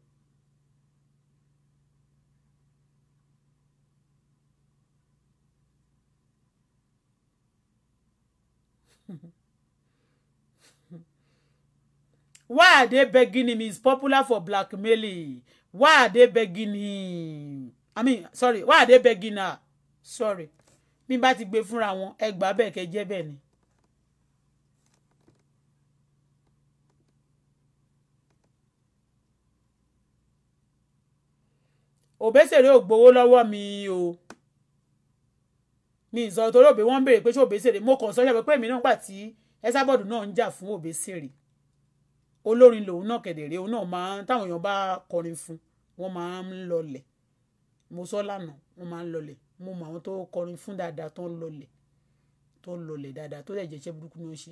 Why are they begging him? He's popular for blackmailing. Why are they begging him? I mean, sorry, why are they begging her? Sorry. Bí n bá ti gbé fúnra wọn, ẹ gbà bẹ́ẹ̀ kẹ́ jẹ́ bẹ́ẹ̀ ni. Òbésèré ò gbowó lọ́wọ́ mi o mi ì sọ torí òbí wọn béèrè pé ṣé Òbésèré mo kàn sọ ṣàpẹ pé èmi náà gbà tí Esabod náà ń jà fún Òbésèré olórin lòun náà kẹ̀dẹ̀rẹ́ òun náà máa táwọn èèyàn bá kọrin fún wọn máa ń lọlẹ̀ mo sọ lánàá wọn máa ń lọlẹ̀ mo mọ àwọn tó kọrin fún dáadáa tó ń lọlẹ̀ tó ń lọlẹ̀ dáadáa tó dẹ̀ jẹ́ iṣẹ́ burúkú náà ṣe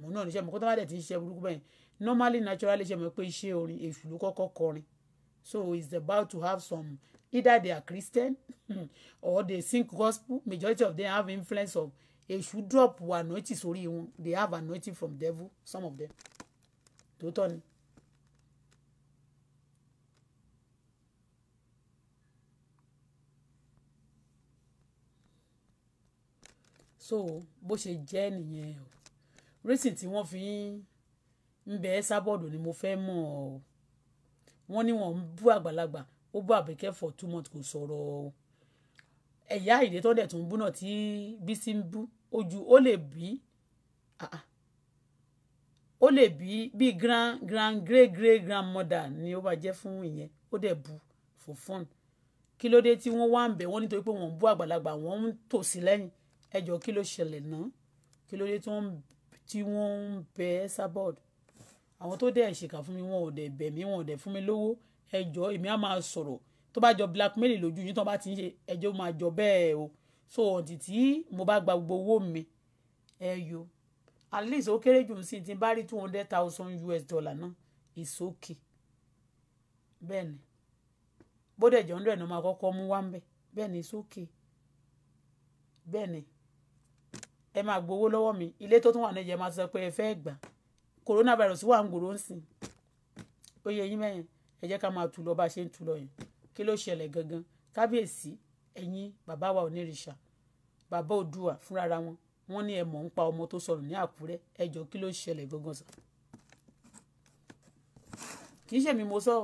òun náà níṣẹ́ mọ̀ kó tó bá dẹ̀ ti ń ṣiṣẹ́ burúkú bẹ́ẹ̀ normally naturally ṣe mọ̀ pé iṣẹ́ orin èṣù ló kọ́kọ́ kọrin so it's about to have some either they are Christian or they sing gospel majority of them have influence of èṣù drop anointing sórí wọn they have anointing from devil some of them tòótọ́ so bó ṣe jẹ́ nìyẹn o reason tí wọ́n fi ń bẹ Esabod ni mo fẹ́ mọ̀ ọ́ wọ́n ní wọ́n ń bú àgbàlagbà ó bú àbíkẹ́ for two months kò sọ̀rọ̀ ẹ̀yà ìdè tó dẹ̀ tún bú náà tí Bísí ń bú ojú ó lè bí ó lè bí bí grand grand great great grandmother ni ó bá jẹ́ fún ìyẹn ó dẹ̀ bú for fun kí ló dé tí wọ́n wá ń bẹ̀ wọ́n nítorí pé wọ́n ń bú àgbàlagbà wọ́n ń tò sí lẹ́yìn ẹjọ́ kí ló ṣẹlẹ̀ náà kí ló dé tí wọ́n ń bẹ sábọ́ọ̀dù àwọn tó dẹ̀ ṣèkà fún mi wọn ò dẹ̀ bẹ̀ mí wọn ò dẹ̀ fún mi lówó ẹjọ́ èmi á máa sọ̀rọ̀ tó bá jọ blackmail lójú yín tó bá ti ń ṣe ẹjọ́ máa jọ bẹ́ẹ̀ o so ọ̀ǹtì tí mo bá gba gbogbo owó mi ẹ yo at least ó kéré jù sí ti bá rí two hundred thousand US dollar náà it's okay bẹ́ẹ̀ ni bó dẹ̀ jọ hundred náà máa kọ́kọ́ mú wá ń bẹ̀ bẹ́ẹ̀ ni it's okay bẹ́ẹ̀ ni ẹ máa gbowó lọ́wọ́ mi ilé tó tún wà ní ẹ̀jẹ̀ máa sọ pé ẹ fẹ́ gbà á coronavirus wà ń gbòòrò ń sìn ó yẹ yín mẹ́yìn ẹ jẹ́ ká máa tu lọ bá a ṣe ń tu lọ yẹn kí ló ṣẹlẹ̀ gangan kábíyèsí ẹ̀yin bàbá wa onírìṣà bàbá òdùà fúnra wọn wọ́n ní ẹ mọ̀ ń pa ọmọ tó sọnù ní àkúrẹ́ ẹ jọ kí ló ṣẹlẹ̀ gangan sọ. kì í ṣèmi mo sọ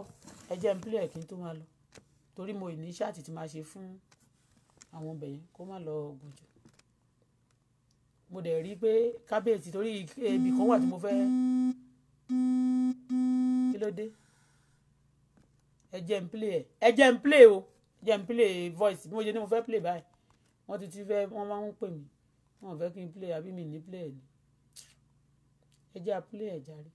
ẹ jẹ́ ń pílẹ̀ kí n tó máa lọ torí mo ní ṣáàtì tí máa ṣe fún àwọn ọbẹ̀ yẹn kó má lọ gbòjò mo dẹ̀ rí pé kábíyèsí torí ibi kan wà tí mo fẹ́ kí ló dé ẹ jẹ́ play ẹ ẹ jẹ́ play o ẹ jẹ́ play voice mo ṣe ní mo fẹ́ play báyìí wọ́n ti ti fẹ́ wọ́n máa ń pè mí wọ́n fẹ́ kí n play àbí mi ní play ẹ̀ ni ẹ play ẹ̀ járe.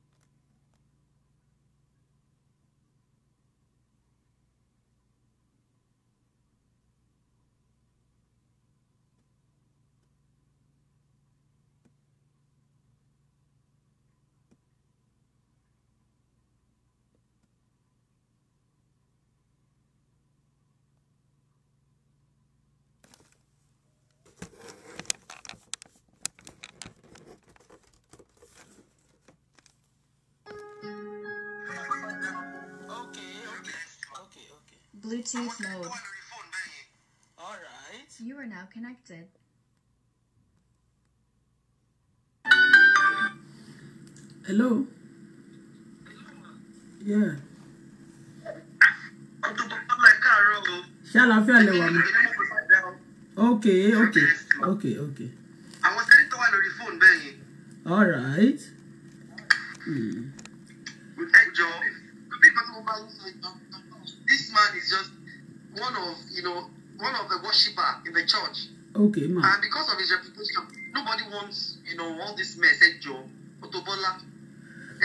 Bluetooth mode. Alright. You are now connected. Hello? Yeah. Shall I feel the one? ok ok ok ok. àwọn sẹ́ni tó wà lórí fóònù phone, yẹn. all right. Hmm. man is just one of you know one of the worshipper in the church. Okay, ma. And because of his reputation, nobody wants you know all this mess. Ẹjọ Otobola,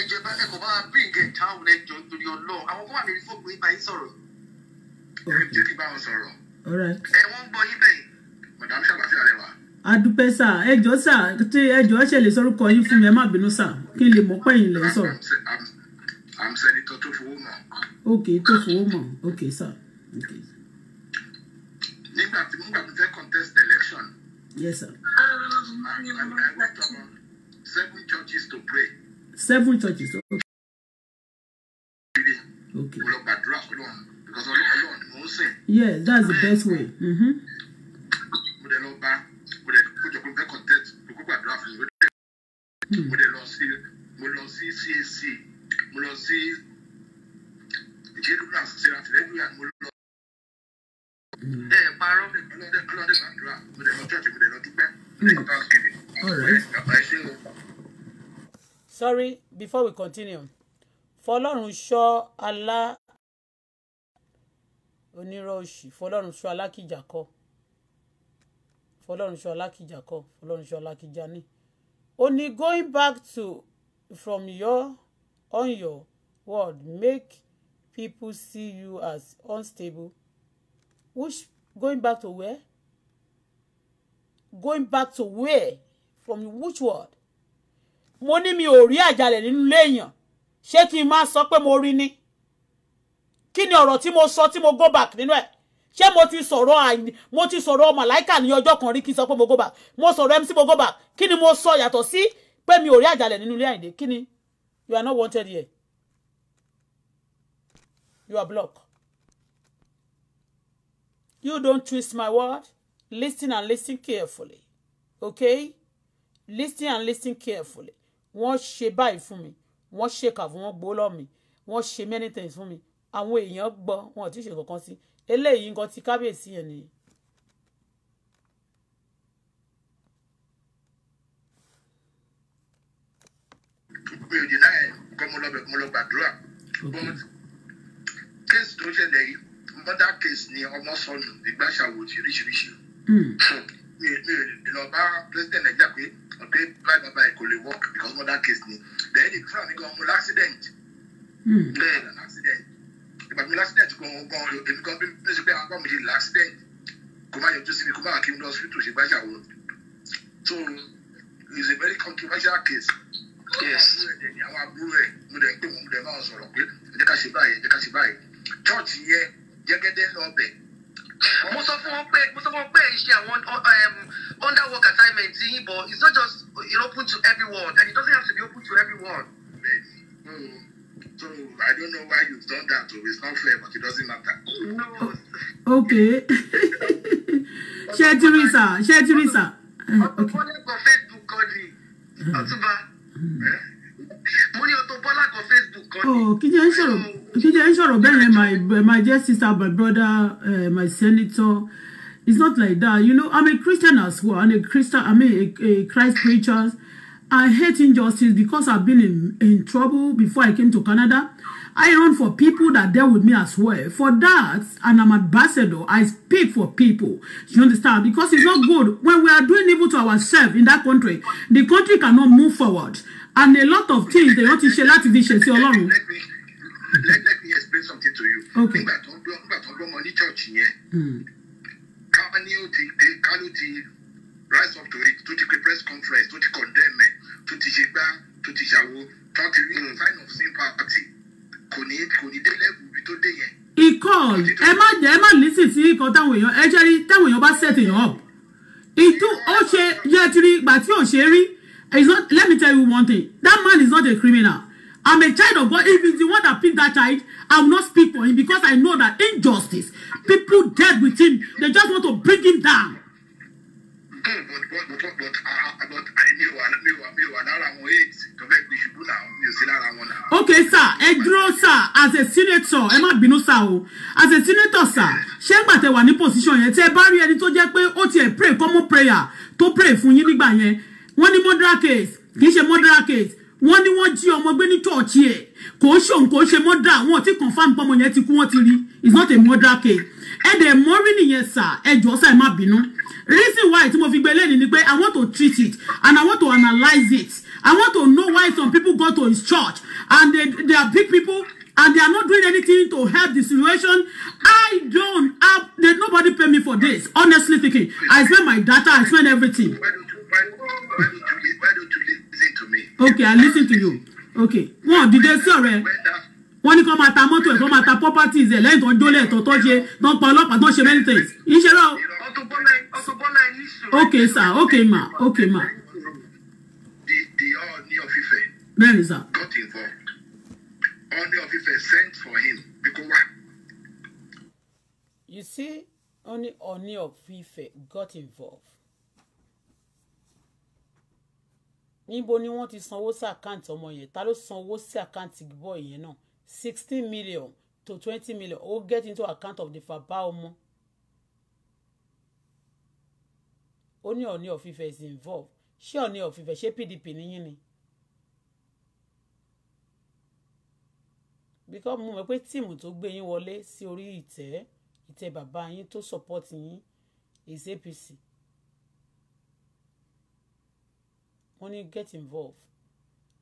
ẹjọ ẹbá ẹkọ bring it town ẹjọ nítorí ọlọ àwọn kan wà lórí fóònù yìí bá yín sorrow. Ẹjọ kí bá wọn sọ̀rọ̀. Ẹ wọ́n ń gbọ́ yín bẹ́ẹ̀. Mọ̀dàmú ṣàlàfíà rẹ wà. Adúpẹ́ sà, ẹjọ́ sà, ẹjọ́ ẹ yín fún mi, ẹ má bínú sà, kí n lè mọ̀ pẹ́yìn lẹ́ I'm sending to Okay, to ok Tofowómọ Okay, sir. Okay. nígbà tí mo gbà tó fẹ́ contest election. yes sir. I, I, seven churches to pray. seven churches ok. okay. mo lọ gbàdúrà Ọlọ́run because Ọlọ́run ni mo ń sìn. yes that's the best way. Mm-hmm. mo dẹ̀ lọ bá mo dẹ̀ kójọ pé mo fẹ́ contest mo kó gbàdúrà fún mi mo dẹ̀ hmm. lọ sí mo lọ sí CAC lọ sí ìjẹ́dúrà síra tìrẹ́dúrà mo lọ. ẹ ẹ parọ́ ọlọ́dẹ ọlọ́dẹ gbàdúrà mo dẹ̀ lọ church mo dẹ̀ lọ dúpẹ́ nípa òkèlè bàbá ẹ ṣé o. sorry before we continue fọlọ́run ṣọ́ alá onírọ̀ òṣì fọlọ́run ṣọ́ alákìjà kọ́ fọlọ́run ṣọ́ alákìjà kọ́ fọlọ́run ṣọ́ alákìjà ní. ó ní going back to from your on your word make people see you as unstable which going back to where going back to where from which word mo ní mi ò rí àjàlẹ̀ nínú ilé èèyàn ṣé kí n máa sọ pé mo rí ni kí ni ọ̀rọ̀ tí mo sọ tí mo go back nínú ẹ̀ ṣé mo ti sọ̀rọ̀ àìní mo ti sọ̀rọ̀ màláìkà ní ọjọ́ kan rí kí n sọ pé mo go back mo sọ̀rọ̀ MC mo go back kí ni mo sọ yàtọ̀ sí pé mi ò rí àjàlẹ̀ nínú ilé kí ni You are not wanted here. You are blocked. You don't twist my word. Listen and listen carefully. Okay? Listen and listen carefully. Wọ́n ṣe báyìí fún mi. Wọ́n ṣe kà fún wọn gbó lọ́ mi. Wọ́n ṣe many things fún mi. Àwọn èèyàn gbọ́ wọn ò tí ì ṣe kankan sí. Eléyìí nǹkan ti kábíyèsí yẹn nìyí. mi ò deny ẹ̀ kọ́ mo lọ bẹ̀ mo lọ gbàdúrà but case tó ṣẹlẹ̀ yìí murder case ni ọmọ sọnù ìgbà ṣàwòtì oríṣiríṣi hmm. mi mi ò lè lọ bá president nàìjíríà pé ọ̀pẹ báyìí bàbá ẹ̀ kò lè work because murder case ni then the crown hmm. gan mo l'accident bẹ́ẹ̀ ni l'accident ìgbà mi l'accident gan gan èmi gan bí mi sọ pé apá mi ṣe l'accident kò má yọjú sí mi kò má wà kí n lọ hospital ṣe gbàṣà wọn so it's a very controversial case àwọn àbúrò ẹ̀ mo dẹ̀ under work assignment but it's not just open to everyone and it doesn't have to be open to everyone. So I don't know why you've done that. it's not fair, but it doesn't matter. Okay. Ṣé Tirisa? Ṣé Tirisa? Ọ̀tún mo ní Auto Bola kan Facebook kan ni. Oh, kí jẹ́ ń sọ̀rọ̀ kí jẹ́ ń sọ̀rọ̀ bẹ́ẹ̀ my my dear sister my brother uh, my senator it's not like that you know i'm a Christian as well i'm a Christian i mean a, a Christ preacher I hate injustice because I've been in in trouble before I came to Canada. I run for people that dealt with me as well. For that, and I'm ambassador, I speak for people. You understand? Because it's not good. When we are doing evil to ourselves in that country, the country cannot move forward. And a lot of things they want to share láti fi ṣe sí Ọlọ́run. Let, let me explain something to you. Okay. Nígbà hmm. rise up to it tó ti press conference tó ti condemn ẹ̀ tó ti ṣe gbá tó ti hmm. sign of sympathy kò ní kò ní dé level ibi tó dé yẹn. ikọ́ ẹ má jẹ́ ẹ má lísìn sí ikọ̀ táwọn èèyàn ẹ jẹ́ rí táwọn èèyàn bá set èèyàn up ìtú ó ṣe yẹ ti rí ìgbà tí ò ṣe rí let me tell you one thing that man is not a criminal I'm a child of God if he's the one that picked that child I will not speak for him because I know that injustice people dead with him they just want to bring him down but but but but but uh, uh, uh, mi ò mi ò mi ò wà lára eight tó fẹ́ náà mi ò sí lára wọn náà. ok sir ẹ dúró sir as a senator ẹ má bínú sir o as a senator sir ṣé ń gbà tẹ wà ní position yẹn tẹ ẹ bá rí ẹni tó jẹ́ pé ó tiẹ̀ pray common prayer tó pray fún yín nígbà yẹn wọ́n ní murder case kì í ṣe murder case wọ́n ní wọ́n jí ọmọ gbé ní church yẹn kò ṣòun kò ṣe murder wọn ò tí confam pọ́mọ yẹn ti kú wọ́n ti rí it's not a murder case ẹ̀dẹ̀ mọ́rí nìyẹn sà ẹjọ́ sà ẹ má bínú reason why tí mo fi gbé lẹ́ni ni pé I want to treat it and I want to analyse it I want to know why some people go to his church and they, they are big people and they are not doing anything to help the situation. I don't have, they, nobody pay me for this, honestly speaking. I spend my data, I spend everything. Okay, I listen to you. Okay. Well, did they say, wọ́n ní kí máa ta mọ́tò ẹ̀ kí máa ta properties ẹ̀ lẹ́yìn tó ń jólẹ̀ tó tó ṣe tó ń pa ọlọ́pàá tó ń ṣe many things iṣẹ́ lọ. ok sir ok ma ok ma. bẹ́ẹ̀ni sir. You see, only Oni of Ife got involved. Níbo ni wọ́n ti sanwó sí àkáǹtì ọmọ yẹn? Ta ló sanwó sí àkáǹtì bọ́ọ̀ yẹn náà? sixteen million to twenty million ó get into account of the bàbá ọmọ ó ní Ọ̀ọ̀ni of Ifẹ̀ is involved ṣé Ọ̀ọ̀ni of Ifẹ̀ ṣé PDP níyìn ni because mo mọ̀ pé tíìmù tó gbé yín wọlé sí orí ìtẹ́ ìtẹ́ bàbá yín tó support yín is APC wọ́n ní get involved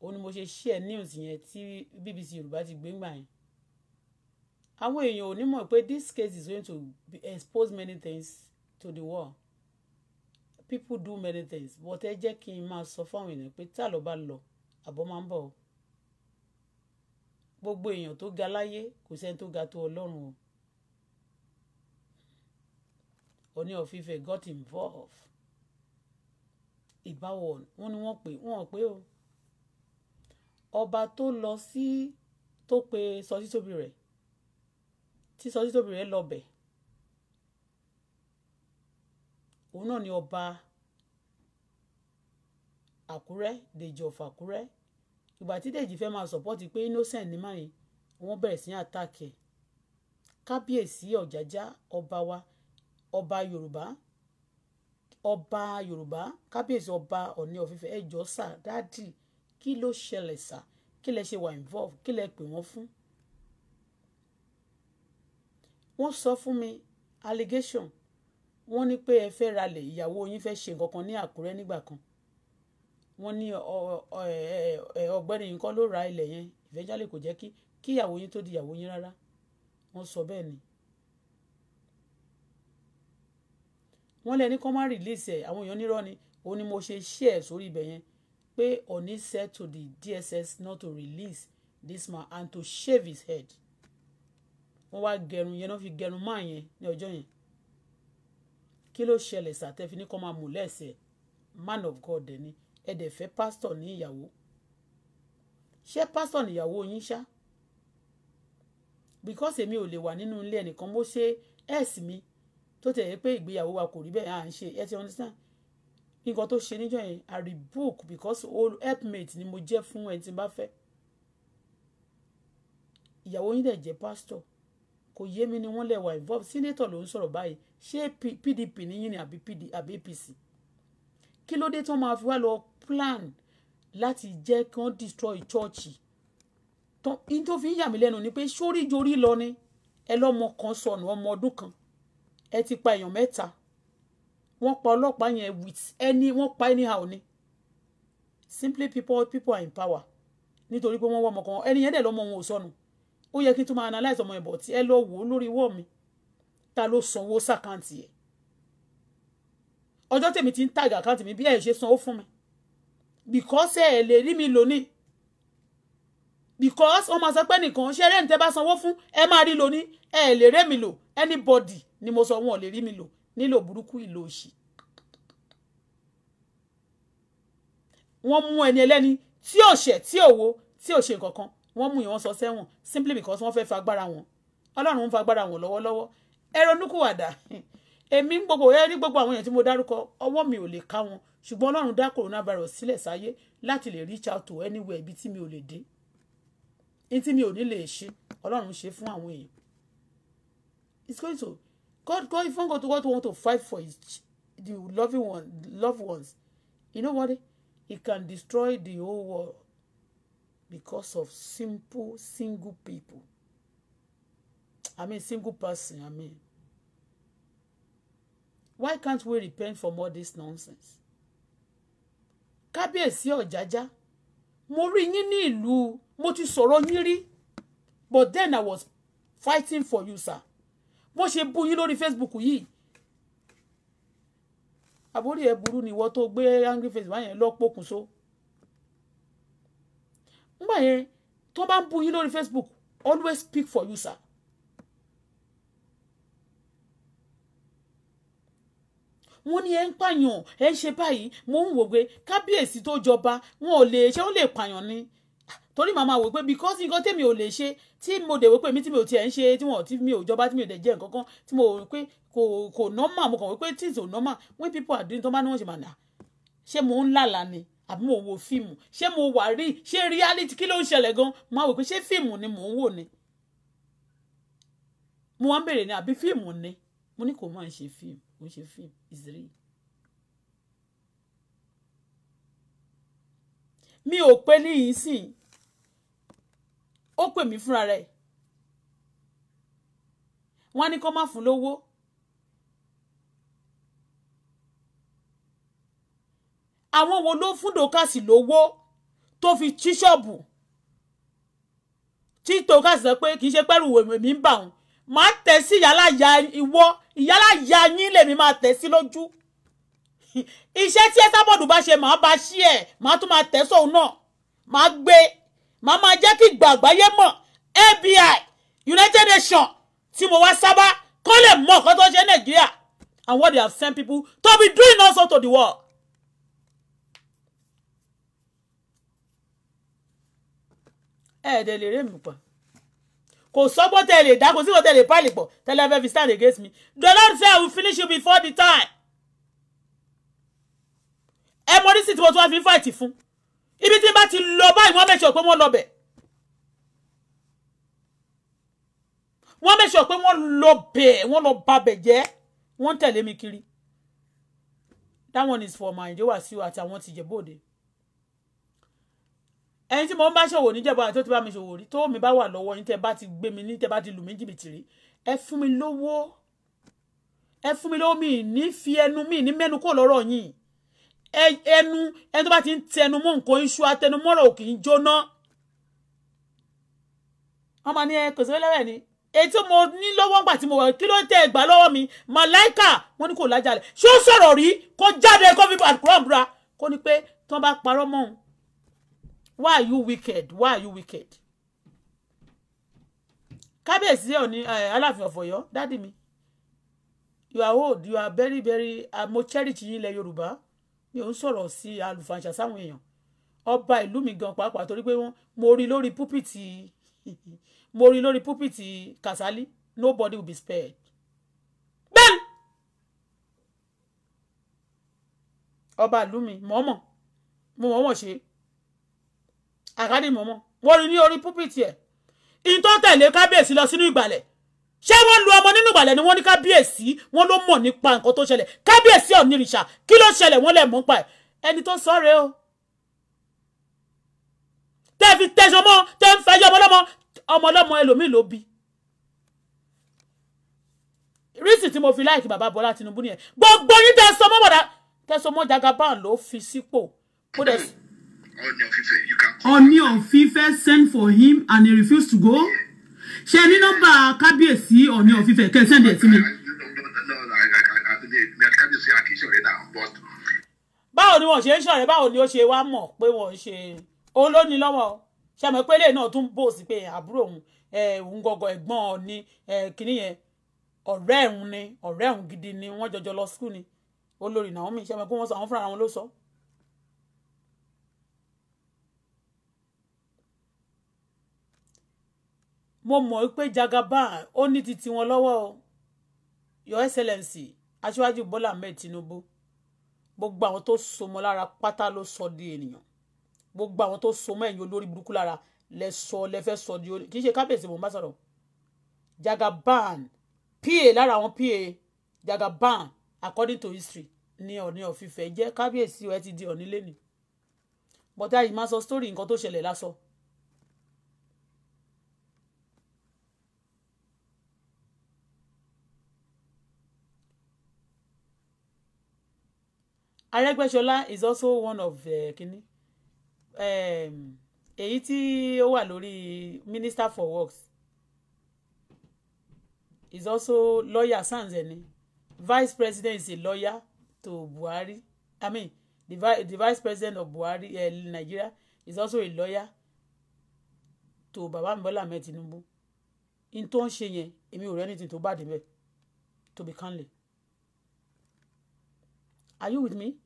òun ni mo ṣe share news yẹn tí BBC Yorùbá ti gbé gbà yẹn àwọn èèyàn ò ní mọ̀ pé this case is going to expose many things to the world people do many things but ẹ jẹ́ kí n máa sọ fáwọn èèyàn pé tá ló bá lọ àbọ̀ máa ń bọ̀ o gbogbo èèyàn tó ga láyé kò sẹ́ni tó ga tó ọlọ́run o Ọọ̀ni of got involved Ìbá wọn ni wọ́n pè wọ́n pè o ọba tó lọ sí tó pe Sọtítòbírẹ̀ tí Sọtítòbírẹ̀ lọ bẹ̀ òun náà ni ọba Àkúrẹ́ Dèjì of Àkúrẹ́ ìgbà tí Dèjì fẹ́ máa sọ̀pọ́tì pé innocent ní máyì wọ́n bẹ̀rẹ̀ sí àtàkì kábíyèsí ọ̀jájá ọba wa ọba Yorùbá ọba Yorùbá kábíyèsí ọba Ọ̀ní ọ̀fífẹ́ ẹjọ́ sà dáàdì kí ló ṣẹlẹ̀ sá kí lẹ ṣe wà involve kí lẹ pè wọ́n fún. wọ́n sọ fún mi allegation wọ́n ní pé ẹ fẹ́ ralẹ̀ ìyàwó yín fẹ́ ṣe nǹkan kan ní Àkúrẹ́ nígbà kan wọ́n ní ọ̀gbẹ́ni yìí kọ́ ló ra ilẹ̀ yẹn ìfẹ́jálè kò jẹ́ kí kí ìyàwó yín tó di ìyàwó yín rárá wọ́n sọ bẹ́ẹ̀ ni. wọ́n lẹ́ni kọ́ má release ẹ̀ àwọn èèyàn nírọ́ ni òun ni mo ṣe share sórí ibẹ̀ yẹn pé Oni said to the DSS not to release this man and to shave his head wọ́n wá gẹrun yẹn náà fi gẹrun máa yẹn ní ọjọ́ yẹn kí ló ṣẹlẹ̀ sàtẹ́fi ní kọ́ máa mú lẹ́sẹ̀ man of God ẹni ẹ̀dẹ̀ fẹ́ pastor ní ìyàwó ṣé pastor níyàwó yín ṣá because èmi ò lè wà nínú ilé ẹnìkan bó ṣe ẹ̀sì mi tó tẹ̀yẹ pé ìgbéyàwó wa kò rí bẹ́ẹ̀ à ń ṣe ẹ ti understand nǹkan tó ṣe níjọ́ yẹn i rebuke because helpmate ni mo jẹ́ fún ẹni tí n bá fẹ́ ìyàwó yín dẹ̀ jẹ́ pastor kò yé mi ni wọ́n lè wà involved senator ló ń sọ̀rọ̀ báyìí ṣé pdp níyìn ni àbí pd àbí apc kí ló dé tí wọ́n máa fi wá lọ plan láti jẹ́ kí wọ́n destroy church in tó fi ń yà mí lẹ́nu ni pé sórí jorí lọ ni ẹ lọ́mọ kan sọnù ọmọ ọdún kan ẹ ti pa èèyàn mẹ́ta wọ́n pa ọlọ́pàá yẹn with any wọ́n pa anyhow ni simply people people are in power nítorí pé wọ́n wọ́n ọmọ kan ẹni yẹn dẹ̀ lọ́mọ wọn ò sọnù ó yẹ kí n tún máa analyse ọmọ ẹ̀bọ̀ tí ẹ lọ wò ó lórí wọ́ọ̀ mi ta ló sanwó sàkáǹtì ẹ̀ ọjọ́ tèmi ti ń tàgà àkáǹtì mi bí ẹ̀ ṣe sanwó fún mi because ẹ̀ lè rí mi lónìí because wọ́n máa sọ pé nìkan ṣé eré nìtẹ́ bá sanwó fún ẹ máa rí lónìí ẹ lè rẹ́ mi lò anybody ni mo sọ wọn ò lè rí mi lò nílò burúkú ìlò òṣì wọ́n mú ẹni ẹlẹ́ni tí ò ṣẹ̀ tí ò wo tí ò ṣe nǹkankan wọ́n mú ìwọ́n sọ sẹ́wọ̀n simply because wọ́n fẹ́ fa agbára wọn ọlọ́run ń fa agbára wọn lọ́wọ́lọ́wọ́ ẹ ronúkúwàdà èmi gbogbo ẹ ní gbogbo àwọn èèyàn tí mo dárúkọ ọwọ́ mi ò lè ká wọn ṣùgbọ́n ọlọ́run dá coronavirus sílẹ̀ sáyé láti lè reach out to anywhere ibi tí mi ò lè dé ní tí mi ò ní lè ṣe ọlọ́run ṣe fún àwọn èèyàn it's going to God, God, even God, God want to fight for his the loving one, loved ones. You know what? He can destroy the whole world because of simple, single people. I mean, single person. I mean, why can't we repent from all this nonsense? Kábíyèsí Ọ̀jájá, mo rí yín ní ìlú, mo ti sọ̀rọ̀ yín rí, but then I was fighting for you, sir bó ṣe bú yín lórí Facebook yìí àbórí ẹ burú ni ìwọ tó gbé angry face báyẹn lọ pokùnso nígbà yẹn tó bá ń bú yín lórí Facebook always speak for you sir wọ́n ní ẹ ń pààyàn ẹ ń ṣe báyìí mo ń wòwe kábíyèsí tó jọba wọn ò lè ṣé ó lè pààyàn ni torí màmá wò pé because nǹkan tèmi ò lè ṣe tí mo dẹ̀ wò pé mi tí mi ò tiẹ̀ ń ṣe tí wọn tí mi ò jọba tí mi ò dẹ̀ jẹ́ nǹkan kan tí mo wò pé kò kò normal mo kàn wò pé things ò normal when people are doing tó bá ní wọ́n ṣe màdà ṣé mo ń lálà ni àbí mo wo fíìmù ṣé mo wà rí ṣé reality kí ló ń ṣẹlẹ̀ gan mo wò pé ṣé fíìmù ni mo ń wò ni mo wá ń bèrè ni àbí fíìmù ni mo ní kò máa ń ṣe fíìmù mo ń ṣe fíìmù is real mi ò pé níyìn sìn ó pè mí fúnra rẹ̀ wọ́n ní kó má fún lówó àwọn wo ló fún dòkàsì lówó tó fi tí ṣọ́ọ̀bù tí dòkàsì sọ pé kì í ṣe pẹ́rù èmi ń bà wọ́n máa tẹ̀ sí ìyálàyà ìwọ ìyálàyà yín lèmi máa tẹ̀ sí lójú iṣẹ́ tí ẹ sábọ̀dù bá ṣe màá bá ṣí ẹ̀ màá tún máa tẹ̀ sóun náà màá gbé màá máa jẹ́ kí ìgbà mọ̀ abi united nations tí mo wá sábà kọ́ lè mọ̀ kó tó ṣe nàìjíríà and what they have sent people to be doing also to the world. ẹ̀ẹ́dẹ̀ lè rémi pa kò sọ́gbọ́n tẹ̀ lè dá kò sí kò tẹ̀ lè pàlì pọ̀ tẹ̀lé fẹ́ fi stand against me the lord say i will finish you before the time ẹ mọ nísìsiyìí tí mo tún wá fi ń fàìtì fún ibi tí n bá ti lọ báyìí wọ́n mẹ̀sọ̀ pé wọ́n lọ bẹ̀ wọ́n mẹ̀sọ̀ pé wọ́n lọ bẹ̀ wọ́n lọ ba bẹ̀ jẹ́ wọ́n tẹ̀lé mi kiri that one is for my ìjọba sí àti àwọn ti jẹ̀bọ́ọ̀dẹ ẹni tí mo ń bá ṣòwò níjẹ̀bọ àti tó ti bá mi ṣòwò rí tó mi bá wà lọ́wọ́ yín tẹ́ bá ti gbé mi ní tẹ́ bá ti lù mí jìbìtì rí ẹ fún mi lówó ẹ fún mi lówó mi ní fi ẹnu mi ní mẹ́nu kó lọ́rọ̀ yín ẹnu ẹni tó bá ti ń tẹnumọ́ nǹkan iṣu atẹnumọ́rọ̀ kì í jóná ọmọ ni ẹ kò sí lẹ́rẹ̀ ni etí mo ní lọ́wọ́ ńgbà tí mo wà kí ló tẹ ẹgbà lọ́wọ́ mi màláìkà wọn ni kò lájàlẹ̀ ṣé ó sọ̀rọ̀ rí kó jáde kó fi àkùrọ̀ búra kó ní pé tó bá parọ́ mọ́ why are you wicked why are you wicked kábíyèsí ọ̀ní aláàfin of Ọ̀yọ́ dádì mi you are old you are very very uh, mo cherish yín ilẹ̀ yorùbá mi ò ń sọ̀rọ̀ sí àlùfàǹṣà sáwọn èèyàn ọba ìlú mi gan pàápàá torí pé wọ́n mo rí lórí púpìtì mo rí lórí púpìtì Kàsálí nobody will be spared. bẹ́ẹ̀ ọba ìlú mi mọ̀ọ́mọ̀ mo mọ̀ọ́mọ̀ ṣe àkádì mọ̀ọ́mọ̀ wọ́n rí ní orí púpìtì ẹ̀ ìtọ́ kábíyèsí lọ sínú ìgbàlẹ̀ ṣé wọ́n lu ọmọ nínú ìbàlẹ̀ ni wọ́n ní kábíyèsí wọ́n ló mọ̀ nípa nǹkan tó ṣẹlẹ̀ kábíyèsí ọ̀nìrìṣà kí ló ṣẹlẹ̀ wọ́n lẹ̀ mọ́ pa ẹ̀ ẹni tó sọ rèé o tẹ́ fi tẹ̀sán mọ́ tẹ́ ń fẹjọ́ ọmọlọ́mọ ọmọlọ́mọ ẹlòmíì ló bí rísì tí mo fi láìkí bàbá Bọ́lá Tinubu nìyẹn gbogbo yín tẹ̀sán mọ́ bọ̀dá tẹ̀sán mọ́ Jagaban ló fi sípò kó dẹ̀ sí. Ọọ̀ni of Ife, you can call. Ọọ̀ni of Ife send for him and he refused to go. Yeah ṣe ní nọ́mbà kábíyèsí ọ̀ní ọ̀fífẹ́ kẹsàn-án dẹ̀ sí mi. báwo ni wọn ṣe ń ṣọ̀rẹ́ báwo ni ó ṣe wá mọ̀ pé wọ́n ń ṣe òun ló ní lọ́wọ́ ṣe àmọ́ pélé náà tún bò sí pé àbúrò òun òun gọgọ ẹ̀gbọ́n ọ̀ni kìnìún yẹn ọ̀rẹ́ òun ni ọ̀rẹ́ òun gidi ni wọ́n jọjọ lọ skul ni olórí Naomi ṣe àmọ́ pé wọ́n sọ àwọn fúnra wọn ló sọ. So mo mọ̀ pé Jagaban ó ní ti tiwọn lọ́wọ́ o your excellency aṣíwájú Bọ́lá Ahmed Tinubu gbogbo àwọn tó so mọ́ lára pátá ló sọ di ènìyàn gbogbo àwọn tó so mọ́ ẹ̀yìn olórí burúkú lára lẹ sọ lẹ fẹ́ sọ di kì í ṣe kábíyèsí mò ń bá sọ̀rọ̀ Jagaban pa lára àwọn pa Jagaban according to history ní ọ̀ní ọ̀fìfẹ́ jẹ́ kábíyèsí ẹ ti di ọ̀ní lẹ́nu bọ́tá yìí máa sọ sítórì nǹkan tó ṣẹlẹ̀ lásọ Arẹ́gbẹ́ṣọlá is also one of uh, eh, kini um, ehm, èyí tí ó wà lórí minister for works is also lawyer sans ẹni vice president is a lawyer to Buhari I mean the, the vice president of Buhari uh, Nigeria is also a lawyer to Baba Bola Ahmed Tinubu in tó ń ṣe yẹn èmi ò rẹ́ anything tó bá dé bẹ́ẹ̀ to be kindly are you with me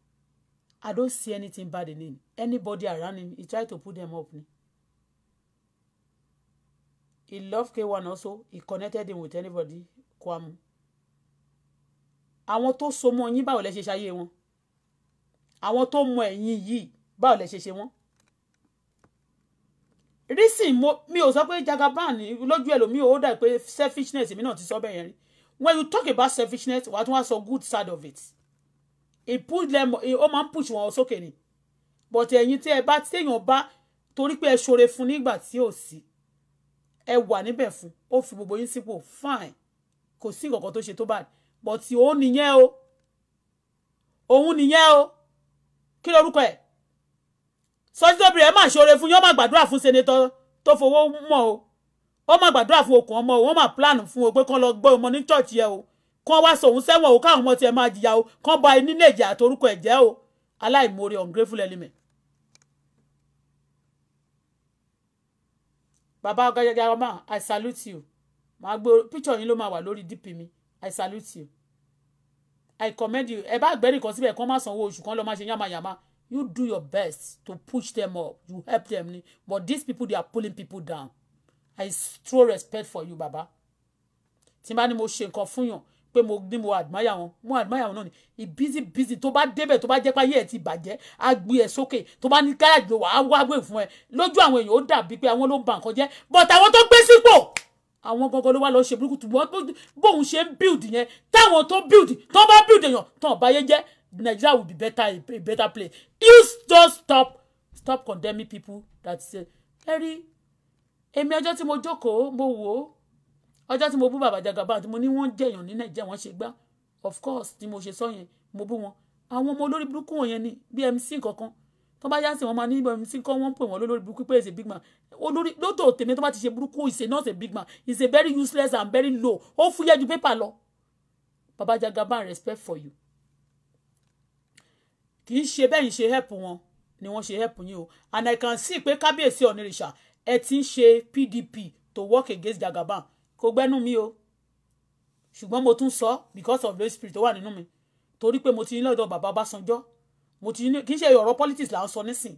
I don't see anything bad in him. Anybody around him, he tried to put them up. He loved K1 also. He connected him with anybody. Kwamu. want to so mọ́ yín báwo lẹ ṣe ṣayé wọn? to tó mọ ẹ̀yìn yìí báwo lẹ ṣe ṣe wọ́n? Reason mo mi ò sọ pé Jagaban lójú ẹlòmíì ó dà pé selfishness mi náà ti so bẹ́ẹ̀ yẹn rí. When you talk about selfishness, what tún wá sọ good side of it it push them ó máa ń push wọn sókè ni but ẹ̀yin tí ẹ bá téèyàn bá torí pé ẹ ṣoore fún nígbà tí ò sí ẹ wà níbẹ̀ fún ó fi gbogbo yín sípò fine kò sí nǹkan to tó ṣe bad but òun nìyẹn o òun nìyẹn o kí lorúkọ ẹ̀ sọ́jọ́bìrì ẹ̀ máa ṣoore fún yín ó máa gbàdúrà fún senator. tó fowó mọ̀ o ó máa gbàdúrà fún okùn ọmọ o wọ́n máa plan fún o pé kán lọ gbọ́ ọmọ ní church yẹ o kán wá sòun sẹ́wọ̀n o káwọn ọmọ tiẹ̀ máa jìyà o kán ba ẹni nílé ìjẹ́ àtorúkọ ẹ̀jẹ̀ o aláìmoore ungrateful element. bàbá ọgájájá ọmọ i salute you màá gbé picture yín ló máa wà lórí dp mi i salute you i commend you ẹ bá gbẹ́rì kan síbẹ̀ kán má sanwó oṣù kan lọ́ọ́ má ṣe yàmàyàmà you do your best to push them up you help them ni but these people they are pulling people down i throw respect for you baba tí n bá ní mo ṣe nǹkan fún yàn pé mo ní mo admire wọn mo admire wọn náà ni i busy busy tó bá débẹ̀ tó bá jẹ́ pé ayé ẹ̀ ti bàjẹ́ á gbé ẹ̀ sókè tó bá ní gáràjì wà á wá gbé fún ẹ lójú àwọn èèyàn ó dàbí pé àwọn ló ń ba nǹkan jẹ́ but àwọn tó gbé sípò àwọn gangan ló wá lọ ṣe burúkú tùbọ́n bóun ṣe ń build yẹn táwọn tó build tó bá build èèyàn tó bá yé jẹ́ Nigeria will be better a better place you just stop stop condemning people that say ẹ̀rí èmi ọjọ́ tí mo jókòó mo wò ọjọ́ tí mo bú bàbá Jagaban tí mo ní wọ́n jẹ̀yàn ní nàìjíríà wọ́n ṣe gbá of course tí mo ṣe sọ yẹn mo bú wọn àwọn ọmọ olórí burúkú wọn yẹn ni bmc kankan tó bá yá sí wọn máa ní bmc kọ́ wọ́n pè wọ́n lórí burúkú pé èsè big man olórí lótò tèmi tó bá ti ṣe burúkú ìṣe náà ṣe big man ìṣe very useless and very low ó fúyẹ́ ju paper, lọ bàbá Jagaban respect for you kì í ṣe bẹ́ẹ̀ ń ṣe help wọn ni wọ́n ṣe help yín o and I can see pé kábíyèsí ọ̀nìrìṣà ẹ ti ń ṣe PDP to work against Jagaban kò gbẹ́nu mi o ṣùgbọ́n mo tún sọ because of the Holy Spirit tó wà nínú mi torí pé mo ti ní lọ́dọ̀ bàbá Ọbásanjọ́ mo ti ní kì í ṣe ọ̀rọ̀ politics là ń sọ nísìn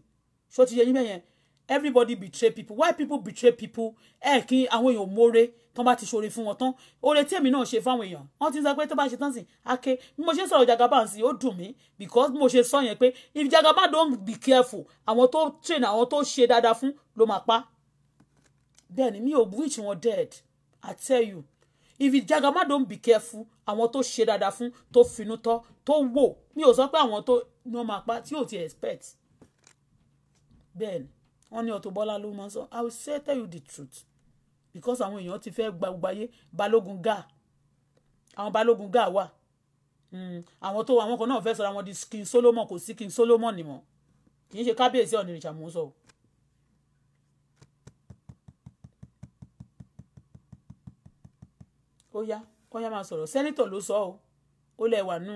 ṣó ti yẹ yín bẹ́yẹn everybody betray people why people betray people ẹ kí àwọn èèyàn mórè tán bá ti ṣoore fún wọn tán oore tí èmi náà ṣe fáwọn èèyàn wọn ti ń sọ pé tó bá ṣe tán sìn ake bí mo ṣe sọ̀rọ̀ Jagaban sí ó dùn mí because mo ṣe sọ yẹn pé if jagaba don be careful àwọn tó train àwọn tó ṣe dáadáa fún ló máa pa bẹ́ẹ̀ ni mi ò wíṣ wọn dead I tell you if jagama don't be careful I want to share that fun. To tọ́ tó wò mi ò sọ want to tó ní ọmọ apá tí ò ti expect bẹ́ẹ̀ ni wọ́n ní Auto Bola ló máa I will say tell you the truth because àwọn èèyàn ti fẹ́ gba gbogbo ayé balógun gáà àwọn balógun gáà wà hmm, àwọn tó àwọn kan náà fẹ́ sọ̀rọ̀ àwọn di King Solomon kò sí King Solomon nìmọ̀ kì í ṣe kábíyèsí ọ̀nìrìṣà mò ń sọ o ó yá kọ́yá máa sọ̀rọ̀ sẹ́nítọ̀ ló sọ ọ́ ó lẹ̀ wà nù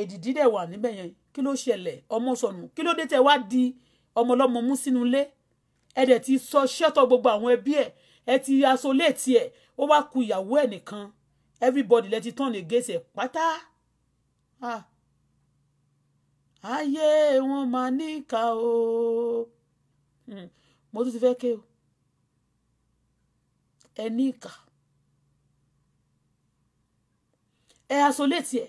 èdìdí dẹ̀ wà níbẹ̀ yẹn kí ló ṣẹlẹ̀ ọmọ sọnù kí ló dé tẹ wá di ọmọ mú sínú ilé ẹ dẹ̀ ti sọ ṣẹ́tọ̀ gbogbo àwọn ẹbí ẹ̀ ẹ ti aṣọ léètì ẹ̀ ó wá ku ìyàwó ẹ̀ nìkan everybody lẹ ti turn against ẹ̀ pátá ayé wọn máa níkà o hmm, mo tún ti fẹ́ ké o ẹ níkà. E ẹ isolate ẹ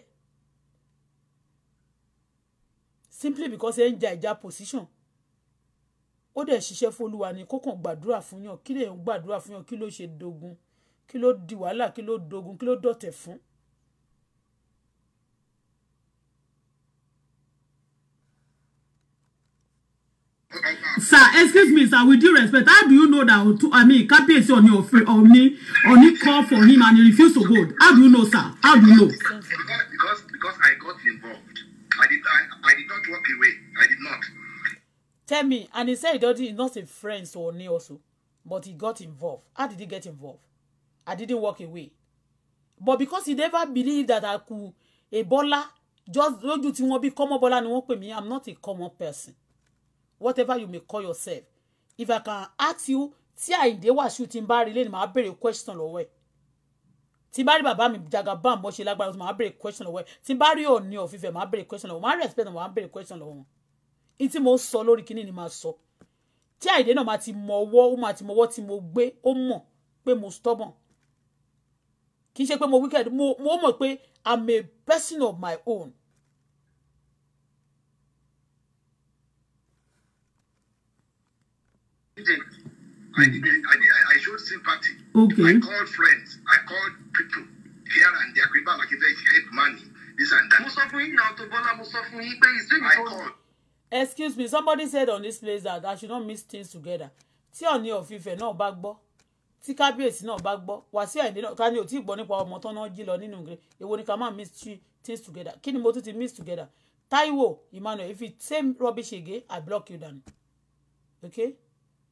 simply because ẹ ń ja ìjà position ó dẹ̀ ṣiṣẹ́ fọlùwà ní kó kàn gbàdúrà fún yàn kí lèèyàn gbàdúrà fún yàn kí ló ṣe dogun kí ló di wàhálà kí ló dogun kí ló dọ̀tẹ̀ fún sir excuse me sir with due respect how do you know that to i mean kábíyèsí ọ̀ni ọ̀fẹ́ ọ̀ni ọ̀ni call for him and he refuse to go. how do you know sir how do you know. because because because i got involved i did i, I did not walk away i did not. tell me and he say he don he not a friend to Ooni also but he got involved how did he get involved i didn't walk away but because he never believe that i could ebola just lójú tí wọn bí common bola ni wọn pè mí i'm not a common person whatever you may call yourself if i can ask you tí àyíǹde wàṣíù ti ń bá rí lẹ́nu màá béèrè question lọ́wọ́ ẹ̀ tí bá rí bàbá mi Jagaban bó ṣe lágbára màá béèrè question lọ́wọ́ ẹ̀ tí bá rí Ọọ̀ni of Ifẹ̀ màá béèrè question lọ́wọ́ ma respect màá béèrè question lọ́wọ́ wọn ní tí mo ń sọ lórí kíní ni màá sọ tí àyíǹde náà máa ti mọ ọwọ́ ó máa ti mọ ọwọ́ tí mo gbé ó mọ̀ pé mo stubborn kì í ṣe mo wicked mo mọ̀ pé i'm a person of my own Hmm. I, I, I, I showed sympathy. Okay. I called friends. I called people here and there. People like if they help money, this and that. Mo sọ fún yín náà tó Bọ́lá mo sọ fún he's doing his own. Excuse me, somebody said on this place that I should not mix things together. Tí Ọ̀ọ̀ni of Ifẹ̀ náà bá gbọ́, tí Kábíyèsí náà bá gbọ́, Wàsíù Àyìndé náà ká ní ò tí ì gbọ́ nípa ọmọ tán náà jí lọ nínú ìgbé. Èwo ni ká máa mix things together? Kí ni mo tún ti mix together? Taiwo Emmanuel, if you same rubbish again, I block you down. Okay?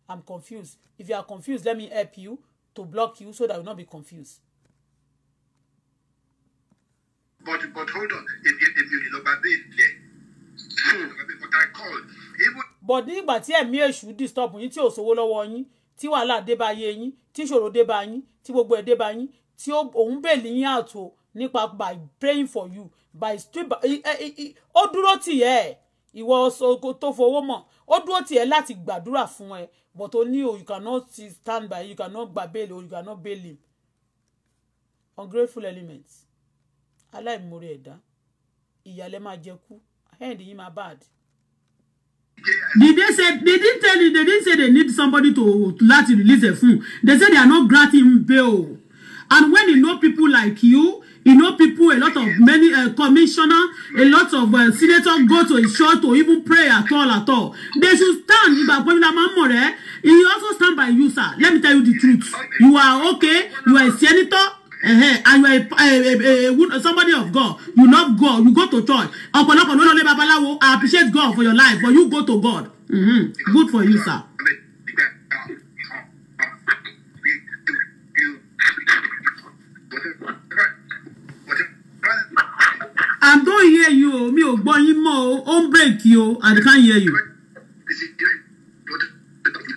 I'm confused. If you are confused, let me help you to block you so that you will not be confused. But but hold on, èmi ò lè lọ gba bẹ́ẹ̀lì ẹ̀. but I called. But nígbà tí ẹ̀mí èṣù disturb yín tí ò sówó lọ́wọ́ yín tí wàhálà dé bá yé yín tí ìṣòro dé bá yín tí gbogbo ẹ̀ dé bá yín tí òun bẹ́ẹ̀lì yín àtò nípa by praying for you by still by ó dúró tì yẹ́ ẹ̀ ìwọ ọsọ tó fowó mọ̀ ó dúró tiẹ̀ láti gbàdúrà fún ẹ but ó ní o you cannot stand by you cannot gba bail o you cannot bail him ungrateful element aláìmoore ẹ̀dá ìyàlẹ́ máa jẹ kú hand yìí máa bad. Did they say they didn't tell you they didn't say they need somebody to láti release a fún they say they are not granting bail and when you know people like you You know, people, a lot of many uh, commissioner, a lot of uh, senator go to his church to even pray at all, at all. They should stand. man more, eh? He also stand by you, sir. Let me tell you the truth. You are okay. You are a senator. Uh-huh. And you are a, a, a, a, somebody of God. You love God. You go to church. I appreciate God for your life, but you go to God. Mm-hmm. Good for you, sir. can't hear you Oh, me oh, boy, you mọ́ o ó ń break o I can't hear you.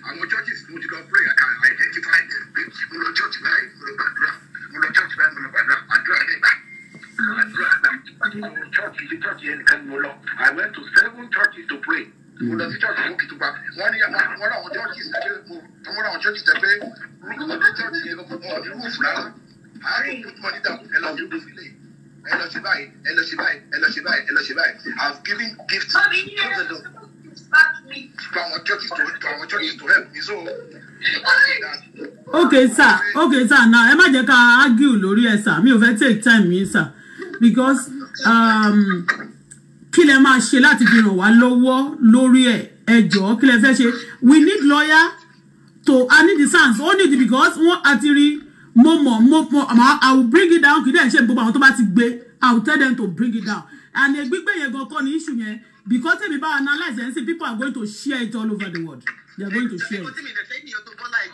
àwọn churches mo ti lọ pray I can identify them pé mo lọ church báyìí mo lọ gbàdúrà mo church báyìí mo lọ gbàdúrà àdúrà church ilé church I went to seven churches to pray mo lọ ẹ okay sir okay sir now ẹ má jẹ́ ká argue lórí ẹ sir mi ò fẹ́ take time mi sir because um, kí lẹ máa ṣe láti fi ràn wá lọ́wọ́ lórí ẹ̀ ẹ jọ̀ọ́ kí lẹ fẹ́ ṣe we need lawyer to i need the sense only because wọ́n àti rí mo mọ̀ mo mọ̀ i will bring it down kì í dẹ̀ ṣe gbogbo àwọn tó bá ti gbé i will tell them to bring it down and gbígbé yẹn gan kọ́ ni issue yẹn because tèmi bá analyze ẹ̀ ń sìn people are going to share it all over the world they are going to share it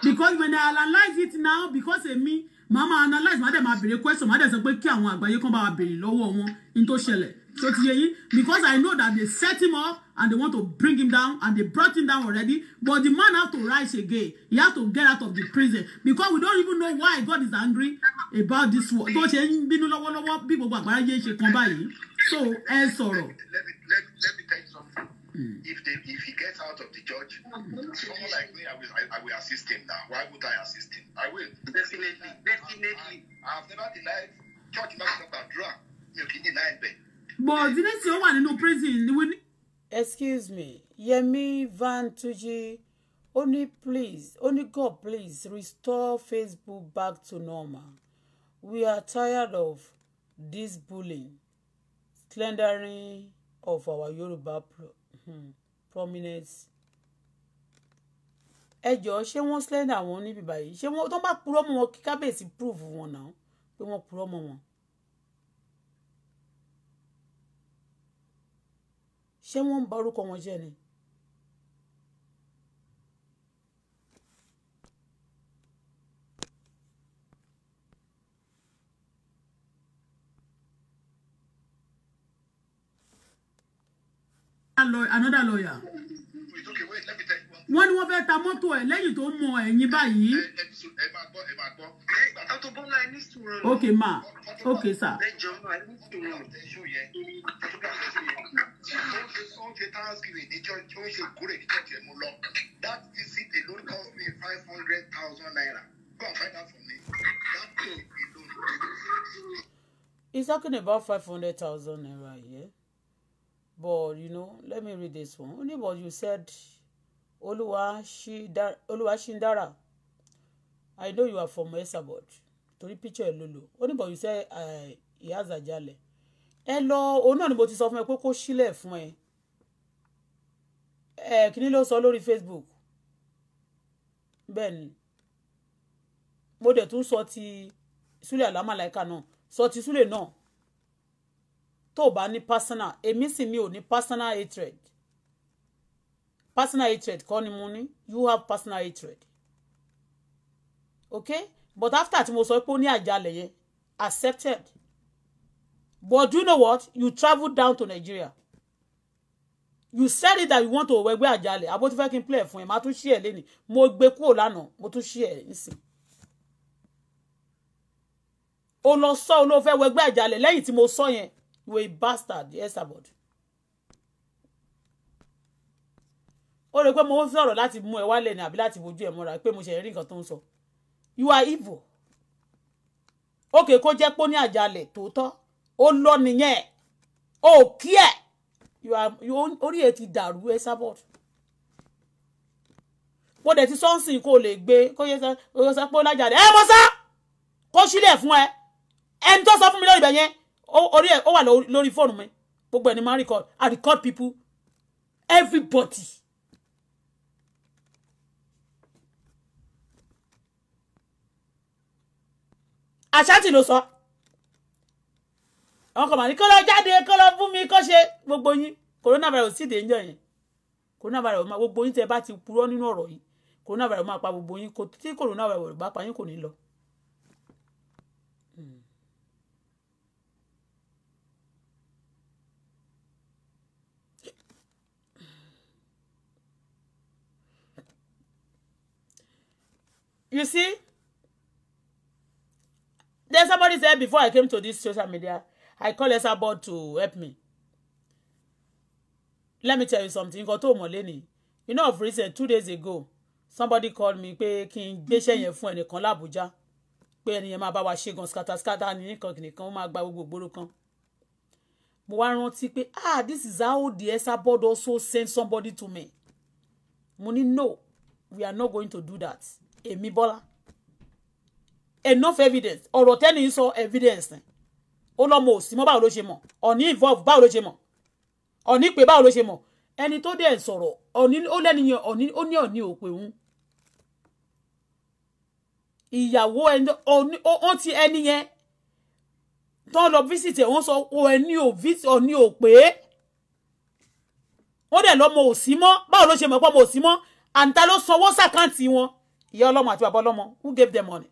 because when i analyze it now because of me màá máa analyse màá dẹ̀ máa béèrè question màá dẹ̀ sọ pé kí àwọn àgbáyé kan bá wa béèrè lọ́wọ́ wọn ní tó ṣẹlẹ̀ tó ti yẹ yín because I know that they set him up and they want to bring him down and they brought him down already but the man have to rise again he have to get out of the prison because we don't even know why God is angry about this war tó ṣe ń bínú lọ́wọ́lọ́wọ́ bí gbogbo àgbáyé ṣe kan báyìí so ẹ sọ̀rọ̀. Mm. If they, if he gets out of the church, mm. someone like me, I will, I, I, will assist him now. Why would I assist him? I will. Definitely, I, definitely. I, have never denied church members about drug. You can deny it. But didn't see one in prison. Excuse me, Yemi Van Tuji. Only please, only God please restore Facebook back to normal. We are tired of this bullying, slandering of our Yoruba people. Hmm. prominent ẹ jọ ṣé wọ́n slender wọn níbi báyìí ṣé wọ́n tó bá purọ́ mọ́ wọn kí kábíyèsí prove wọn náà pé wọ́n purọ́ mọ́ wọn. ṣé wọ́n ń ba orúkọ wọn jẹ́ ni another lawyer. wọ́n ní wọ́n fẹ́ ta mọ́tò ẹ̀ lẹ́yìn tó mọ ẹ̀yìn báyìí. ẹ eh, eh, eh, máa gbọ́ ẹ máa gbọ́. ọtọ bọ́lá ẹni ok ma ok sa. ẹjọ máa ní sùúrù. ó ṣe thanksgiving níjọ ó ṣe kúrè níjọ that visit alone cost me five hundred thousand naira go and find out for me he's talking about five hundred thousand naira a year but you know let me read this one only but you said Oluwashindara I know you are from Esabod torí picture ẹ ló only but you said Ìyáàzàjálẹ̀ eh, ẹ lọ òun náà ni mo ti sọ fún ẹ pé kó sílẹ̀ fún ẹ ẹ kíní ló sọ lórí Facebook bẹ́ẹ̀ mo dẹ̀ tún sọ ti Sule Alama Laika náà sọ ti Sule náà tó bá ní personal èmi sì mi ò ní personal hatred personal hatred kọ́ ni mo ní you have personal hatred okay but after tí mo sọ pé ó ní àjálẹ̀ yẹn accepted but do you know what you travel down to Nigeria you said it that you want to wẹgbẹ́ àjálẹ̀ àbó tí fẹ́ kí n play fún ẹ máa tún ṣí ẹ lẹ́nu mo gbé kúrò lánàá mo tún ṣí ẹ nísìn o lọ sọ o ló fẹ́ wẹgbẹ́ àjálẹ̀ lẹ́yìn tí mo sọ yẹn You a bastard yes abod. o rò pé mo ń sọ̀rọ̀ láti mú ẹ wálẹ̀ ní àbí láti wojú ẹ mọ́ra pé mo ṣe rí nǹkan tó ń sọ you are evil òkè kó jẹ́ pé ó ní àjálẹ̀ tòótọ́ ó lọ nìyẹn ó kí ẹ̀ orí ẹ ti daru, ẹ sábọ̀d mo dẹ̀ ti sọ́nsìn kó o lè gbé kó yẹ sọ pé ó lájàlẹ̀ ẹ mọ sá kó sílẹ̀ fún ẹ ẹni tó sọ fún mi lórí ibẹ̀ yẹn orí ẹ̀ ó wà lórí fóònù mi gbogbo ẹ̀ máa record I record people everybody. àṣàtì ló sọ àwọn kan mà ní kó lọ jáde kó lọ fún mi kó ṣe gbogbo yín coronavirus sì dé ń jọ yẹn coronavirus máa gbogbo yín tẹ bá ti purọ́ nínú ọ̀rọ̀ yìí coronavirus máa pa gbogbo yín tí coronavirus bá pa yín kò ní lọ. you see then somebody said before I came to this social media I call Esabod to help me let me tell you something nǹkan tó mọ̀ you know of recent two days ago somebody called me pé kí n gbéṣẹ́ yẹn fún ẹnìkan làbújá pé ẹni yẹn máa wa ṣe gan scatter-scatter ní nìkan nìkan ó máa gba gbogbo kan mo wá rántí pé ah this is how the Esabod also send somebody to me mo ní no we are not going to do that èmi Bọ́lá enough evidence ọ̀rọ̀ tẹ́ni sọ evidence ó lọ́mọ òsì mọ́ báwo ló ṣe mọ̀ ọ̀ní involve báwo ló ṣe mọ̀ ọ̀ní pé báwo ló ṣe mọ̀ ẹni tó dẹ̀ sọ̀rọ̀ ọ̀ní ó lẹ́niyàn ọ̀ní ó ní ọ̀ní òpè òun ìyàwó ẹni ó ti ẹni yẹn tó lọ visit ẹ̀ wọ́n sọ ẹni ò visit ọ̀ní òpè wọ́n dẹ̀ lọ́mọ òsì mọ́ báwo ló ṣe mọ̀ pọ́ ọmọ òsì mọ́ àǹtá ló sanwó sàkáǹtì wọn ìyá ọlọ́mọ àti bàbá ọlọ́mọ who gave them money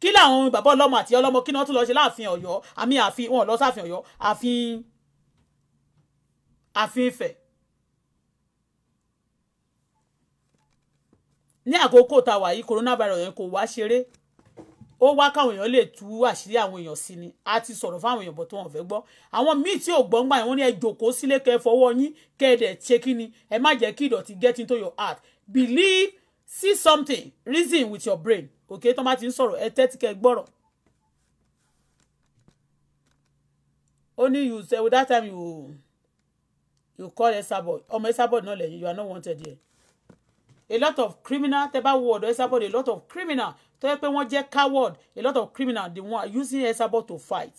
kí làwọn bàbá ọlọ́mọ àti ọlọ́mọ kí wọ́n tún lọ ṣe láàfin ọ̀yọ́ àmì àfin wọn lọ sáàfin ọ̀yọ́ àfin àfin Ifẹ̀ ní àkókò tá a wà yìí coronavirus yẹn kò wá ṣeré ó wá káwọn èèyàn lè tú àṣírí àwọn èèyàn sí ni a ti sọ̀rọ̀ fáwọn èèyàn bọ̀ tó wọn fẹ́ gbọ́ àwọn míì tí ò gbọ́n gbà wọ́n ní ẹ jòkó sílé kẹ́ fọwọ́ yín kẹ́ ẹ dẹ̀ ṣe kí ẹ má jẹ́ kí ìdọ̀tí get into your heart believe see something reason with your brain okay tó bá ti ń sọ̀rọ̀ ẹ tẹ́tí kẹ́ gbọ́rọ̀ only you say with that time you you call Esabod ọmọ Esabod náà lẹ́yìn you are not wanted here a lot of criminal tẹ́ bá wo ọ̀dọ̀ Esabod a lot of criminal tó yẹ pé wọ́n jẹ́ coward a lot of criminal they wan using Esabod to fight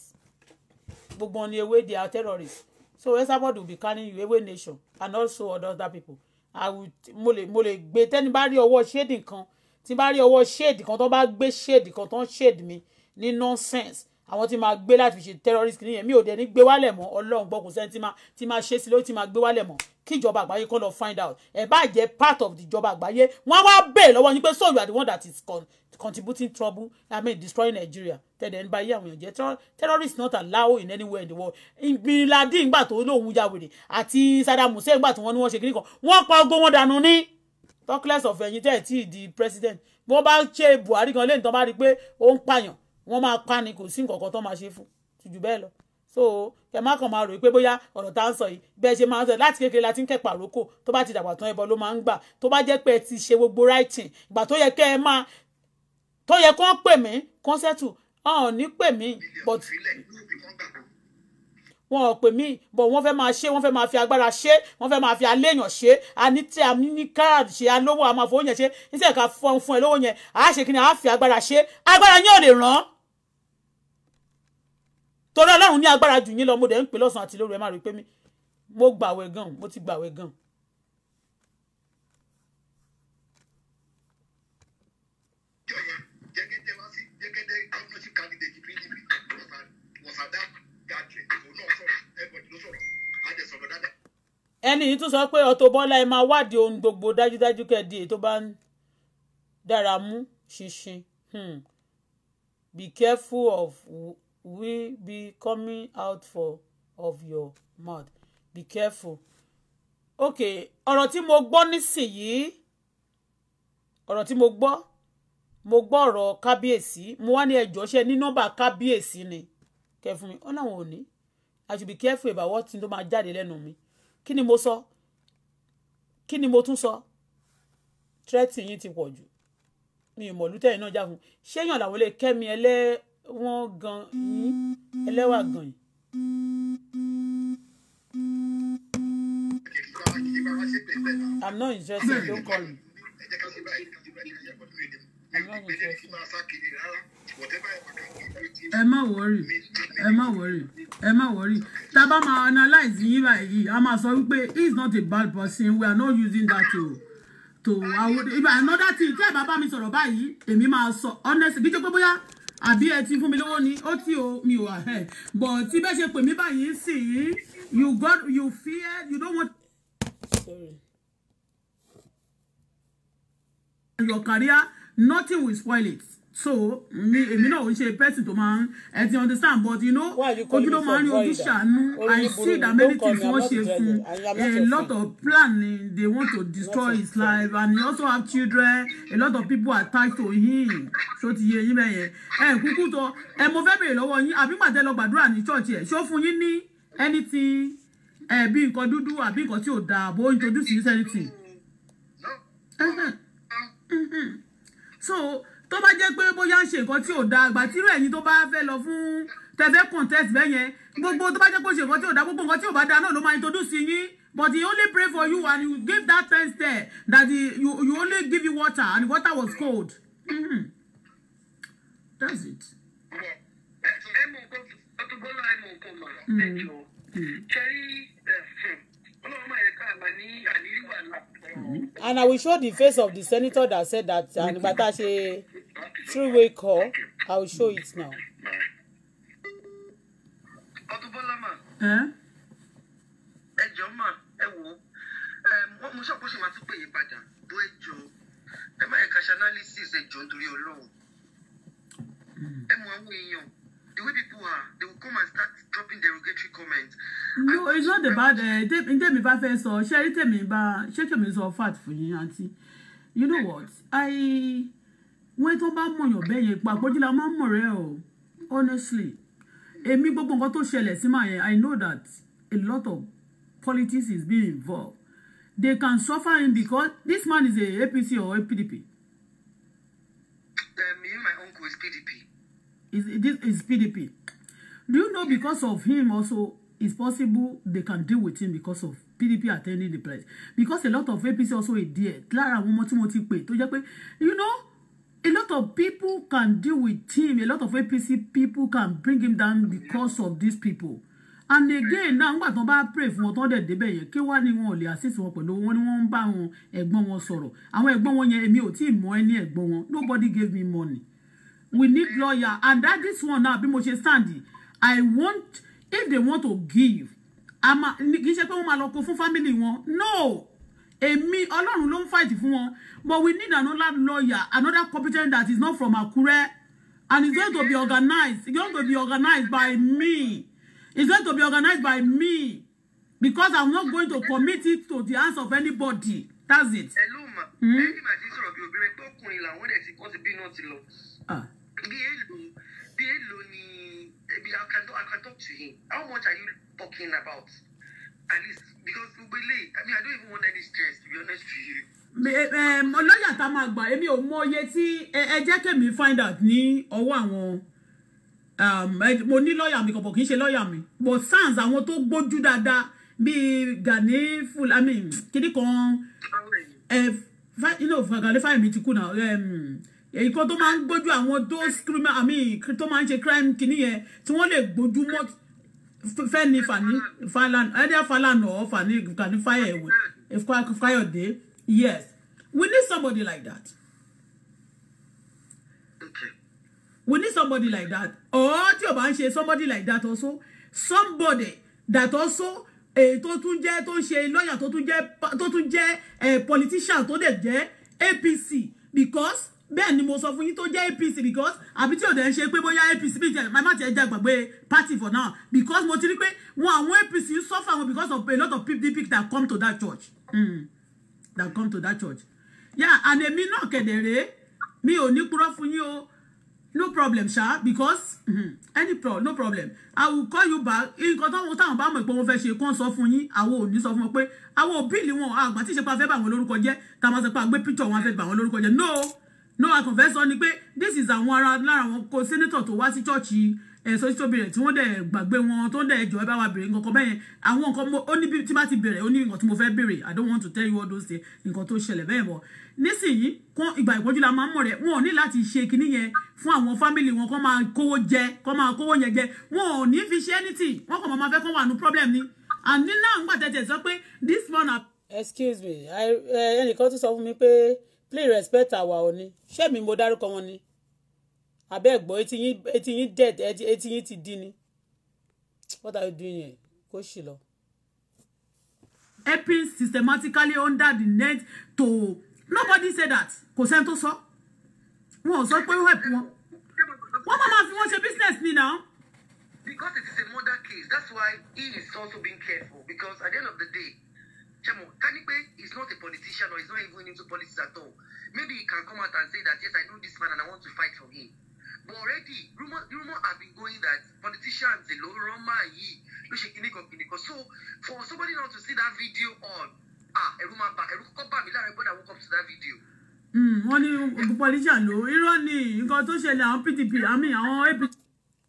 gbogbo ni ewé they are terrorists so Esabod will be carrying you ewé nation and also other people mo lè mo lè gbé tẹ́ni bá rí ọwọ́ ṣéèdì kan tí bá rí ọwọ́ ṣéèdì kan tó bá gbé ṣéèdì kan tó ń ṣéèdì mi ní nonsense àwọn tí máa gbé láti fi ṣe terrorist kìnìún yẹn mi ò dẹ̀ ní gbé wálẹ̀ mọ́ ọlọ́run gbọ́ kò sẹ́ni tí máa tí máa ṣe sí lórí tí máa gbé wálẹ̀ mọ́ kí ìjọba àgbáyé kọ́ lọ find out ẹ̀ bá jẹ́ part of the ìjọba àgbáyé wọ́n wá bẹ̀rẹ̀ lọ́wọ́ yín pé so you are the one that is contributing trouble i mean destroying nigeria tẹ̀dẹ̀ ń ba iye àwọn èèyàn jẹ́ terrorist not allowed in any way in the world bin laden ńgbà tó lóun ya wèrè àti saddam hussein ńgbà tó wọ́n ní wọ́n ṣe kíní kan wọ́n pa ogbó wọn of ẹ̀yin tẹ̀ tí ì president wọ́n bá ṣe buhari gan lẹ́yìn tó wọ́n máa pa ni kò sí nǹkan kan tó máa ṣe fún jù bẹ́ẹ̀ lọ so kẹ má kàn máa rò pé bóyá ọ̀rọ̀ tá à ń sọ yìí bẹ́ẹ̀ ṣe máa ń sọ láti kékeré láti ń kẹ̀pà rókò tó bá ti dàgbà tán ẹbọ ló máa ń gbà tó bá jẹ́ pé ẹ ti ṣe gbogbo ráìtìn ìgbà tó yẹ kẹ́ ẹ máa tó yẹ kó ń pè mí kọ́nsẹ́tù ọ̀hún ní pè mí but wọn ò pè mí bọ̀ wọ́n fẹ́ máa ṣe wọ́n fẹ́ máa fi agbára ṣe wọ́n fẹ́ máa fi aléèyàn ṣe àní tí a ní káàdì ṣe alówó àmàfọwọ́ yẹn ṣe níṣẹ́ ká fún ẹ lówó yẹn àá torí ọlọ́run ní agbára jù yín lọ mo dẹ̀ ń pè lọ́sàn àti lóru ẹ má rí pé mi mo gbàwẹ̀ gan mo ti gbàwẹ̀ gan. ẹni yìí tún sọ pé Auto Bola ẹ máa wádìí ohun gbogbo dájúdájú kẹdí èyí tó bá ń dára mú ṣinṣin hmm. be careful of will be coming out for of your mouth be careful okay ọ̀rọ̀ tí mo gbọ́ nísìnyìí ọ̀rọ̀ tí mo gbọ́ mo gbọ́ ọ̀rọ̀ kábíyèsí mo wá ní ẹjọ́ ṣe ní nọ́mbà kábíyèsí ni kẹfún mi ó láwọn ò i should be careful about what thing tó máa jáde lẹ́nu mi kí ni mo sọ kí ni mo tún sọ threat yín ti pọ̀ jù mi ò mọ̀lú tẹ́yìn náà jáfun ṣéyàn làwọn lè kẹ́mi ẹlẹ́ wọ́n gan yín ẹlẹ́wà gan yín. I'm not interested don't call me. I'm not interested. ẹ má wọrí ẹ má wọrí ẹ má wọrí tá a bá máa analyze yín báyìí a máa sọ wípé he not a bad person we are not using that to to àwọn another thing tẹ́ ẹ̀ bá bá mi sọ̀rọ̀ báyìí èmi máa sọ honestly kí n pé bóyá àbí ẹ ti fún mi lówó ni ó tí o mi ò ẹ bọ̀ tí bẹ́ẹ̀ ṣe pè mí báyìí sì you got you fear you don't want. Sorry. your career nothing will spoil it so mi èmi náà ò ṣe person tó máa ń ẹ ti understand but you know ojú ló máa ń rí ojú ṣàánú i see that many things wọ́n ṣe fún a lot of plan they want to destroy his life and he also have children a lot of people are tied to him So ti yé yín mẹ́yẹn ẹ kúkú tọ ẹ mo fẹ́ bèrè lọ́wọ́ yín àbí màtẹ́ lọ gbàdúrà ní church ẹ̀ ṣó fún yín ní anything ẹ bí nǹkan dúdú àbí nǹkan tí ò dáa bó introduce you anything so tó bá jẹ́ pé bóyá ń ṣe nǹkan tí ò dáa àgbà tírú ẹ̀yin tó bá fẹ́ lọ fún tẹ̀fẹ́ contest bẹ́ẹ̀ yẹn gbogbo tó bá jẹ́ pé ṣe nǹkan tí ò dáa gbogbo nǹkan tí ò bá dáa náà ló máa introduce yín but he only pray for you and you give that thanks there that he, you, you only give you water and the water was cold mm-hmm. that's it. Mm-hmm. And I will show the face of the senator that said that. and Okay three-way call. I will show it now. Ọdúnbọ́lá mà. Ẹ jọ̀ọ́ mà ẹ wò ó. Mo ṣàpò ṣe máa tún pè yín padà bó ẹ jọ. Ẹ má yẹ ká ṣe analysis ẹ jọ nítorí Ọlọ́run. Hmm. Ẹ mọ àwọn the way people are, they will come and start dropping derogatory comments. No, it's not about uh, eh, tèmi bá fẹ́ sọ, ṣé tèmi bá, ṣé tèmi sọ fat fún yín aunty. You know what? I wọ́n tó bá mọ̀yàn bẹ́ẹ̀ yẹn pàpọ̀jù la máa ń mọ̀ rẹ́ o honestly èmi gbogbo nǹkan tó ṣẹlẹ̀ sí màá yẹn I know that a lot of politics is being involved they can suffer him because this man is a APC or a PDP. Um, me my uncle is PDP. Is this is PDP? Do you know because of him also it's possible they can deal with him because of PDP attending the place because a lot of APC also are there lára àwọn ọmọ tí mo ti pè tó jẹ́ pé you know a lot of people can deal with him. A lot of APC people can bring him down because of these people. And again, now what tó bá pray for wọn tó debate? débẹ̀ yẹn kí wá ni wọn ò lè assist wọn pẹ̀lú wọn ni wọ́n ń bá wọn ẹ̀gbọ́n wọn sọ̀rọ̀. Àwọn ẹ̀gbọ́n wọn yẹn èmi ò tí ì mọ Nobody gave me money. We need lawyer and that this one now be mo ṣe I want if they want to give. I'm a. í ṣe pé wọ́n local lọ kó fún family No! èmi ọlọ́run ló ń fight fún wọn but we need another lawyer another competent that is not from Akure and it's going to be organized it's going to be organized by me it's going to be organized by me because I'm not going to commit it to the hands of anybody that's it. Hmm? ẹ Ah. mà ẹni màá ti sọ̀rọ̀ bí obìnrin tó kùnrin làwọn ẹ̀ ti kọ́ sí bí náà ti lọ. Ah. bí èlò bí èlò ni eh, I can talk to him how much are you talking about at least because gbogbo ilé i mean i don't even want any stress to be honest with you. ọlọ́yà tá a máa gbà èmi ò mọ iye tí ẹ jẹ́ kèmí find out ní ọwọ́ àwọn um, mo ní lọ́ọ̀yà mi kọ̀pọ̀ kì í ṣe lọ́ọ̀yà mi but sans àwọn tó gbójú dáadáa bíi Gani Fulani kìnnì kan inú Gani Fulani ti kú náà èyí kan tó máa ń gbójú àwọn tó screamer àmì tó máa ń ṣe crime kìnnì yẹn tí wọ́n lè gbójú mọ́ fẹ́ni fani falan either falan or fani kani fayewe Fayode yes we need somebody like that we need somebody like that or tí o bá ń ṣe somebody like that also somebody that also èyí eh, tó tún jẹ́ tó ń ṣe lọ́yà tó tún jẹ́ eh, politician tó dẹ̀ jẹ́ APC because bẹ́ẹ̀ ni mo sọ fún yín tó jẹ́ APC because àbí tí òde ń ṣe pé bóyá APC bí ìjẹ̀lẹ̀ máa ti ẹ̀ jẹ́ gbàgbé party for now because mo ti rí pé wọn àwọn APC ń suffer wọn because of a lot of PDP that come to that church mm. that come to that church yeah and èmi náà kẹ̀dẹ̀rẹ́ mi ò ní purọ́ fún yín o no problem ṣá because mm, any problem no problem i will call you back nǹkan táwọn táwọn bá mọ̀ pé wọ́n fẹ́ ṣe kán sọ fún yín àwọn ò ní sọ fún wọn pé àwọn òbí ìlú wọn àgbà tí ìṣepá fẹ́ bà wọn lórúkọ jẹ́ táwọn sọ pé àgbé picture wọn fẹ́ bà wọn lórúkọ jẹ́ no no akànfẹ́ sọ ni pé this is àwọn ará lára àwọn kò senator to wá sí chọ́ọ̀chì ẹ̀sọ́ tí to bẹ̀rẹ̀ tí wọ́n dẹ̀ gbàgbé wọn tó ń dẹ̀ jọ ẹ bá wa bèrè nǹkan bẹ́yẹn àwọn nǹkan ó ní tí bá ti bẹ̀rẹ̀ ó ní nǹkan tí mo fẹ́ bèrè I don't want to tell you all those things nǹkan tó ṣẹlẹ̀ bẹ́ẹ̀ bọ̀ nísìnyí kún ìgbà ìpọ́jú la máa ń mọ̀ rẹ̀ wọn ò ní láti ṣe kinní yẹn fún àwọn fámìlì wọn kọ́ máa kówó jẹ kọ́ máa kówó yẹn jẹ wọn ò ní fi ṣe anything wọn kàn máa fẹ́ kọ́ wà nù problem ni àní náà ń gbà tẹ̀tẹ̀ sọ pé this man. excuse me ẹnìkan tún sọ fún mi pé please respect our Ọọ̀ni ṣé mi mo dárúkọ wọn ni abẹ́ ẹ̀gbọ́n etí yín dead etí yín ti dín ni what are you doing here kó sì lọ. helping systematically under the net to nobody say that kò sẹ́ni tó sọ wọn ò sọ pé help wọn wọ́n máa ma fi wọ́n ṣe business ni now. because it is a murder case that's why he is also being careful because at the end of the day Chemo. mọ̀ is not a politician or he is not even into politics at all maybe he can come out and say that yes I know this man and I want to fight for him but already rumour rumour have been going that politicians dey lórí rọ́mà yìí ló ṣe kìnnìkan kìnnìkan so for somebody now to see that video on ah a máa bà ẹ̀rù kọ́kọ́ bà mí láàrin bọ́dà woke up to that video hmm, wọ́n ní politician ló irọ́ ni nǹkan tó ṣẹlẹ̀ àwọn pdp àmì àwọn apc.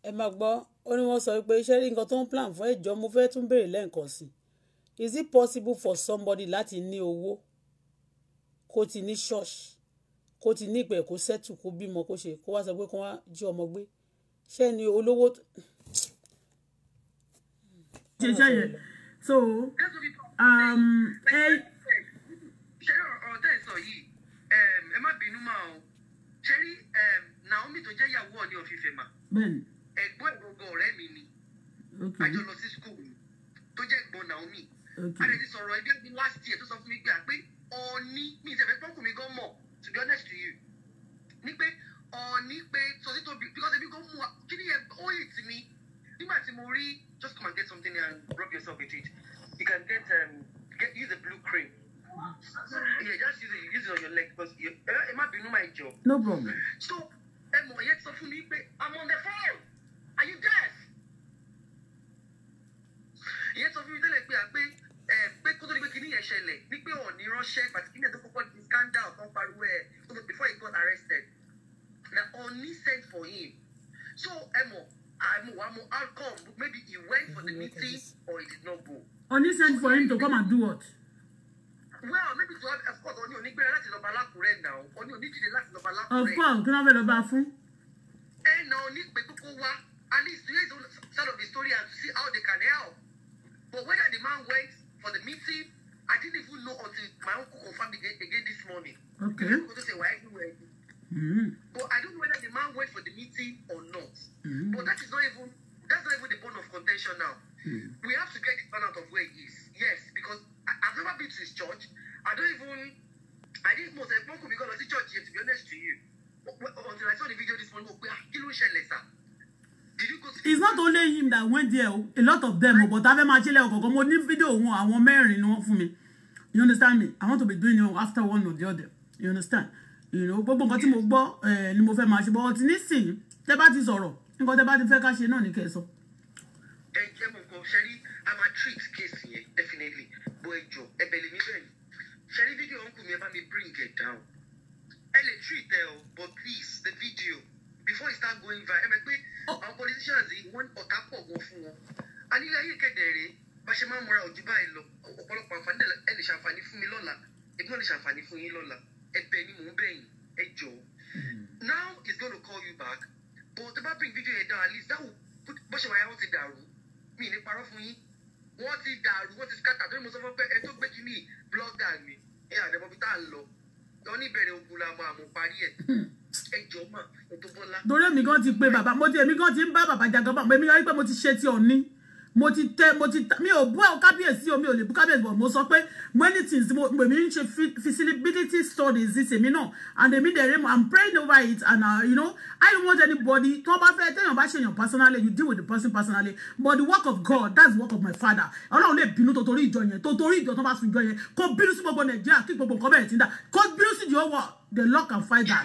ẹ máa gbọ́ ó ní wọ́n sọ pé ṣé rí nǹkan tó ń plan fún ẹ̀jọ́ mo fẹ́ tún béèrè lẹ́ǹkan sí i is it possible for somebody láti ní owó kó ti ní ṣọ́ọ̀ṣì kó ti ní ìpè kó sẹ́tù kó bímọ kó ṣe kó wá sọ pé kó wá jí ọmọ gbé ṣé ni olówó. ṣe ṣe yẹ so um, ṣe ọ̀tẹ̀ sọ yìí um, ẹ má bínú máa o ṣe rí um, Naomi tó jẹ́ ìyàwó ọ̀ni ọ̀fìfẹ́ mà ẹ̀gbọ́n ìgbọ̀ngàn ọ̀rẹ́ mi ni àjọ lọ sí skul tó jẹ́ ẹ̀gbọ́n Naomi adẹ ti sọ̀rọ̀ ẹgbẹ́ mi last year tó sọ fún mi gbà pé ọ̀ọ́ni mi ìṣẹ̀fẹ̀ pọ́kùnrin gan mọ̀ to be honest to you ni pé ọ̀ọ́ni pé sọtí tóbi because ebi kò mú wa kí ni ó yìí ti mi nígbà tí mo rí just come and get something and rub yourself with it you can get um, get use a blue cream yeah just use it use it on your leg because it might be bínú my job. no problem. so ẹ mọ̀ ẹ̀yẹ́ sọ fún i'm on the phone are you deaf? ìyẹn sọ fún mi like me, à pé pé kó tó di pé kinní yẹn ṣẹlẹ̀ ní pé Ọọ̀ni ránṣẹ́ pàtí kinní yẹn tó kọ́kọ́ di scandal kan pariwo ẹ̀ before he got arrested na Ọọ̀ni sent for him so ẹ mọ̀ àmọ̀ wà mọ̀ outcome maybe he went for the meeting or he did not go. Ọọ̀ni sent for him to come and do what. well maybe to have of course Ọọ̀ni onígbẹ́rẹ́ láti lọ́ba lákùrẹ́ náà Ọọ̀ni onídìrí láti lọ́ba lákùrẹ́. of course kí wọ́n fẹ́ lọ́ba fún. ẹ na Ọọ̀ni pé kókó wá at least read some of the story and see how they can help but whether the man went for the meeting. I didn't even know until my uncle confirmed again, again this morning. Okay. Because they say why were everywhere. Mm. But I don't know whether the man went for the meeting or not. Mm. But that is not even that's not even the point of contention now. Mm. We have to get this man out of where he is. Yes, because I, I've never been to his church. I don't even I didn't most I won't because of the church here, to be honest to you. Until I saw the video this morning, we are killing ṣẹlẹ̀ sir it's not only him that went there a lot of them but abẹ́ máa ṣe lẹ́yìn ọ̀kọ̀ọ̀kan mo ní fídíò wọn àwọn mẹ́rin ni wọ́n fún mi you understand me i want to be doing it after one or the other you understand you know gbogbo nǹkan tí mo gbọ́ eh, ni mo fẹ́ máa ṣe but nísìnyí tẹ́ bá ti sọ̀rọ̀ nǹkan tẹ́ bá ti fẹ́ ká ṣe náà ní kẹ́ ẹ sọ. ẹ jẹ́ mo kọ I'm a máa treat case yẹn definitely bọ́ ẹ jọ ẹbẹ̀ lèmi bẹ́ẹ̀ ṣẹ́rí fídíò ọ̀nkù mi ẹ bá mi bring it down ẹ lè treat ẹ o but please the video before it start going viral ẹ mọ̀ pé àwọn politicians yìí wọ́n ọ̀tá pọ̀ gan fún wọn anílẹ̀ ayé kẹ̀dẹ̀ rèé bá ṣe máa ń múra òjú báyìí lọ ọ̀pọ̀lọpọ̀ àǹfààní ẹ lè ṣàǹfààní fún mi lọ́la èmi náà lè ṣàǹfààní fún yín lọ́la ẹ̀bẹ̀ ni mò ń bẹ̀ yín ẹ jọ. Hmm. now he's gonna call you back but the bá bring video yẹn down at least dáwò bó ṣe wáyà wọ́n ti dàrú mi ní parọ́ fún yín wọ́n ti dàrú wọ́n ti scatter tó ní mo sọ fún pé ẹ tó gbé kí ní blogger mi ẹ àdẹ̀mọ́bí tá à wọn ní ìbẹ̀rẹ̀ ogun la máa mú parí ẹ̀ hmm. ẹjọ́ mọ̀ ètò bọ́lá. torí èmi gan ti pé bàbá mo ti èmi gan ti ń bá bàbá jagan bá èmi gan pé mo ti ṣe ti òní mo ti tẹ mo ti mi ò bú àwọn kábíyèsí o ò lè bú kábíyèsí bọ̀ mo sọ pé many things mo èmi ń ṣe feasibility studies tèmi náà and èmi dẹ̀rẹ̀ mo i'm praying over it and uh, you know i don't want anybody tó bá fẹ́ téèyàn bá ṣèyàn personally you deal with the person personally but the work of god that's the work of my father ọlọ́run lè bínú tòtórí ìjọ yẹn tòtórí ìjọ tó bá sun ìjọ yẹn kó bínú sí gbogbo nàìjíríà kí gbogbo nǹkan bẹ̀rẹ̀ ti ń dà kó bínú sí the whole the lord can fight that.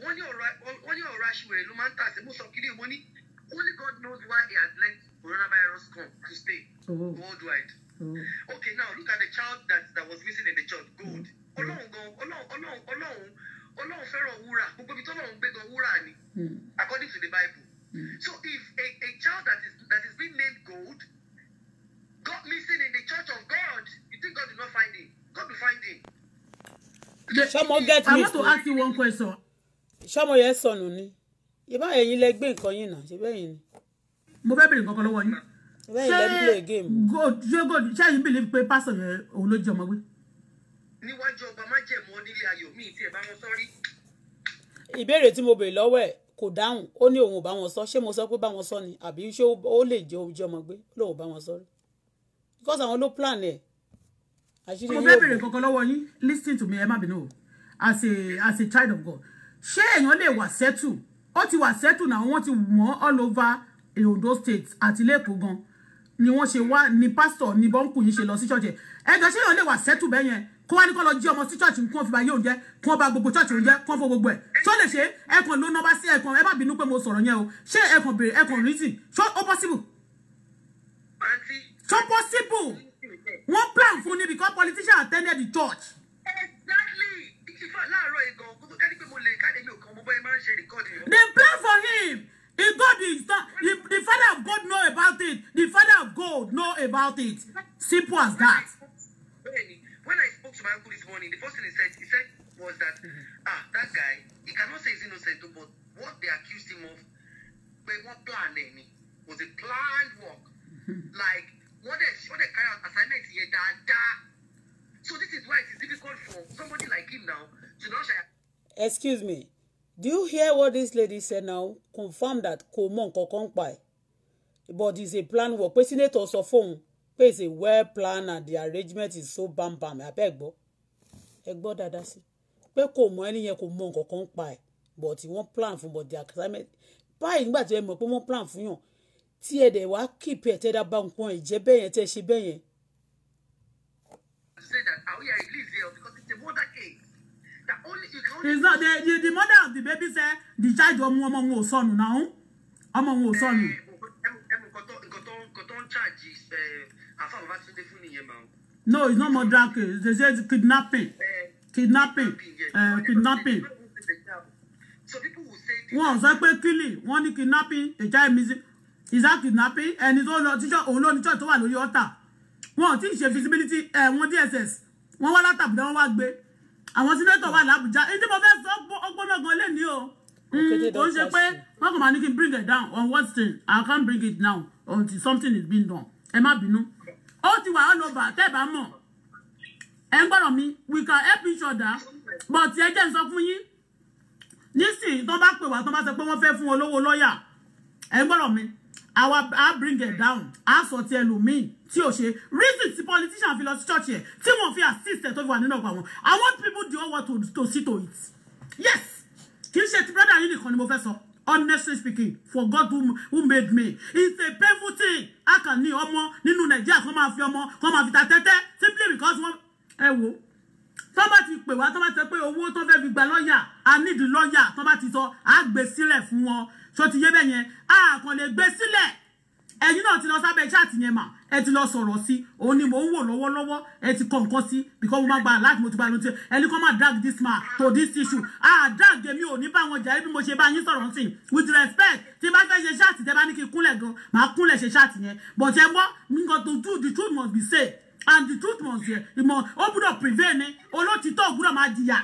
wọ́n ní ọ̀rọ̀ aṣiwèrè ló máa ń tà sí mo sọ kiri mo ní Only God knows why He has let coronavirus come to stay oh. worldwide. Oh. Okay, now look at the child that, that was missing in the church. Gold. Mm. Ọlọ́run gan, Ọlọ́run, Ọlọ́run, Ọlọ́run, Ọlọ́run fẹ́ràn wúrà. Gbogbo ibi tọ́lọ́run gbé gan wúrà ni. Mm. According to the Bible. Mm. So if a, a child that is that is being named gold got missing in the church of God, you think God did not find him? God will find him. The, Someone get I want to ask you one question. Ṣé ọmọ yẹn sọnù ni? ṣe bá ẹ̀yin lẹ gbé nǹkan yín náà ṣe bẹ́ẹ̀ ni. mo fẹ́ bèrè nǹkan lọ́wọ́ yín. ṣé gold ṣé gold ṣé ẹ̀yin believe pé pásọ̀ yẹn òun ló jẹ́ ọmọ gbé. níwájú ọba májẹ̀mú onílé ayọ̀ mi ìtì ẹ̀ bá wọn sọ́rí. ìbéèrè tí mo bèrè lọ́wọ́ ẹ̀ kò dáhùn ó ní òun ò bá wọn sọ ṣé mo sọ pé bá wọn sọ ni àbí ṣé ó lè jẹ ojú ọmọ gbé lóun bá wọn sọ rí because àwọn ló plan ẹ. mo fẹ́ bèrè kankan lọ́wọ́ yín listen to me ẹ má bínú o as a as a child of God ṣé èèyàn lè wà settle ó ti wà settle náà wọ́n ti wọ́n all over Ondo state àti lẹ́kọ̀ọ́ gan ni wọ́n ṣe wá ni pásítọ̀ ni bọ́ǹkù yìí ṣe lọ sí ṣọ́ọ̀ṣì ẹ̀jọ̀ ṣé yóò lè wà settle bẹ́ẹ̀ yẹn kó wá ní kó lọ jí ọmọ sí ṣọ́ọ̀ṣì kí wọ́n fi ba yóò jẹ́ kí wọ́n ba gbogbo ṣọ́ọ̀ṣì oúnjẹ kí wọ́n fọ gbogbo ẹ̀ ṣó lè ṣe ẹ̀kan ló nọ́ba sí ẹ̀kan ẹ bá bínú pé mo sọ̀rọ̀ yẹn o ṣé ẹ̀kan béèrè ẹ̀kan reason ṣó ó possible ṣó possible wọ́n plan fún ni because politician attended the church. exactly They plan for him. The God is that the, the father of God know about it. The father of God know about it. Simple as that. When I spoke to my uncle this morning, the first thing he said, he said was that mm-hmm. ah that guy, he cannot say he's innocent, but what they accused him of, they were planned any was a planned work. like what they what they carry out assignments here, da da. So this is why it is difficult for somebody like him now to not share excuse me do you hear what this lady said now confirm that kò mọ nǹkan kan pa ẹ̀ but is a plan work pé senator sọ fóun pé it's a well plan and the arrangement is so bam bam abẹ́ gbọ́ ẹ gbọ́ dáadáa sí pé kò mọ ẹni yẹn kò mọ nǹkan kan pa ẹ̀ but wọ́n plan fún but the assignment báyìí nígbà tí ẹ mọ̀ pé wọ́n plan fún yàn tí ẹ dẹ̀ wá keep ẹ̀ tẹ́lá bá nǹkan ẹ̀ jẹ́ bẹ́ẹ̀ yẹn ṣe bẹ́ẹ̀ say that àwọn yẹn release yẹn because it's a murder case it's not the, the, the mother of the baby say the child ọmọ ọmọ wọn ò sọnù náà ọmọ wọn ò sọnù. Eh, no it's not murder case they say eh, kidnapping kidnapping uh, kidnapping. wọn ò sọ pé kílì wọn ní kidnapping a child missing is that kidnapping and tó lọ tíṣọ òun ló ní church tó wà lórí one. wọn ò tí ì ṣe visibility ẹ̀ one dss wọn wá látàbí wọn wá gbé àwọn sínétọ̀ wà lábújá èyí tí mo fẹ́ sọ ọgbọ́nà gan lè ní o ó hmm, ṣe pé wọn kò máa ní kí n bring it down on one thing i can't bring it down until something is being done ẹ má bínú ó ti wà all over tẹ́ ẹ bá mọ̀ ẹ ń gbọ́dọ̀ mi we can help each other but ẹ jẹ́ n sọ fún yín nísìnyí tó bá pè wá tó bá sọ pé wọ́n fẹ́ fún olówó lọ́ọ̀yà ẹ ń gbọ́dọ̀ mi àwa á bring it down á sọ ti ẹlòmíì tí ò ṣe reason the politician fi lọ church here. tí wọn fi assist ẹ tó fi wà nínú ọgbà i want people do what to, to see to it yes kì said brother yìí nìkan ni professor. fẹ́ honestly speaking for God who, who made me it's a painful thing I kàn ní ọmọ nínú nàìjíríà kó máa fi ọmọ kó máa fi ta simply because one. ẹ wo tó What somebody pè wá tó bá ti sọ pé owó tó fẹ́ fi gba lọ́ọ̀yà i need lọ́ọ̀yà tó bá ti sọ àgbèsílẹ̀ fún wọn So ti yé bẹ́ẹ̀ yẹn a kàn le. gbé sílẹ̀ ẹ̀yin náà ti lọ sábẹ́ chaati yẹn mà ẹ ti lọ sọ̀rọ̀ sí òun ni mò ń wò lọ́wọ́lọ́wọ́ ẹ ti kọ nǹkan sí because mo máa gba láti mo ti gba lóun ti ẹni kan máa drag this man to this issue ah drag èmi ò ní bá wọn jà bí mo ṣe bá yín sọ̀rọ̀ sí with respect tí bá fẹ́ ṣe chaati tẹ́ bá ní kí n kúnlẹ̀ gan màá kúnlẹ̀ ṣe chaati yẹn but ẹ gbọ́ nǹkan tó true the truth must be said and the truth must be ìmọ̀ ó gbúdọ̀ prevail ni olótìtọ́ gbúdọ̀ máa jìyà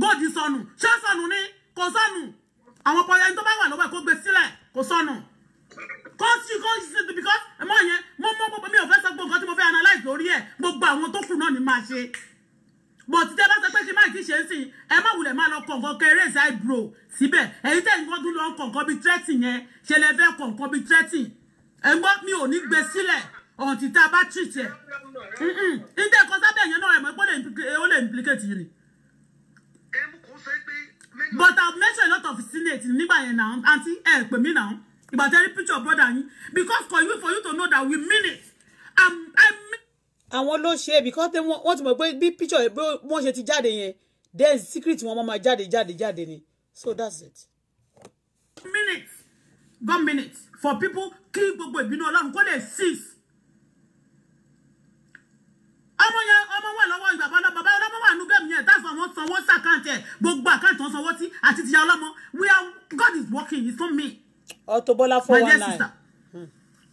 góòdì mm. sọnù ṣé sọnù ni kò sọnù àwọn ọkọ ẹni tó bá wà lọ́wọ́ kó gbé sílẹ̀ kó sọnù kó sì kó sì ṣe because yẹn mo mọ gbogbo mi ò fẹ́ sọ gbogbo nǹkan tí mo fẹ́ analyze lórí ẹ̀ gbogbo àwọn tó kù náà ni máa ṣe bó ti tẹ́ bá sọ pé ṣe máa ti ṣe é sìn ẹ má wulẹ̀ máa lọ kọ̀ọ̀kan kéré ṣe àìbro síbẹ̀ èyí tẹ̀ nǹkan tó lọ kọ̀ọ̀kan bíi threatening yẹn ṣe lè fẹ́ kọ̀ọ̀kan bíi threatening ẹ gbọ́ mi ò ní gbé sílẹ̀ ọ̀hún ti tá a bá treat ẹ̀ ní tẹ̀ kọ́ sábẹ̀ yẹn náà ẹ̀ mọ́ ó lè implicate yìí but i mention a lot of senate nígbà yẹn náà àǹtí ẹ pè mí náà ìgbà tẹ́rí picture brother yín because for you for you to know that we mean it i'm i mean. àwọn ló ṣe because they wọ́n ti mọ̀ pé bí picture bí wọ́n ṣe ti jáde yẹn then secret wọn máa jáde jáde jáde ni so that's it. minute one minute for people kí gbogbo ìbínú ọlọ́run kó lè cease ọmọ yẹn ọmọ wà lọ́wọ́ ìbàbá ọlọ́mọ bá ọlọ́mọ wà nù gẹ́mì yẹn that's why sanwó sàkáǹtì ẹ̀ gbogbo àkáǹtì wọn sanwó sí àti tìyá ọlọ́mọ we are God is working it's me. Auto Bola four one nine.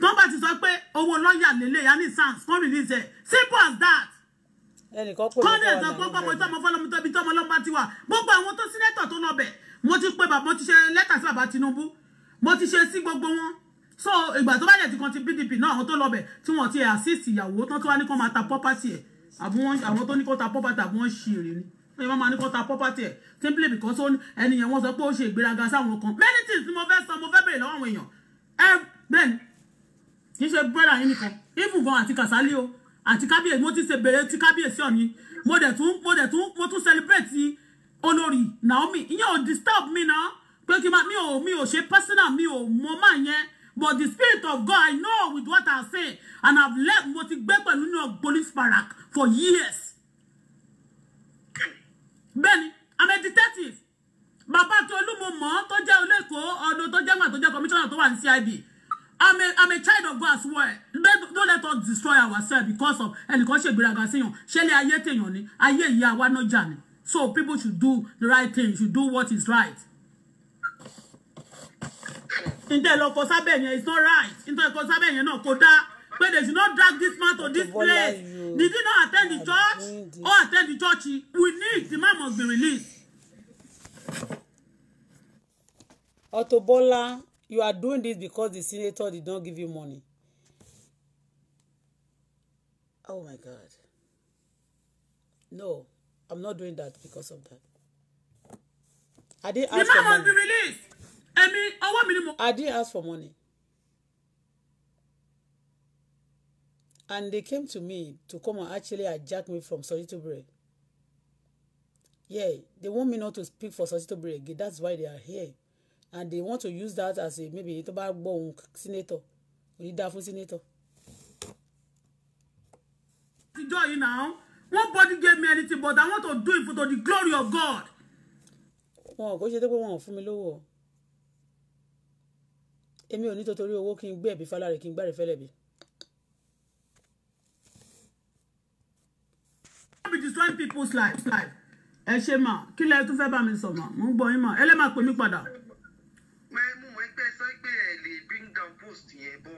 nọ́mbà ti sọ pé owó lọ́ọ̀yà lélẹ̀ yanni sans kan release ẹ̀ simple as that. kọ́ni ẹ̀sán gbogbo ọmọ ìtọ́mọ fọlọ́mọ tóbi tọ́mọ ọlọ́mọ ti wà gbogbo àwọn tó sínétọ̀ tó lọ bẹ̀ mo ti pe bàbá mo ti ṣe lẹ́tà sí bàbá Tinubu mo ti ṣe sí gbogbo wọn so ìgbà tó bá yẹ ti kan ti PDP náà àwọn tó lọ bẹ̀ tí wọ́n ti assist ìyàwó tán tó wá ní kó máa ta property ẹ̀ àwọn tó ní kó ta property àbí wọ́n ṣì rè ni wọ́n yẹ máa ní kó ta property ẹ̀ simply because ẹni yẹn wọ́n sọ pé ó ṣe ìgbéraga sáwọn kan many things ni mo fẹ́ sọ mo fẹ́ bèrè lọ́wọ́ àwọn èèyàn ẹ bẹ́ẹ̀ ni kì í ṣe brother yín nìkan ibùbọn àti kàsálí o àti kábíyèsí mo ti ṣe bèrè ti kábíyèsí ọ̀ni mo dẹ̀ tún mo dẹ̀ tún mo tún celebrate olórí Naomi ìyẹn ò disturb me náà pé kí n máa mi ò mi ò ṣe personal mi ò mọ máa yẹn but the spirit of God I know with what I say and I've left mo ti gbé pẹ̀lú New police barrack for years Benny, I'm a detective bàbá tí olúmọ̀mọ́ tó oleko olóòkó ọdún tó jẹ́ màtó jẹ́ commissioner tó wà ní CID I'm a, I'm a child of God as well. Don't, let us destroy ourselves because of ẹnìkan ṣègbéraga síyàn. Ṣẹlẹ̀ ayé tèèyàn ni, ayé ìyá wa náà jà ni. So people should do the right thing, should do what is right ǹjẹ́ lọ kọ yẹn it's not right ǹjẹ́ kọ sábẹ̀ yẹn náà kò dáa pé they should not drag this man to this place did he not attend the church or oh, attend the church we need the man must be released. Otobola, you are doing this because the senator did not give you money. Oh my God. No, I'm not doing that because of that. I didn't ask the man must be released èmi ọwọ́ mi ni mo. I didn't ask for money. And they came to me to come and actually hijack me from Sotitobire bread. Yeah, they want me not to speak for Sotitobire bread again. That's why they are here. And they want to use that as a maybe tó bá gbọ́ òun senator onídàá fún senator. Ìjọ yìí náà, nobody gave me anything but I want to do it for the glory of God. Wọn kò ṣe tó pé wọn ò fún mi lówó o èmi ò ní torí owó kí n gbé ẹ̀bí fáláre kí n gbáre fẹ́lẹ́bí. be destroying people's lives life ẹ ṣe mà kí lẹ tún fẹ́ bá mi sọ mà mò ń gbọ́ yín mà ẹ lè pè mí padà. mo mọ ẹgbẹ́ sọ pé ẹ lè bring down post yẹn bọ́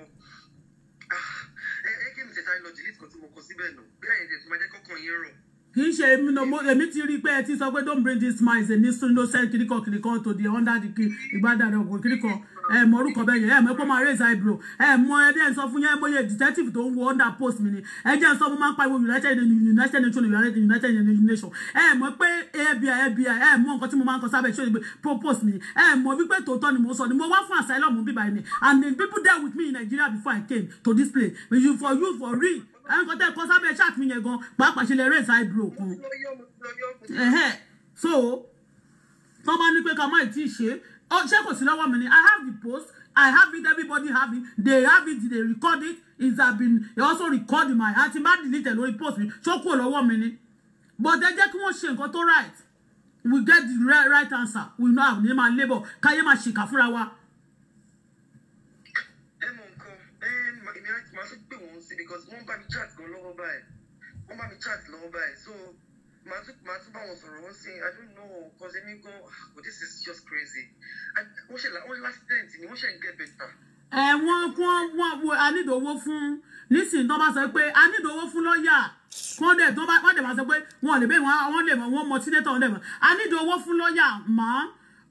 ah, ẹ kí n tẹ̀sán lọ delete kan tí mo kọ síbẹ̀ nù bí ẹ̀yin tẹ̀sán máa jẹ́ kọ́kàn yín rọ̀ kì í ṣe èmi náà mo èmi ti rí i pé ẹ ti sọ pé don't bring this man is a nisun send kirikọ kirikọ to the under the ìgbádàá ọkọ kirikọ ẹ mọ orúkọ bẹ́ẹ̀ yẹn ẹ mọ ẹ kó máa raise eyebrow ẹ mọ ẹ dẹ́n sọ fún yẹn bóyá detective tó ń wo under post mi ni ẹ jẹ́ sọ mo máa ń pariwo united united nation united united nation ẹ mọ pé fbi fbi ẹ mọ nǹkan tí mo máa ń kọ sábẹ́ ṣé ìgbé propose mi ẹ mọ wípé tòótọ́ ni mo sọ ni mo wá fún asylum bíbá yẹn and the people there with me in Nigeria before I came to this place for you for real àwọn kan tẹ́ kọ́ sábẹ́ chat mi yẹn gan pàápàá ṣe lè raise eyebrow kan so tó bá ní pé ká má ì tí ì ṣe ṣé kò sí lọ́wọ́ mi ni i have the post i have it everybody have it they have it they record it it has been they also record my àti má delete ẹ̀ lórí post mi ṣó kúrò lọ́wọ́ mi ni but ẹ jẹ́ kí wọ́n ṣe nǹkan tó right we get the right answer we know how ní máa labour káyé máa ṣèkà fúnra wa. because wọ́n bá mi chat go low báyìí wọ́n bá mi chat low báyìí so my tún màá tún bá wọn sọ̀rọ̀ i don't know cause then èmi go, oh ah, this is just crazy And wọ́n ṣe wọ́n last dent ni wọ́n ṣe ń get better. ẹ wọn wọn wọn wo a nílò owó fún nísìnyí tó bá sọ pé a nílò owó fún lọ́ọ̀yà wọ́n dẹ̀ tó bá wọ́n dẹ̀ máa sọ pé wọ́n lè bẹ́ẹ̀ wọ́n lè mọ̀ wọ́n mọ̀ sínétọ̀ wọ́n dẹ̀ mọ̀ a nílò owó fún lọ́ọ̀yà màá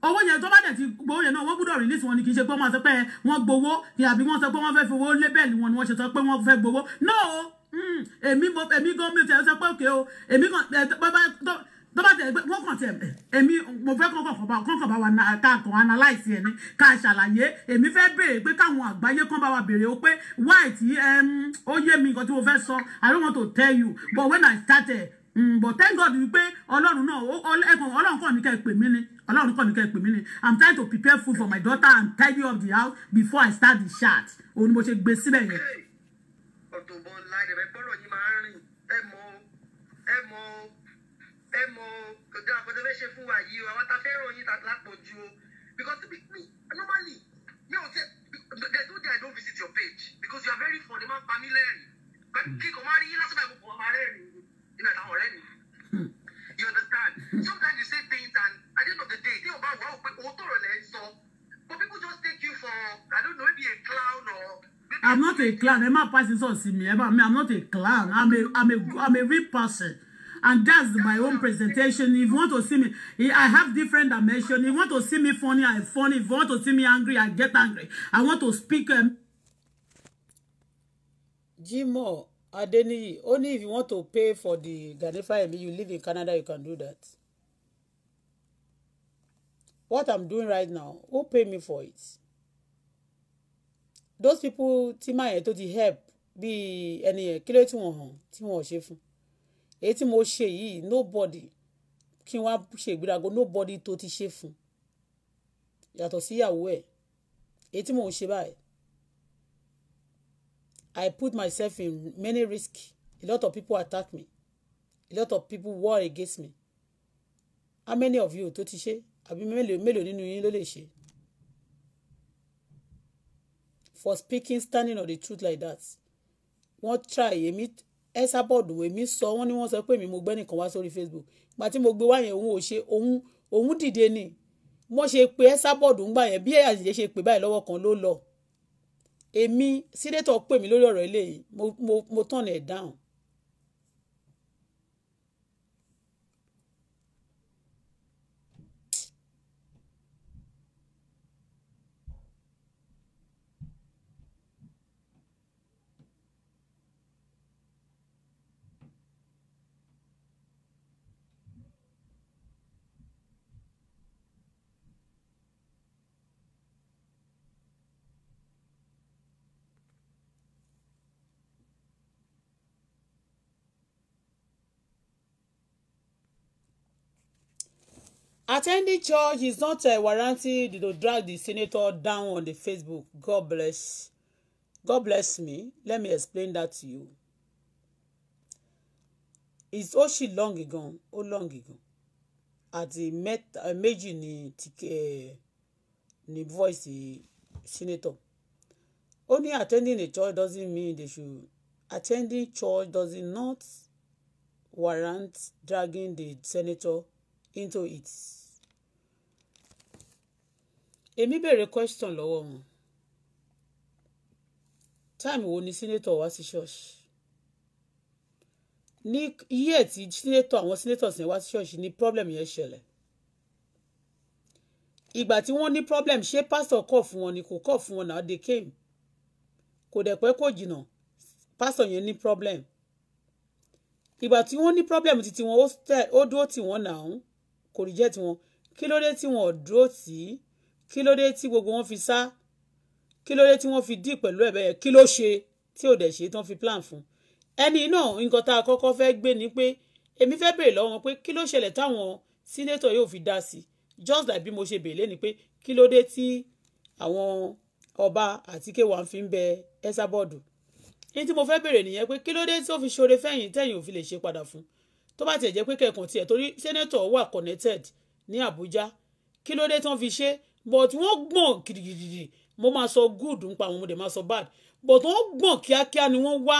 owó yẹn tó bá dẹ̀ ti gbowó yẹn náà wọ́n gbúdọ̀ release wọn ni kì í ṣe pé wọ́n sọ pé wọ́n gbowó àbí wọ́n sọ pé wọ́n fẹ́ fi owó lébẹ̀lì wọn ni wọ́n ṣe sọ pé wọ́n fẹ́ gbowó náà o hmm. èmi mo èmi gan mi ti ẹ sọ pé òkè o èmi kan tó bá tẹ wọ́n kàn tẹ èmi mo fẹ́ kọ́kàn bá wa ká kàn analyse ẹni ká ṣàlàyé èmi fẹ́ béèrè pé káwọn àgbáyé kan bá wa béèrè o pé why tí ó yé mi nǹkan tí mo fẹ́ sọ I don't want to tell you but when I started hmm, but thank God wípé ọlọ́run náà ẹ̀kan ọlọ́run kàn ní ká ẹ pè mí ni ọlọ́run kọ́ mi kẹ́ pè mí ni i'm trying to prepare food for my daughter and tidy up the house before i start the chat òun ni mo ṣe gbé síbẹ̀ yẹn. ọ̀dùnbọ̀n ńlá rẹ̀ bẹ́ẹ̀ bọ́lọ̀ yìí máa ń rìn ẹ mọ ẹ mọ ẹ mọ gbogbo àkọsí fẹ́ ṣe fún wa yìí o àwọn ta fẹ́ràn yín lápọ̀jù o because me normally me ò tẹ there's no day i don't visit your page because you are very funny máa ń pa mí lẹ́rìn kíkọ́ máa rí yín lásìkò àgbègbè ọmọ rẹ̀ rìn nínú ẹ̀ta ọ̀rẹ́ mi hmm. you understand sometimes you say things and at the end of the day, they over wow, so. But people just take you for, I don't know, maybe a clown or. I'm not a clown. I'm not passing so see me. I'm not a clown. I'm a I'm a I'm a real person. And that's, my own presentation. If you want to see me, I have different dimension. If you want to see me funny, I'm funny. If you want to see me angry, I get angry. I want to speak. Um... Jimo Adeniyi, only if you want to pay for the Ghana Fire, you live in Canada, you can do that what i'm doing right now who pay me for it those people Tima, máa yẹn help be any yẹn kí ló tí wọ́n hàn tí wọ́n nobody kí wọ́n á ṣe ìgbérago nobody to ti ṣe fún yàtọ̀ sí ìyàwó ẹ̀ èyí tí mò i put myself in many risks. a lot of people attack me a lot of people war against me how many of you tó ti ṣe àbí mélòó mélòó nínú yín ló lè ṣe for speaking standing on the truth like that wọ́n try èmi ẹsàbọọdù èmi sọ wọ́n ní wọ́n sọ pé èmi mo gbẹ́ nìkan wá sórí Facebook ìgbà tí mo gbé wá yẹn òun ò ṣe òun òun dìde ni wọ́n ṣe pé ẹsàbọọdù ń gbà yẹn bí àṣìṣe ṣe pè báyìí lọ́wọ́ kan ló lọ èmi sínétọ̀ pè mí lórí ọ̀rọ̀ eléyìí mo mo mo turn it down attending church is not uh, warranty to drag the senator down on the Facebook God bless God bless me let me explain that to you it's ó ṣì long ago, ó oh, long gan àti mẹ́ta méjì ni tìkẹ́ ni voice senator Only attending the church doesn't mean they should attending church does not warrant dragging the senator into it èmi béèrè question lọ́wọ́ wọn time wo ni senator wá sí ṣọ́ọ̀ṣì ní yíyẹ tí senator àwọn senators yẹn wá sí ṣọ́ọ̀ṣì ni problem yẹn ṣẹlẹ̀ ìgbà tí wọ́n ní problem ṣé pastor kọ̀ fún wọn ni kò kọ̀ fún wọn náà they came kò dẹ̀ pẹ́ kò jìnnà pastor yẹn ní problem ìgbà tí wọ́n ní problem títí wọn ó dúró tì wọ́n náà kò reject wọn kí ló dé tí wọn dúró tì í kí ló dé tí gbogbo wọn fi sá kí ló dé tí wọ́n fi dì pẹ̀lú ẹ̀bẹ̀ kí ló ṣe tí ò dẹ̀ ṣe tán fi plan fún ẹni náà nǹkan tá a kọ́kọ́ fẹ́ gbé ni pé èmi fẹ́ béèrè lọ́wọ́ wọn pé kí ló ṣẹlẹ̀ táwọn sínétọ̀ yóò fi dá sí just like bí mo ṣe béèrè ni pé kí ló dé tí àwọn ọba àti kéwàá fi ń bẹ ẹ́sà bọ́ọ̀dù ní tí mo fẹ́ béèrè nìyẹn pé kí ló dé tí ó fi ṣoore fẹ́yìn tẹ́yìn ò fi lè ṣe padà fún tó bá tiẹ̀ jẹ́ pé kẹ̀kàn tiẹ̀ torí sẹ́nẹ́tọ̀ wà connected ní Àbújá kí ló dé tí wọ́n fi ṣe é but wọ́n gbọ̀n gidigidi mo máa sọ good ń pa àwọn ọmọdé máa sọ bad but wọ́n gbọ̀n kíákíá ni wọ́n wá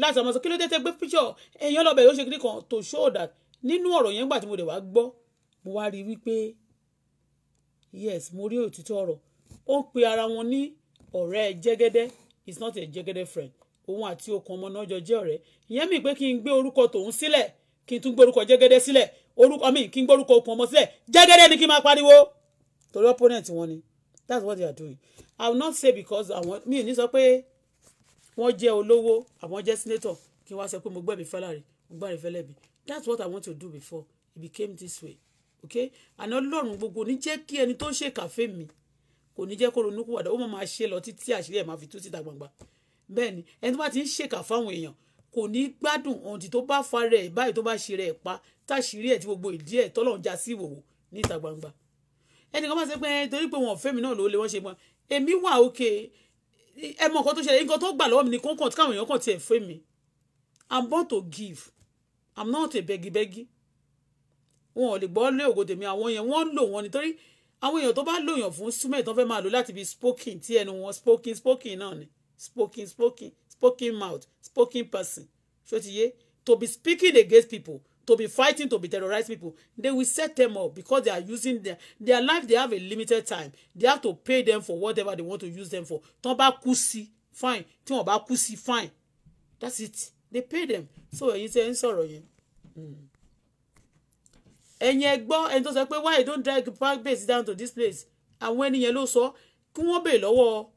láti àmọ́ sọ kí ló dé tẹ́ gbé picture èèyàn lọ́bẹ̀ yóò ṣe kiri kan to show that nínú ọ̀rọ̀ yẹn gbà tí mo dẹ̀ wá gbọ́ mo wá rí wípé yes mo rí òtítọ́ ọ̀rọ̀ ó ń pe ara wọn ní ọ̀rẹ́ jẹ́gẹ́dẹ́ is not a jẹ́gẹ́dẹ́ friend òun àti okùn ọmọ náà jọ jẹ́ ọ̀rẹ́ ìyẹn mi pé kí n gbé orúkọ tòun sílẹ̀ kí n tún gbé orúkọ jẹ́gẹ́dẹ́ sílẹ̀ orúkọ mi kí n gbé orúkọ okùn ọmọ sílẹ̀ jẹ́gẹ́dẹ́ ni kí n máa pariwo torí opponent wọn ni that's what they are doing i will not say because àwọn mi ò ní sọ pé wọ́n jẹ́ olówó àwọn jẹ́ senator kí wọ́n sọ pé mo gbẹ̀bí fẹ́láre mo gbẹ̀rẹ̀ fẹ́lẹ́bí that's what i want to do before it became this way okay àná lọ́rùn gbogbo ní jẹ́ kí ẹni tó ń ṣe kàfé mi kò ní jẹ́ kó ronú kúwàdà ó mọ̀ máa ṣe lọ títí àṣírí ẹ̀ máa fi tú síta gbangba bẹ́ẹ̀ ni ẹni tó bá ti ń ṣèkà fáwọn èèyàn kò ní gbádùn ọ̀ǹtì tó bá fa rẹ̀ báyìí tó bá ṣe rẹ̀ pa táṣírí ẹ̀ tí gbogbo ìdí ẹ̀ tọ́lọ̀ ń já sí ìwòwò níta gbangba ẹnìkan máa ṣe pé torí pé wọn ò fẹ́mi náà ló lè wọ́n ṣe mọ́ èmi wà òkè ẹ mọ nǹkan tó ṣẹlẹ̀ nǹkan tó gbà lọ́wọ́ mi ni kóńkàn tí káwọn èèyàn kàn tiẹ̀ fẹ́ mi i'm born to give i'm not a bẹ́gibẹ́gi wọn ò lè gbọ́ lé ògo tèmi àwọn yẹn wọ́n ń lò wọ́n nítorí àwọn èèyàn tó bá lòyàn fún súnmọ́ ìtàn fẹ́ máa lò láti fi spoken tí ẹnu wọn spoken spoken náà ni spoken spoken spoken mouth spoken person ṣó ti yé to be speaking against people to be fighting to be terrorize people they will set them up because they are using their their life they have a limited time they have to pay them for whatever they want to use them for tí wọ́n bá fine tí wọ́n bá fine that's it they pay them so ẹ̀yin tẹ́ ń sọ̀rọ̀ yẹn hmm. ẹ̀yin ẹ gbọ́ ẹni tó sọ pé why you don't drag park base down to this place àwọn ẹni yẹn ló sọ kí wọ́n bèè lọ́wọ́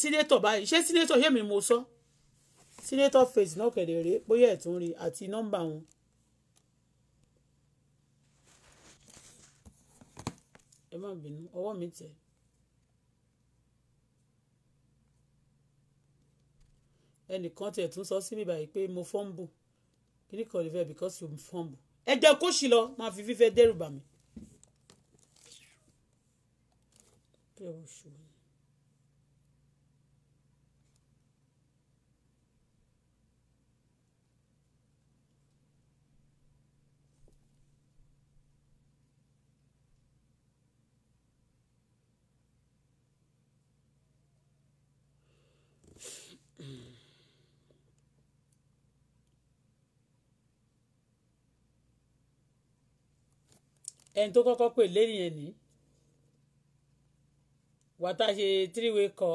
sínétọ̀ báyìí ṣé sínétọ̀ yẹ́mi mo sọ. So? senator face náà kẹ̀dẹ̀ rèé bóyá ẹ̀ tún rí àti nọ́mbà wọn. ẹ má bínú ọwọ́ mi tẹ̀. ẹnìkan tẹ̀ tún sọ sí mi báyìí pé mo fọ́ǹbù kí ni kò rí bẹ́ẹ̀ because you fọ́ǹbù ẹ jẹ́ kó sì lọ máa fi fífẹ́ dẹ́rù bà mí. kí ẹ wọ́n ṣùgbọ́n. ẹni tó kọ́kọ́ pè lẹ́yìn ní wàtá ṣe three way kọ́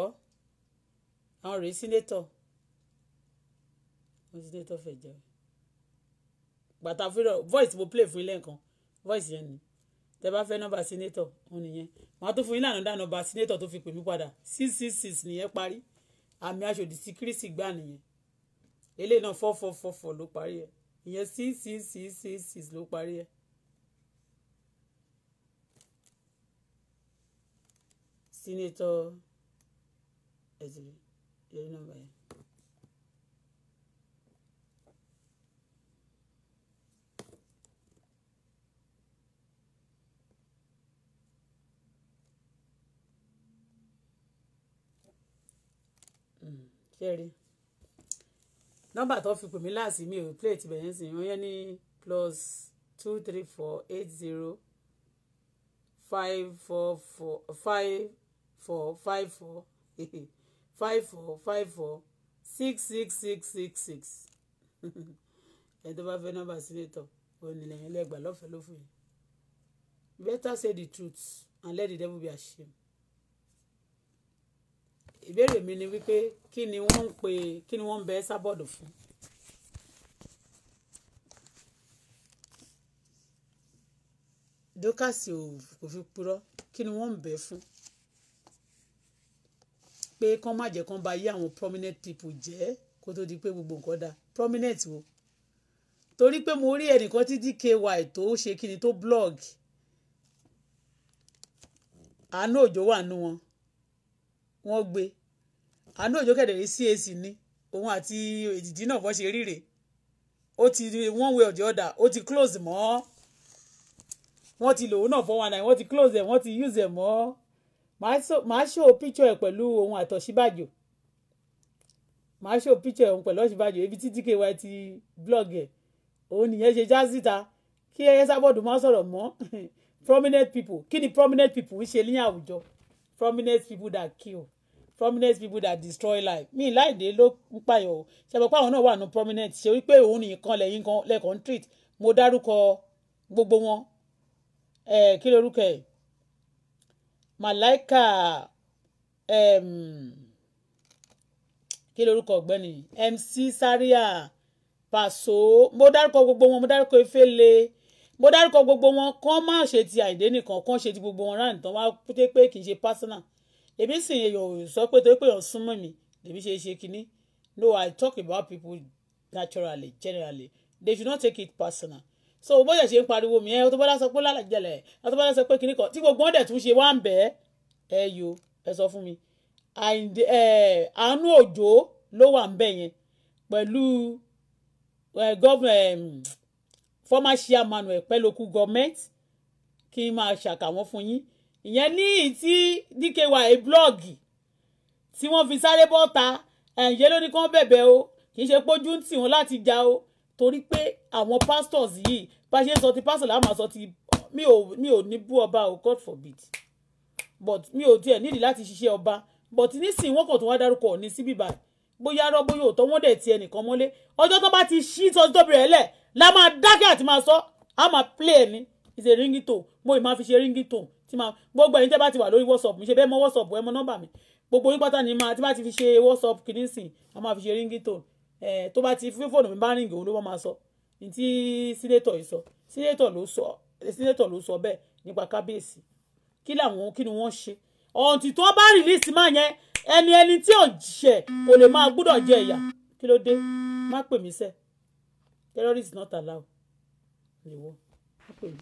àwọn rèé sínétọ̀ wọ́n sínétọ̀ fẹ̀ jẹ́ bàtà voice mo play fún ilé nǹkan voice yẹn ni tẹ bá fẹ́ nọ́mbà sínétọ̀ òun nìyẹn màá tó fún yín lànà dá nọ́mbà sínétọ̀ tó fi pè mí padà six six six nìyẹn parí àmì aṣòdì sí kírísì gbà nìyẹn eléyìí náà four four four four ló parí ẹ̀ ìyẹn six six six six six ló parí ẹ̀. sínétọ̀ ẹ̀sìn lórí nọ́mbà yẹn. ṣẹ́rí nọ́mbà tó fi pè mí láàsì mi ò plate bẹ̀yẹn sì wọ́n yẹn ní plus two three four eight zero five four four five four five four five four five four six six six six six ẹ tó bá fẹ́ nọ́mbà sínétọ̀ onílẹ̀yìn lẹ́gbàá lọ́fẹ̀ẹ́ ló fún yín better say the truth and let the devil be ashamed. ìbéèrè mi ni wípé kí ni wọ́n ń pè kí ni wọ́n ń bẹ sábọ̀dù fún. dókàsì kò fi purọ́ kí ni wọ́n ń bẹ fún pé kán má jẹ́ kán ba yé àwọn prominent people jẹ́ kó tó di pé gbogbo nǹkan dáa prominent wo torí pé mo rí ẹnìkan tí DKY tó ṣe kí ni tó blog àánú òjò wà nú wọn wọ́n gbé àánú òjò kẹ̀dẹ̀ rí CAC ní òun àti èdìdí náà bọ́ ṣe ríre ó ti one way or the other ó ti close mọ́ wọ́n ti lòun náà fọ́ one náà wọ́n ti close ẹ̀ wọ́n ti use ẹ̀ mọ́ màá ṣó píchọ ẹ pẹ̀lú ohun àtọ̀síbàjò màá ṣó píchọ ẹ pẹ̀lú ọ̀síbàjò ibi tí dky ti blog ẹ̀ òun nìyẹn ṣe já síta kí ẹyẹ sábọ̀dù má sọ̀rọ̀ mọ́ prominent people kí ni prominent people ń ṣe ní àwùjọ prominent people that kill prominent people that destroy life mi láìdé ló ń pààyàn o ṣàbẹ̀pọ̀ àwọn náà wà ní prominent ṣe wípé òun nìkan lẹ́yìn kan lẹ́kọ̀ọ́ ń treat mo dárúkọ gbogbo wọn kí lorúkọ ẹ̀ màláìkà kí lorúkọ ọ̀gbẹ́ni MC Zaria Paso mo dárúkọ gbogbo wọn mo dárúkọ Efele mo dárúkọ gbogbo wọn kán má ṣe ti Àyìndé nìkan kán ṣe ti gbogbo wọn ráàyè tán wá pété pé kì í ṣe personal èmi sì èèyàn ò sọ pé torí pé èèyàn súnmọ́ mi lèmi ṣe ṣe kinní no I talk about people naturally generally they should not take it personal so bóyá ṣe ń pariwo mi ẹ Auto Bola sọ pé lálàjẹlẹ Auto Bola sọ pé kinní kan tí gbogbo wọn dẹ̀ tún ṣe wá ń bẹ́ẹ̀ ẹ yo ẹ sọ fún mi àánú òjò ló wà ń bẹ̀ yẹn pẹ̀lú former chairman ẹ̀ pẹ́lokú gọ́ọ̀mẹ́ntì kí n máa ṣàkà wọ́n fún yín ìyẹn ní ìtí dky blọ́ọ̀gì tí wọ́n fi sáré bọ́ta ẹ̀yẹ́ lóní kan bẹ̀bẹ̀ o kì í ṣe pójú ń tì wọ́n láti jà o torí pé àwọn pastors yìí bá ṣe ń sọ ti pásítọ̀ làá máa sọ ti mi ò mi ò ní bú ọba o God forbid but mi ò tiẹ̀ nídìí láti ṣiṣẹ́ ọba but nísìnyí wọ́n kàn tó wá dárúkọ ní síbí báyìí bóyá arọ́ bóyá òótọ́ wọ́n dẹ̀ ti ẹnìkan mọ́lé ọjọ́ tó bá ti ṣí tọ́jú tó bẹ̀rẹ̀ lẹ̀ la máa dákẹ́ àti máa sọ á máa play ẹ̀ ní ìṣe ringtone mo ì máa fi ṣe ringtone tí máa gbogbo ẹ̀yin tẹ́ bá ti wà lórí whatsapp mi ṣe bẹ́ẹ̀ mọ whatsapp ẹ mọ nọ́mbà mi gbogbo yín pátá ni máa tí bá ti fi ṣe whatsapp kìíní sìn á máa fi ṣe ringtone ẹ̀ tó bá ti fífóònù mi bá ríǹgì òun ló wọ́n máa sọ ní tí sínétọ̀ yìí sọ sínétọ̀ ló sọ sínétọ̀ ló sọ bẹ́ẹ̀ nípa kábíyèsí kí làwọn kí ni wọ́n ṣe ọ̀ǹtì tó bá rìlíìsì máa yẹn ẹni ẹni tí ò jẹ kò lè máa gbọ́dọ̀ jẹ ìyà kí ló dé má pè mí sẹ́ terrorist not allowed nìwọ má pè mí.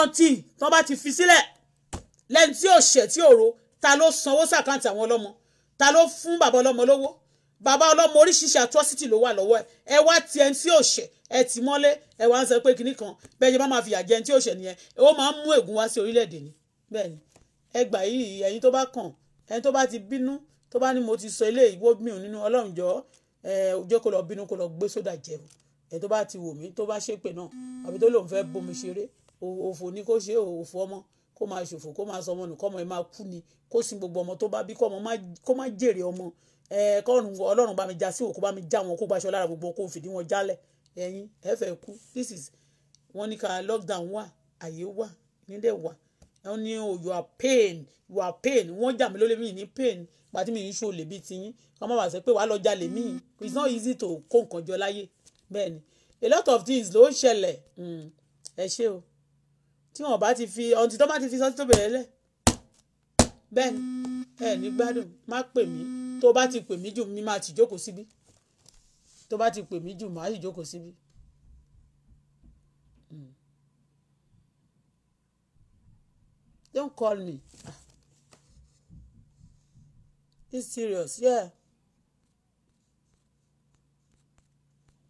ọ̀ǹtì tó bá ti fi sílẹ̀ lẹ́ni tí ò ṣẹ̀ tí ò ro ta ló sanwó sàkáǹtì àwọn ọlọ́mọ ta ló fún bàbá ọlọ́mọ lówó bàbá ọlọ́mọ oríṣiríṣi atrocity ló wà lọ́wọ́ ẹ ẹ wá ti ẹni tí ò ṣẹ̀ ẹ ti mọ́lé ẹ wá ń sọ pé kinní kan bẹ́ẹ̀ ṣe bá máa fìyà jẹ ẹni tí ò ṣẹ̀ nìyẹn ó máa ń mú ègún wá sí orílẹ̀-èdè ni bẹ́ẹ̀ ni ẹ gbà yìí ẹ̀yin tó bá kàn ẹni tó bá ti bínú tó bá ní mo ti sọ ilé ìwó mi ò nínú ọlọ́run jọ ẹ òjò kó lọ bínú kó lọ gbé sódà jẹ o ẹ tó bá ti wò mí tó bá ṣépè náà àbí tó lóun fẹ́ bomi ṣeré òfò ni kó ṣe òfò ọmọ kó máa ṣòfò kó máa sọmọ nù kọ́mọ ẹ máa kú ni kó sin gbogbo ọmọ tó bá bí kọ́mọ kó má jèrè ọmọ kọ́run ọlọ́run bá mi já sí òkú bá mi já wọn kó gbaṣọ lára gbogbo kó fìdí wọn jálẹ̀ ẹ̀yin ẹ fẹ́ kú this is wọ́n ní ká lockdown wà àyè wà nílẹ̀ wà wọ́n ní o oh, you are pain you are pain wọ́n jà mí lólè mí ní pain pàtí mi ń ṣòlè bíi tiyín wọ́n má bàa sọ pé wàá lọ jalè mí it's not easy to kó nǹkan jọ láyé bẹ́ẹ̀ ni a lot of things ló ń ṣẹlẹ̀ hmm, ẹ ṣe o tí wọn bá ti fi ọ̀n tí tó bá ti fi sọ́tí tó bẹ̀rẹ̀ lẹ̀ bẹ́ẹ̀ ni ẹ ní gbádùn má pè mí tó bá ti pè mí jù mi máa ti jókòó síbí tó bá ti pè mí jù máa sì jókòó síbí. Hmm. don't call me ah. it's serious yeah.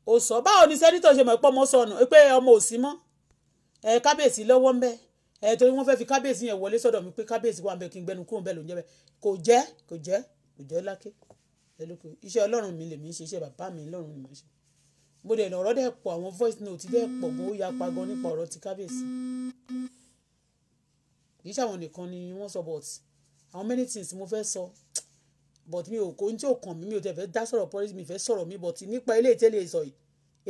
ó sọ báwo ni sẹ́nitọ̀ ṣe mọ̀ pé ọmọ sọnù pé ọmọ ò sí mọ́ ẹ kábíyèsí lọ́wọ́ ń bẹ ẹ torí wọ́n fẹ́ fi kábíyèsí yẹn wọlé sọ́dọ̀ mi pé kábíyèsí wà ń bẹ kí n gbẹnu kúrò ń bẹ ló jẹ́ bẹ kò jẹ́ kò jẹ́. Òjọ́lákẹ́ ẹlòkù iṣẹ́ Ọlọ́run mi lèmi ṣe iṣẹ́ bàbá mi Ọlọ́run ni mo ṣe mo dẹ̀ lọ́rọ̀ dẹ̀ pọ̀ àwọn voice note dẹ̀ pọ̀ gan ó yapa gan nípa ọ̀rọ̀ ti kábíyèsí kì í ṣàwọn nìkan ni wọ́n sọ but àwọn many things mo fẹ́ sọ but mi ò kó ní tí ò kàn mí mi ò tẹ̀ fẹ́ dá sọ̀rọ̀ policy mi fẹ́ sọ̀rọ̀ mi but nípa eléyìí tẹ́lẹ̀ sọ yìí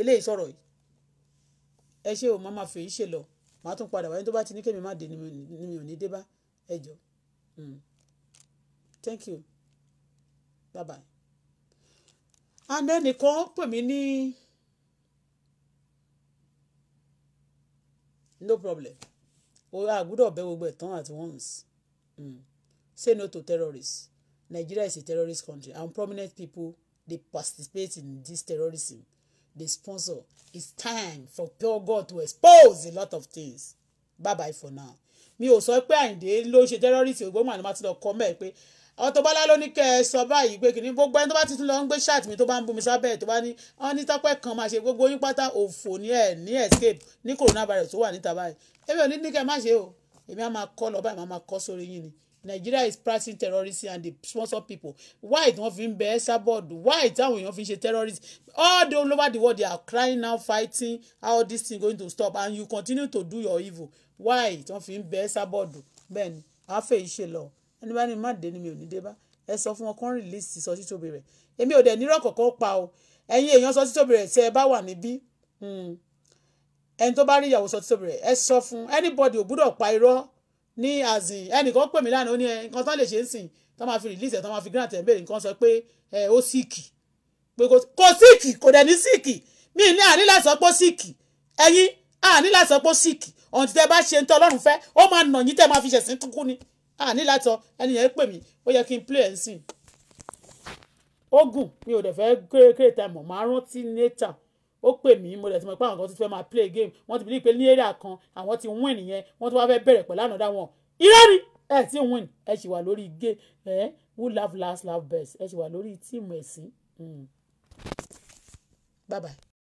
eléyìí sọ̀rọ̀ yìí ẹ ṣe o máa ma fèyí ṣe lọ màá tún padà wáyé tó bá ti ní kémi má dé ni mi ò ní dé bá ẹ jọ hmm. thank you bye bye and then nìkan pè mí ní no problem òun àgùdọ̀ bẹ gbogbo ẹ̀ tán at once mm. say no to terrorists Nigeria is a terrorist country and prominent people they participate in this terrorism They sponsor it's time for pure God to expose a lot of things bye bye for now Me also sọ pé Àyìndé ló ṣe terrorist ògbómọ̀ àni máa ti lọ Auto Bola ló ní kẹ́ ẹ sọ báyìí pé kìnìún gbogbo ẹni tó bá ti lọ ń gbé ṣáàtì mi tó bá ń bú mi sábẹ́ tó bá ní ọ́n ní tọ́pẹ́ kan máa ṣe gbogbo yín pátá òfò ní ẹ̀ ní escape ní coronavirus tó wà níta báyìí èmi ò ní ní kẹ́ ẹ má ṣe o èmi á máa kọ́ lọ báyìí máa máa kọ́ sórí yín ni Nigeria is practicing terrorism and they sponsor people why tí wọ́n fi ń bẹ ẹ́ sábọ̀dù why táwọn èèyàn fi ń ṣe terrorism all the all over the world they are crying now fighting how this thing going to stop and you continue to do your evil why tí wọ́n fi ń bẹ ẹ́ sábọ̀dù bẹ́ẹ̀ ni àáfẹ́ yìí ṣe lọ ẹni bá ní má dé ni mi ò ní dé bá ẹ sọ fún wọn kán rìlíìsì Sọjí Tóbi rẹ̀ èmi ò dẹ̀ nírọ̀ kọ̀ọ̀kan pa o ẹ̀yin èèyàn Sọjí Tóbi rẹ̀ tẹ́ ẹ bá wà níbí hmm, ẹni tó bá rí ìyàwó Sọjí Tóbi rẹ̀ ẹ sọ fún anybody ò gbúdọ̀ pa irọ́ ní azin ẹnìkan pè mí lánàá ó ní nǹkan tán lè ṣe ń sìn tán máa fi rìlíìsì ẹ̀ tán máa fi grant ẹ̀ ń béèrè nǹkan sọ pé ẹ ó síìkì pé kò síìkì kò dẹ̀ ní síìkì mi ní àní láti sọ pé ó síìkì ẹ̀yin àní láti sọ pé ó síìkì ọ̀n ti tẹ́ bá ṣe ń tọ́ ọlọ́run fẹ́ ó máa nà yín tẹ́ máa fi ṣẹ̀sìn kúkú ni à ní látọ ẹni yẹn pè mí ó yẹ kí n play ẹ̀ ń sìn ogun mi ò dẹ̀ fẹ́ kéré time mọ̀ máa rántí nature. ó pè mí mo dẹ̀ ti mọ̀ pé àwọn kan ti fẹ́ máa play game wọ́n ti believe pé ní area kan àwọn ti win nìyẹn wọ́n ti wá fẹ́ bẹ̀rẹ̀ pẹ̀lú ànádá wọn irọ́ ni ẹ ti win ẹ sì wà lórí gé ẹ who laugh last laugh best ẹ sì wà lórí tíìmù ẹ̀sìn hmm. bye bye.